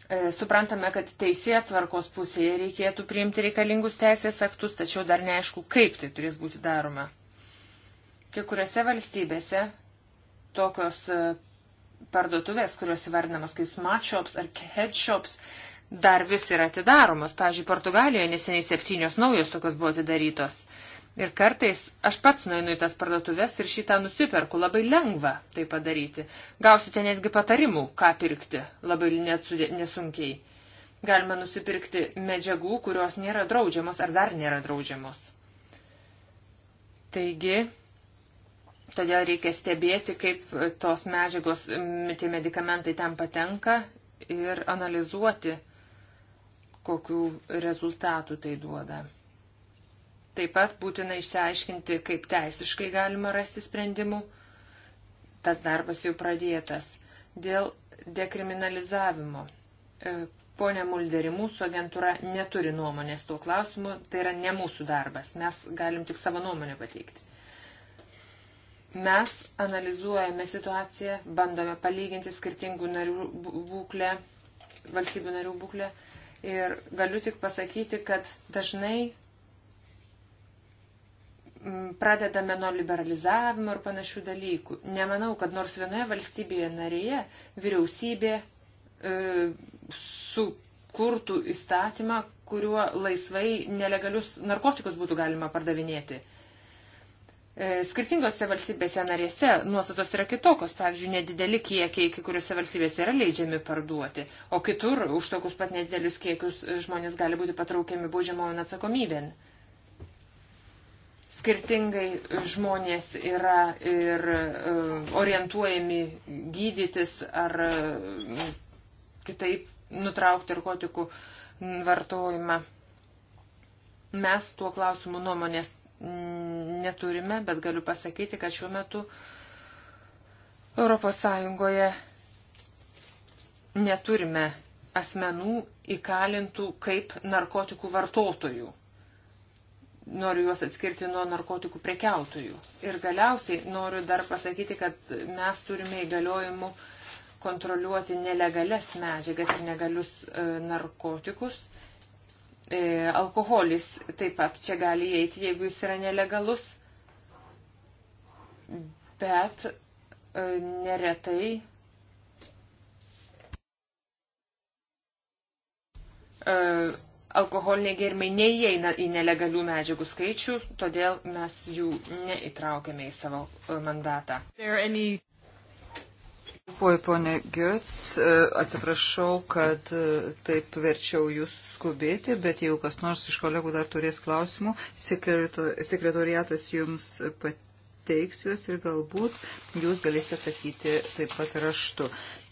E, suprantame, kad teisėje tvarkos pusėje reikėtų priimti reikalingus teisės aktus, tačiau dar neaišku, kaip tai turės būti daroma. Kai kuriuose valstybėse tokios e, parduotuvės, kurios įvardinamos kaip smart shops ar head shops, dar vis yra atidaromos. Pavyzdžiui, Portugalijoje neseniai septynios naujos tokios buvo atidarytos. Ir kartais aš pats nueinu į tas parduotuvės ir šitą nusiperku. Labai lengva tai padaryti. Gausite netgi patarimų, ką pirkti. Labai nesunkiai. Galima nusipirkti medžiagų, kurios nėra draudžiamos ar dar nėra draudžiamos. Taigi, todėl reikia stebėti, kaip tos medžiagos, tie medikamentai ten patenka ir analizuoti, kokiu rezultatu tai duoda. Taip pat būtina išsiaiškinti, kaip teisiškai galima rasti sprendimų. Tas darbas jau pradėtas. Dėl dekriminalizavimo. E, Pone Mulderi, mūsų agentūra neturi nuomonės tuo klausimu, tai yra ne mūsų darbas, mes galim tik savo nuomonę pateikti. Mes analizuojame situaciją, bandome palyginti skirtingų narių būklę, valstybių narių būklę ir galiu tik pasakyti, kad dažnai pradedame nuo liberalizavimo ir panašių dalykų. Nemanau, kad nors vienoje valstybėje narėje vyriausybė e, sukurtų įstatymą, kuriuo laisvai nelegalius narkotikus būtų galima pardavinėti. E, skirtingose valstybėse narėse nuostatos yra kitokios, pavyzdžiui, nedideli kiekiai, kai kuriuose valstybėse yra leidžiami parduoti, o kitur už tokius pat nedidelius kiekius žmonės gali būti patraukiami baudžiamojo atsakomybėn. E, skirtingai žmonės yra ir e, orientuojami gydytis ar e, kitaip nutraukti narkotikų vartojimą. Mes tuo klausimu nuomonės neturime, bet galiu pasakyti, kad šiuo metu ES neturime asmenų įkalintų kaip narkotikų vartotojų noriu juos atskirti nuo narkotikų prekiautojų. Ir galiausiai noriu dar pasakyti, kad mes turime įgaliojimų kontroliuoti nelegales medžiagas ir negalius e, narkotikus. E, alkoholis taip pat čia gali įeiti, jeigu jis yra nelegalus. Bet e, neretai e, alkoholiniai gėrimai neįeina į nelegalių medžiagų skaičių, todėl mes jų neįtraukėme į savo e, mandatą. Any... Dėkuoju, ponė Götz, e, atsiprašau, kad e, taip verčiau jūs skubėti, bet jeigu kas nors iš kolegų dar turės klausimų, sekretoriatas jums pateiks juos ir galbūt jūs galėsite atsakyti taip pat raštu.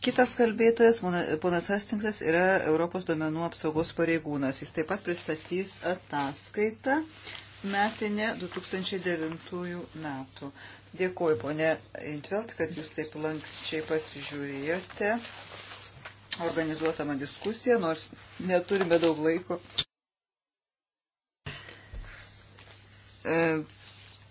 Kitas kalbėtojas, ponas Hastingsas, yra Europos duomenų apsaugos pareigūnas. Jis taip pat pristatys ataskaitą metinę 2009 metų. Dėkuoju, ponė Intvelt, kad jūs taip lankščiai pasižiūrėjote organizuotamą diskusiją, nors neturime daug laiko. E,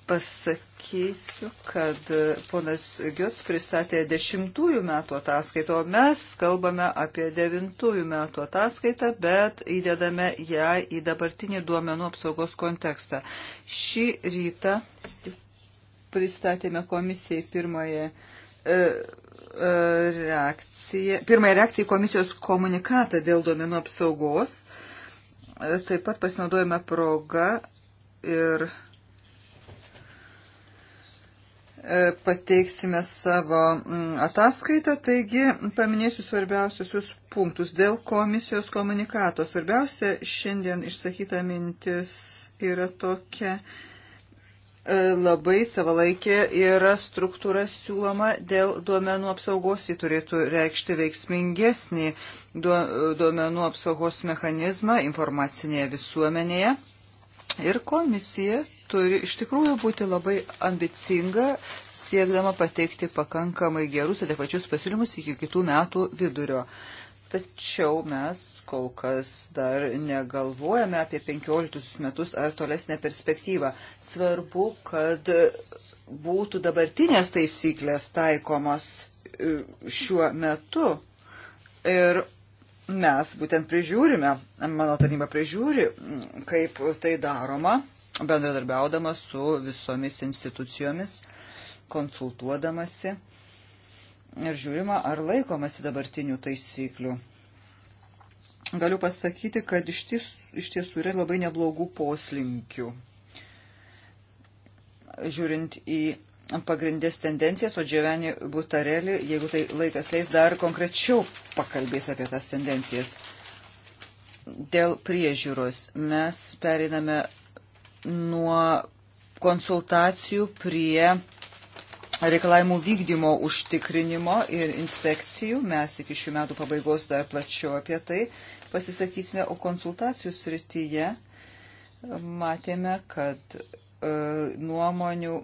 pasak pasakysiu, kad e, ponas Giots pristatė dešimtųjų metų ataskaitą, o mes kalbame apie devintųjų metų ataskaitą, bet įdedame ją į dabartinį duomenų apsaugos kontekstą. Šį rytą pristatėme komisijai pirmąją. E, e reakcija, pirmąją reakciją į komisijos komunikatą dėl duomenų apsaugos. E, taip pat pasinaudojame progą ir E, pateiksime savo mm, ataskaitą, taigi paminėsiu svarbiausius punktus dėl komisijos komunikato. Svarbiausia šiandien išsakyta mintis yra tokia e, labai savalaikė yra struktūra siūloma dėl duomenų apsaugos, ji turėtų reikšti veiksmingesnį duomenų apsaugos mechanizmą informacinėje visuomenėje. Ir komisija turi iš tikrųjų būti labai ambicinga, siekdama pateikti pakankamai gerus, adekvačius pasiūlymus iki kitų metų vidurio. Tačiau mes kol kas dar negalvojame apie 15 metus ar tolesnę perspektyvą. Svarbu, kad būtų dabartinės taisyklės taikomos e, šiuo metu. Ir mes būtent prižiūrime, mano tarnyba prižiūri, mm, kaip tai daroma, bendradarbiaudama su visomis institucijomis, konsultuodamasi ir žiūrima, ar laikomasi dabartinių taisyklių. Galiu pasakyti, kad iš tiesų, iš tiesų yra labai neblogų poslinkių. Žiūrint į pagrindės tendencijas, o Giovanni Butarelli, jeigu tai laikas leis, dar konkrečiau pakalbės apie tas tendencijas. Dėl priežiūros mes pereiname nuo konsultacijų prie reikalavimų vykdymo užtikrinimo ir inspekcijų. Mes iki šių metų pabaigos dar plačiau apie tai pasisakysime, o konsultacijų srityje matėme, kad e, nuomonių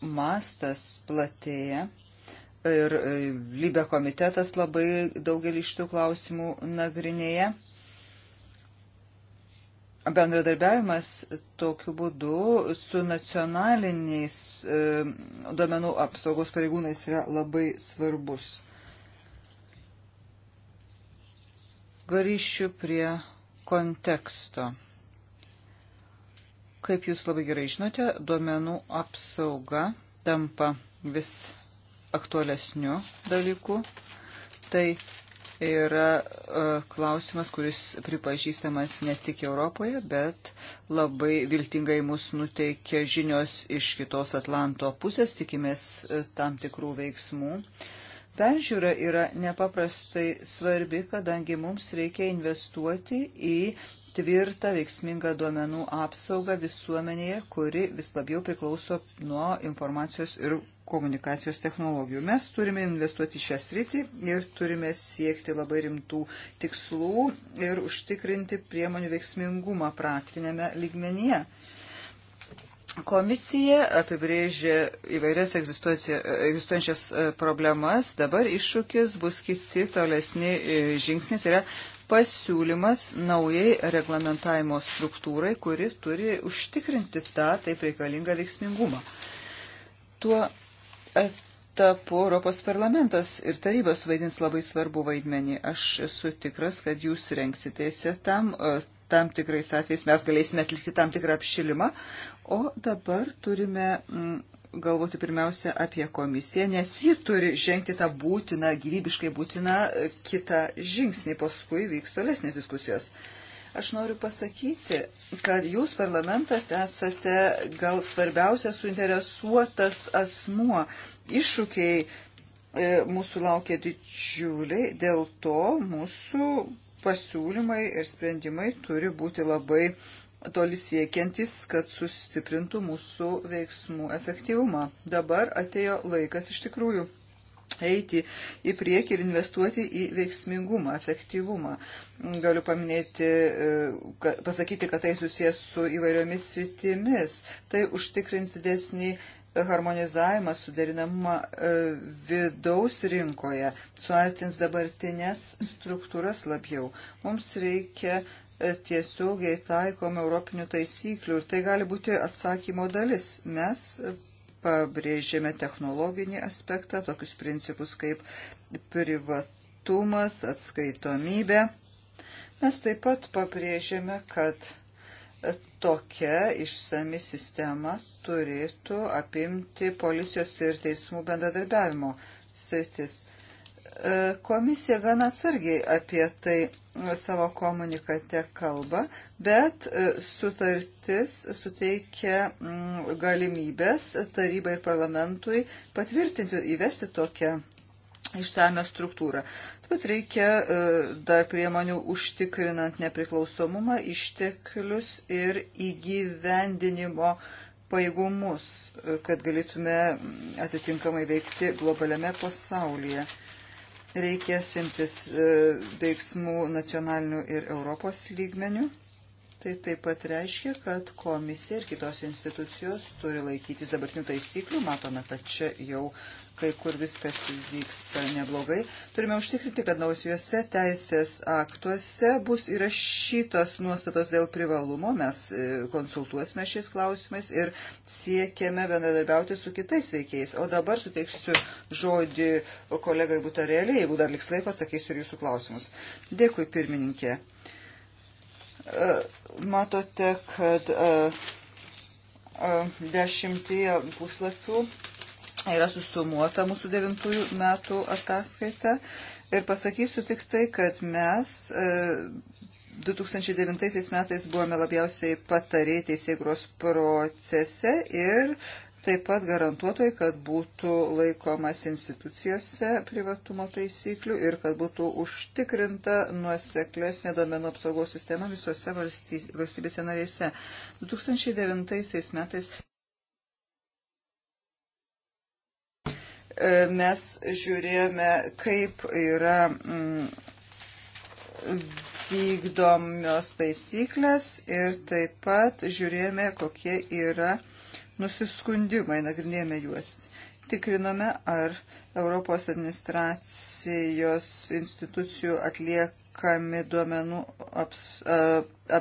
mastas platėja ir e, lybė komitetas labai daugelį iš tų klausimų nagrinėja. Bendradarbiavimas tokiu būdu su nacionaliniais e, duomenų apsaugos pareigūnais yra labai svarbus. Grįšiu prie konteksto. Kaip jūs labai gerai žinote, duomenų apsauga tampa vis aktualesniu dalyku. Tai yra e, klausimas, kuris pripažįstamas ne tik Europoje, bet labai viltingai mus nuteikia žinios iš kitos Atlanto pusės, tikimės e, tam tikrų veiksmų. Peržiūra yra nepaprastai svarbi, kadangi mums reikia investuoti į tvirtą, veiksmingą duomenų apsaugą visuomenėje, kuri vis labiau priklauso nuo informacijos ir komunikacijos technologijų. Mes turime investuoti šią sritį ir turime siekti labai rimtų tikslų ir užtikrinti priemonių veiksmingumą praktinėme lygmenyje. Komisija apibrėžė įvairias egzistuojančias e, problemas, dabar iššūkis bus kiti tolesni e, žingsniai, tai yra pasiūlymas naujai reglamentavimo struktūrai, kuri turi užtikrinti tą taip reikalingą veiksmingumą. Tuo etapu Europos parlamentas ir tarybos vaidins labai svarbu vaidmenį. Aš esu tikras, kad jūs renksitėse tam, e, tam tikrais atvejais mes galėsime atlikti tam tikrą apšilimą, o dabar turime. Mm, galvoti pirmiausia apie komisiją, nes ji turi žengti tą būtiną, gyvybiškai būtiną e, kitą žingsnį, paskui vyks tolesnės diskusijos. Aš noriu pasakyti, kad jūs parlamentas esate gal svarbiausia suinteresuotas asmuo. Iššūkiai e, mūsų laukia didžiuliai, dėl to mūsų pasiūlymai ir sprendimai turi būti labai toli siekiantis, kad sustiprintų mūsų veiksmų efektyvumą. Dabar atėjo laikas iš tikrųjų eiti į priekį ir investuoti į veiksmingumą, efektyvumą. Galiu paminėti, e, kad, pasakyti, kad tai susijęs su įvairiomis sritimis. Tai užtikrins didesnį harmonizavimą, suderinamą e, vidaus rinkoje, suartins dabartinės struktūras labiau. Mums reikia tiesiogiai taikom europinių taisyklių ir tai gali būti atsakymo dalis. Mes pabrėžėme technologinį aspektą, tokius principus kaip privatumas, atskaitomybė. Mes taip pat pabrėžėme, kad tokia išsami sistema turėtų apimti policijos ir teismų bendradarbiavimo sritis. E, komisija gan atsargiai apie tai e, savo komunikate kalba, bet e, sutartis suteikia mm, galimybės tarybai ir parlamentui patvirtinti, įvesti tokią išsame struktūrą. Taip pat reikia dar priemonių užtikrinant nepriklausomumą, išteklius ir įgyvendinimo pajėgumus, kad galėtume mm, atitinkamai veikti globaliame pasaulyje reikia simtis e, veiksmų nacionalinių ir Europos lygmenių. Tai taip pat reiškia, kad komisija ir kitos institucijos turi laikytis dabartinių taisyklių. Matome, kad čia jau kai kur viskas vyksta neblogai. Turime užtikrinti, kad naujuose teisės aktuose bus įrašytos nuostatos dėl privalumo. Mes e, konsultuosime šiais klausimais ir siekiame bendradarbiauti su kitais veikėjais. O dabar suteiksiu žodį kolegai Butarėlį, jeigu dar liks laiko, atsakysiu ir jūsų klausimus. Dėkui, pirmininkė. E, matote, kad e, dešimtyje puslapių yra susumuota mūsų devintųjų metų ataskaita. Ir pasakysiu tik tai, kad mes 2009 e, metais buvome labiausiai patarėjai teisėgros procese ir taip pat garantuotojai, kad būtų laikomas institucijose privatumo taisyklių ir kad būtų užtikrinta nuoseklesnė domenų apsaugos sistema visose valstybėse narėse. 2009 metais E, mes žiūrėjome, kaip yra mm, vykdomios taisyklės ir taip pat žiūrėjome, kokie yra nusiskundimai, nagrinėjome juos. Tikrinome, ar Europos administracijos institucijų atliekami duomenų aps, e,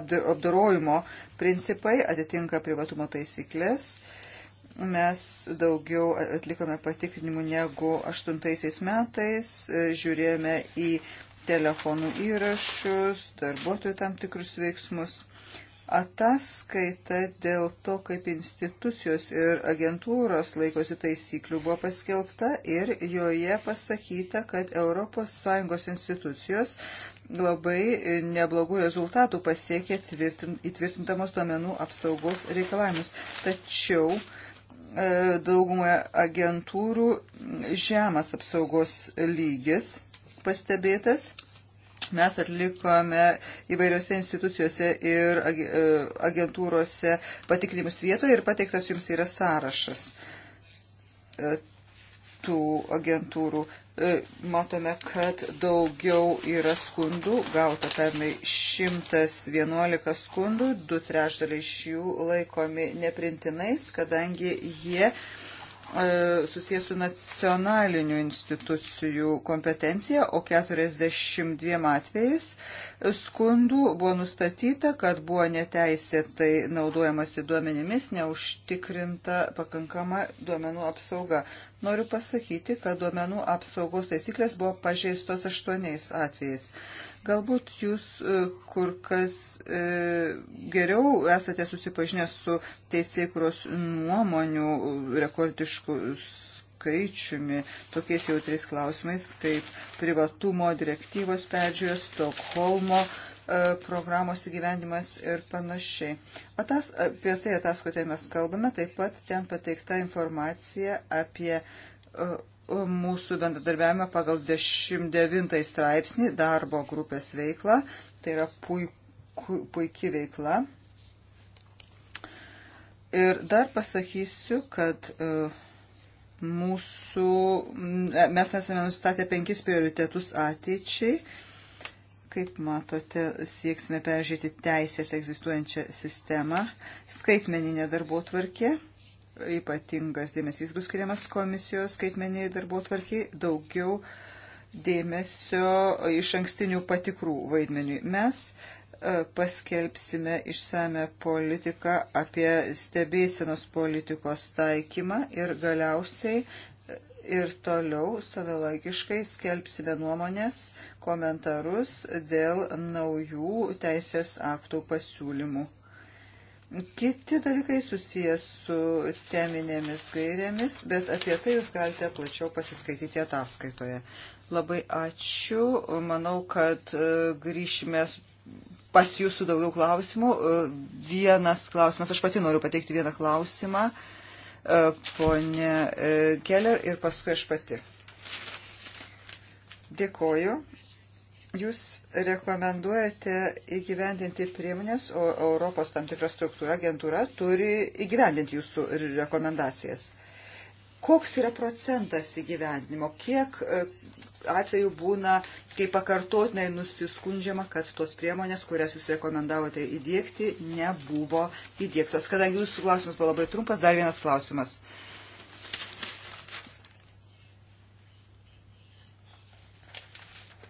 apdarojimo principai atitinka privatumo taisyklės. Uh, mes daugiau atlikome patikrinimų negu aštuntaisiais metais, e, žiūrėjome į telefonų įrašus, darbuotojų tam tikrus veiksmus. Ataskaita dėl to, kaip institucijos ir agentūros laikosi taisyklių buvo paskelbta ir joje pasakyta, kad ES institucijos labai neblogų rezultatų pasiekė įtvirtintamos duomenų apsaugos reikalavimus. Tačiau E, daugumoje agentūrų žemas apsaugos lygis pastebėtas. Mes atlikome įvairiose institucijose ir e, agentūrose patikrinimus vietoje ir pateiktas jums yra sąrašas e, tų agentūrų. E, matome, kad daugiau yra skundų, gauta pernai 111 skundų, du trešdaliai iš jų laikomi neprintinais, kadangi jie uh, E, susijęs su nacionalinių institucijų kompetencija, o 42 atvejais skundų buvo nustatyta, kad buvo neteisėtai naudojamasi duomenimis, neužtikrinta pakankama duomenų apsauga. Noriu pasakyti, kad duomenų apsaugos taisyklės buvo pažeistos aštuoniais atvejais. Galbūt jūs e, kur kas e, geriau esate susipažinęs su teisėkuros nuomonių rekordišku skaičiumi tokiais jautriais klausimais kaip privatumo direktyvos peržiūros, Stokholmo e, programos įgyvendimas ir panašiai. Atas, apie tai ataskote mes kalbame, taip pat ten pateikta informacija apie e, mūsų bendradarbiavimą pagal 19 straipsnį darbo grupės veiklą. Tai yra puiku, puikia veikla. Ir dar pasakysiu, kad e, mūsų, e, mes esame nustatę penkis prioritetus ateičiai. Kaip matote, sieksime peržiūrėti teisės egzistuojančią sistemą, skaitmeninę darbo tvarkę ypatingas dėmesys bus skiriamas komisijos skaitmeniai darbo tvarkiai, daugiau dėmesio iš ankstinių patikrų vaidmeniui. Mes e, paskelbsime išsame politiką apie stebėsienos politikos taikymą ir galiausiai e, ir toliau savalaikiškai skelbsime nuomonės, komentarus dėl naujų teisės aktų pasiūlymų. Kiti dalykai susijęs su teminėmis gairėmis, bet apie tai jūs galite plačiau pasiskaityti ataskaitoje. Labai ačiū. Manau, kad e, grįšime pas jūsų daugiau klausimų. E, vienas klausimas, aš pati noriu pateikti vieną klausimą, e, ponė Keller, ir paskui aš pati. Dėkoju. Jūs rekomenduojate įgyvendinti priemonės, o Europos tam tikra struktūra, agentūra turi įgyvendinti jūsų rekomendacijas. Koks yra procentas įgyvendinimo? Kiek e, atveju būna, kai pakartotinai nusiskundžiama, kad tos priemonės, kurias jūs rekomendavote įdėkti, nebuvo įdėktos? Kadangi jūsų klausimas buvo labai trumpas, dar vienas klausimas. Uh,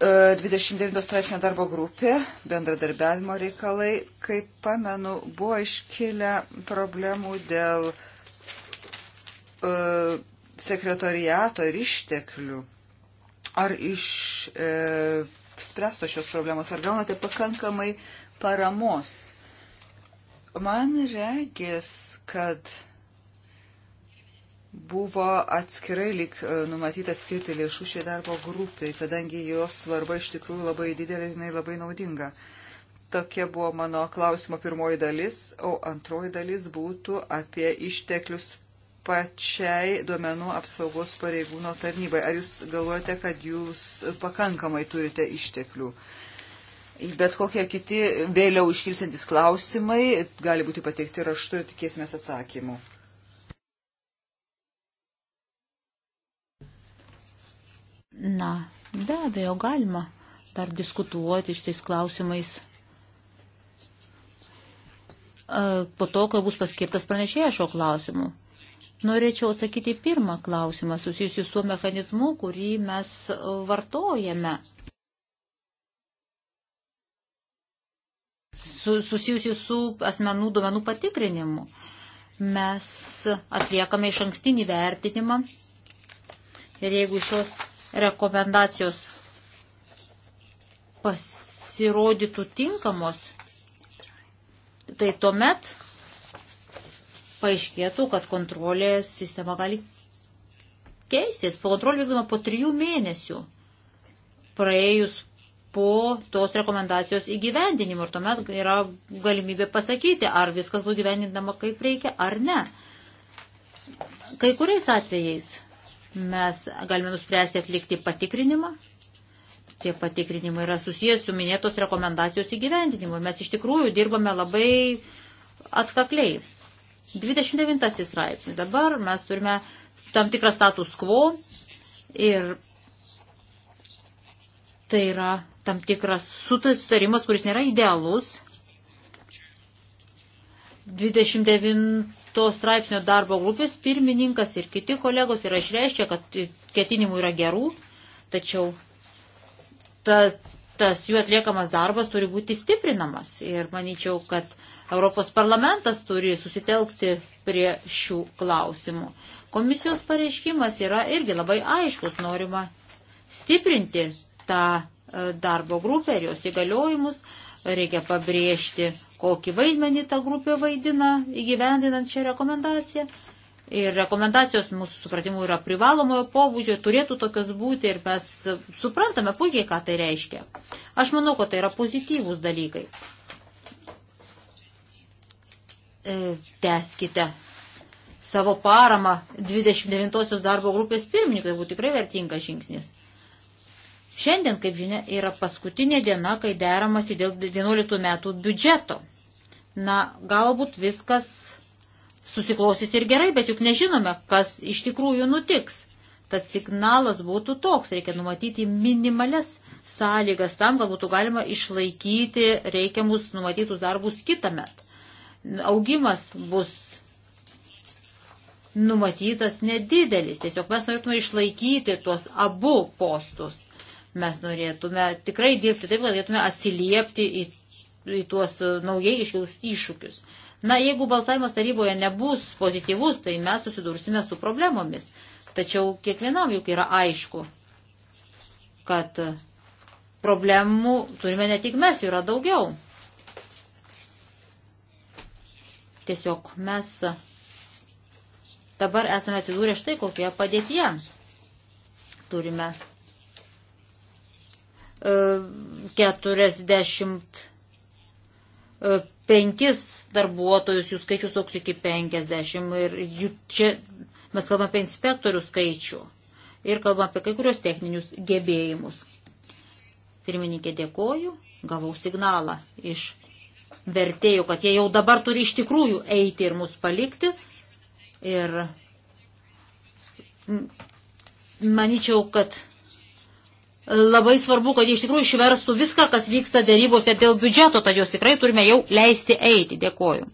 29 e, straipsnio darbo grupė, bendradarbiavimo reikalai, kaip pamenu, buvo iškilę problemų dėl uh, sekretoriato ir išteklių. Ar iš e, spręsto šios problemos, ar gaunate tai pakankamai paramos? Man regis, kad buvo atskirai lik e, numatyta skirti lėšų šiai darbo grupiai, kadangi jos svarba iš tikrųjų labai didelė ir jinai labai naudinga. Tokia buvo mano klausimo pirmoji dalis, o antroji dalis būtų apie išteklius pačiai duomenų apsaugos pareigūno tarnybai. Ar jūs galvojate, kad jūs pakankamai turite išteklių? Bet kokie kiti vėliau iškilsiantis klausimai gali būti pateikti raštu ir tikėsime atsakymų. Na, be abejo, galima dar diskutuoti šitais klausimais. Po to, kai bus paskirtas pranešėjas šio klausimu. Norėčiau atsakyti pirmą klausimą susijusiu su mechanizmu, kurį mes vartojame. Susijusiu su asmenų duomenų patikrinimu. Mes atliekame iš ankstinį vertinimą ir jeigu šios rekomendacijos pasirodytų tinkamos, tai tuomet paaiškėtų, kad kontrolės sistema gali keistis. Po kontrolė vykdoma po trijų mėnesių, praėjus po tos rekomendacijos įgyvendinimo. Ir tuomet yra galimybė pasakyti, ar viskas buvo gyvendinama kaip reikia, ar ne. Kai kuriais atvejais mes galime nuspręsti atlikti patikrinimą. Tie patikrinimai yra susijęs su minėtos rekomendacijos įgyvendinimu. Mes iš tikrųjų dirbame labai atkakliai. 29 straipsnis. Dabar mes turime tam tikrą status quo ir tai yra tam tikras sutarimas, kuris nėra idealus. 29 to straipsnio darbo grupės pirmininkas ir kiti kolegos yra išreiškę, kad ketinimų yra gerų, tačiau ta, tas jų atliekamas darbas turi būti stiprinamas. Ir manyčiau, kad Europos parlamentas turi susitelkti prie šių klausimų. Komisijos pareiškimas yra irgi labai aiškus, norima stiprinti tą e, darbo grupę ir jos įgaliojimus, reikia pabrėžti kokį vaidmenį ta grupė vaidina įgyvendinant šią rekomendaciją. Ir rekomendacijos mūsų supratimu yra privalomojo pobūdžio, turėtų tokios būti ir mes suprantame puikiai, ką tai reiškia. Aš manau, kad tai yra pozityvūs dalykai. E, teskite savo paramą 29-osios darbo grupės pirmininkui, jeigu tai tikrai vertingas žingsnis. Šiandien, kaip žinia, yra paskutinė diena, kai deramasi dėl 11 metų biudžeto. Na, galbūt viskas susiklostys ir gerai, bet juk nežinome, kas iš tikrųjų nutiks. Tad signalas būtų toks, reikia numatyti minimales sąlygas tam, kad būtų galima išlaikyti reikiamus numatytus darbus kitą metą. Augimas bus numatytas nedidelis, tiesiog mes norėtume išlaikyti tuos abu postus. Mes norėtume tikrai dirbti taip, kad galėtume atsiliepti į, į tuos naujai iškiaus iššūkius. Na, jeigu balsavimas taryboje nebus pozityvus, tai mes susidursime su problemomis. Tačiau kiekvienam juk yra aišku, kad problemų turime ne tik mes, jų yra daugiau. Tiesiog mes dabar esame atsidūrę štai kokioje padėtyje. Turime 45 e, darbuotojus, jų skaičius toks iki 50 ir jų čia mes kalbame apie inspektorių skaičių ir kalbame apie kai kurios techninius gebėjimus. Pirmininkė dėkoju, gavau signalą iš vertėjų, kad jie jau dabar turi iš tikrųjų eiti ir mus palikti. Ir manyčiau, kad labai svarbu, kad iš tikrųjų išverstų viską, kas vyksta dėrybose dėl biudžeto, tad jos tikrai turime jau leisti eiti. Dėkoju.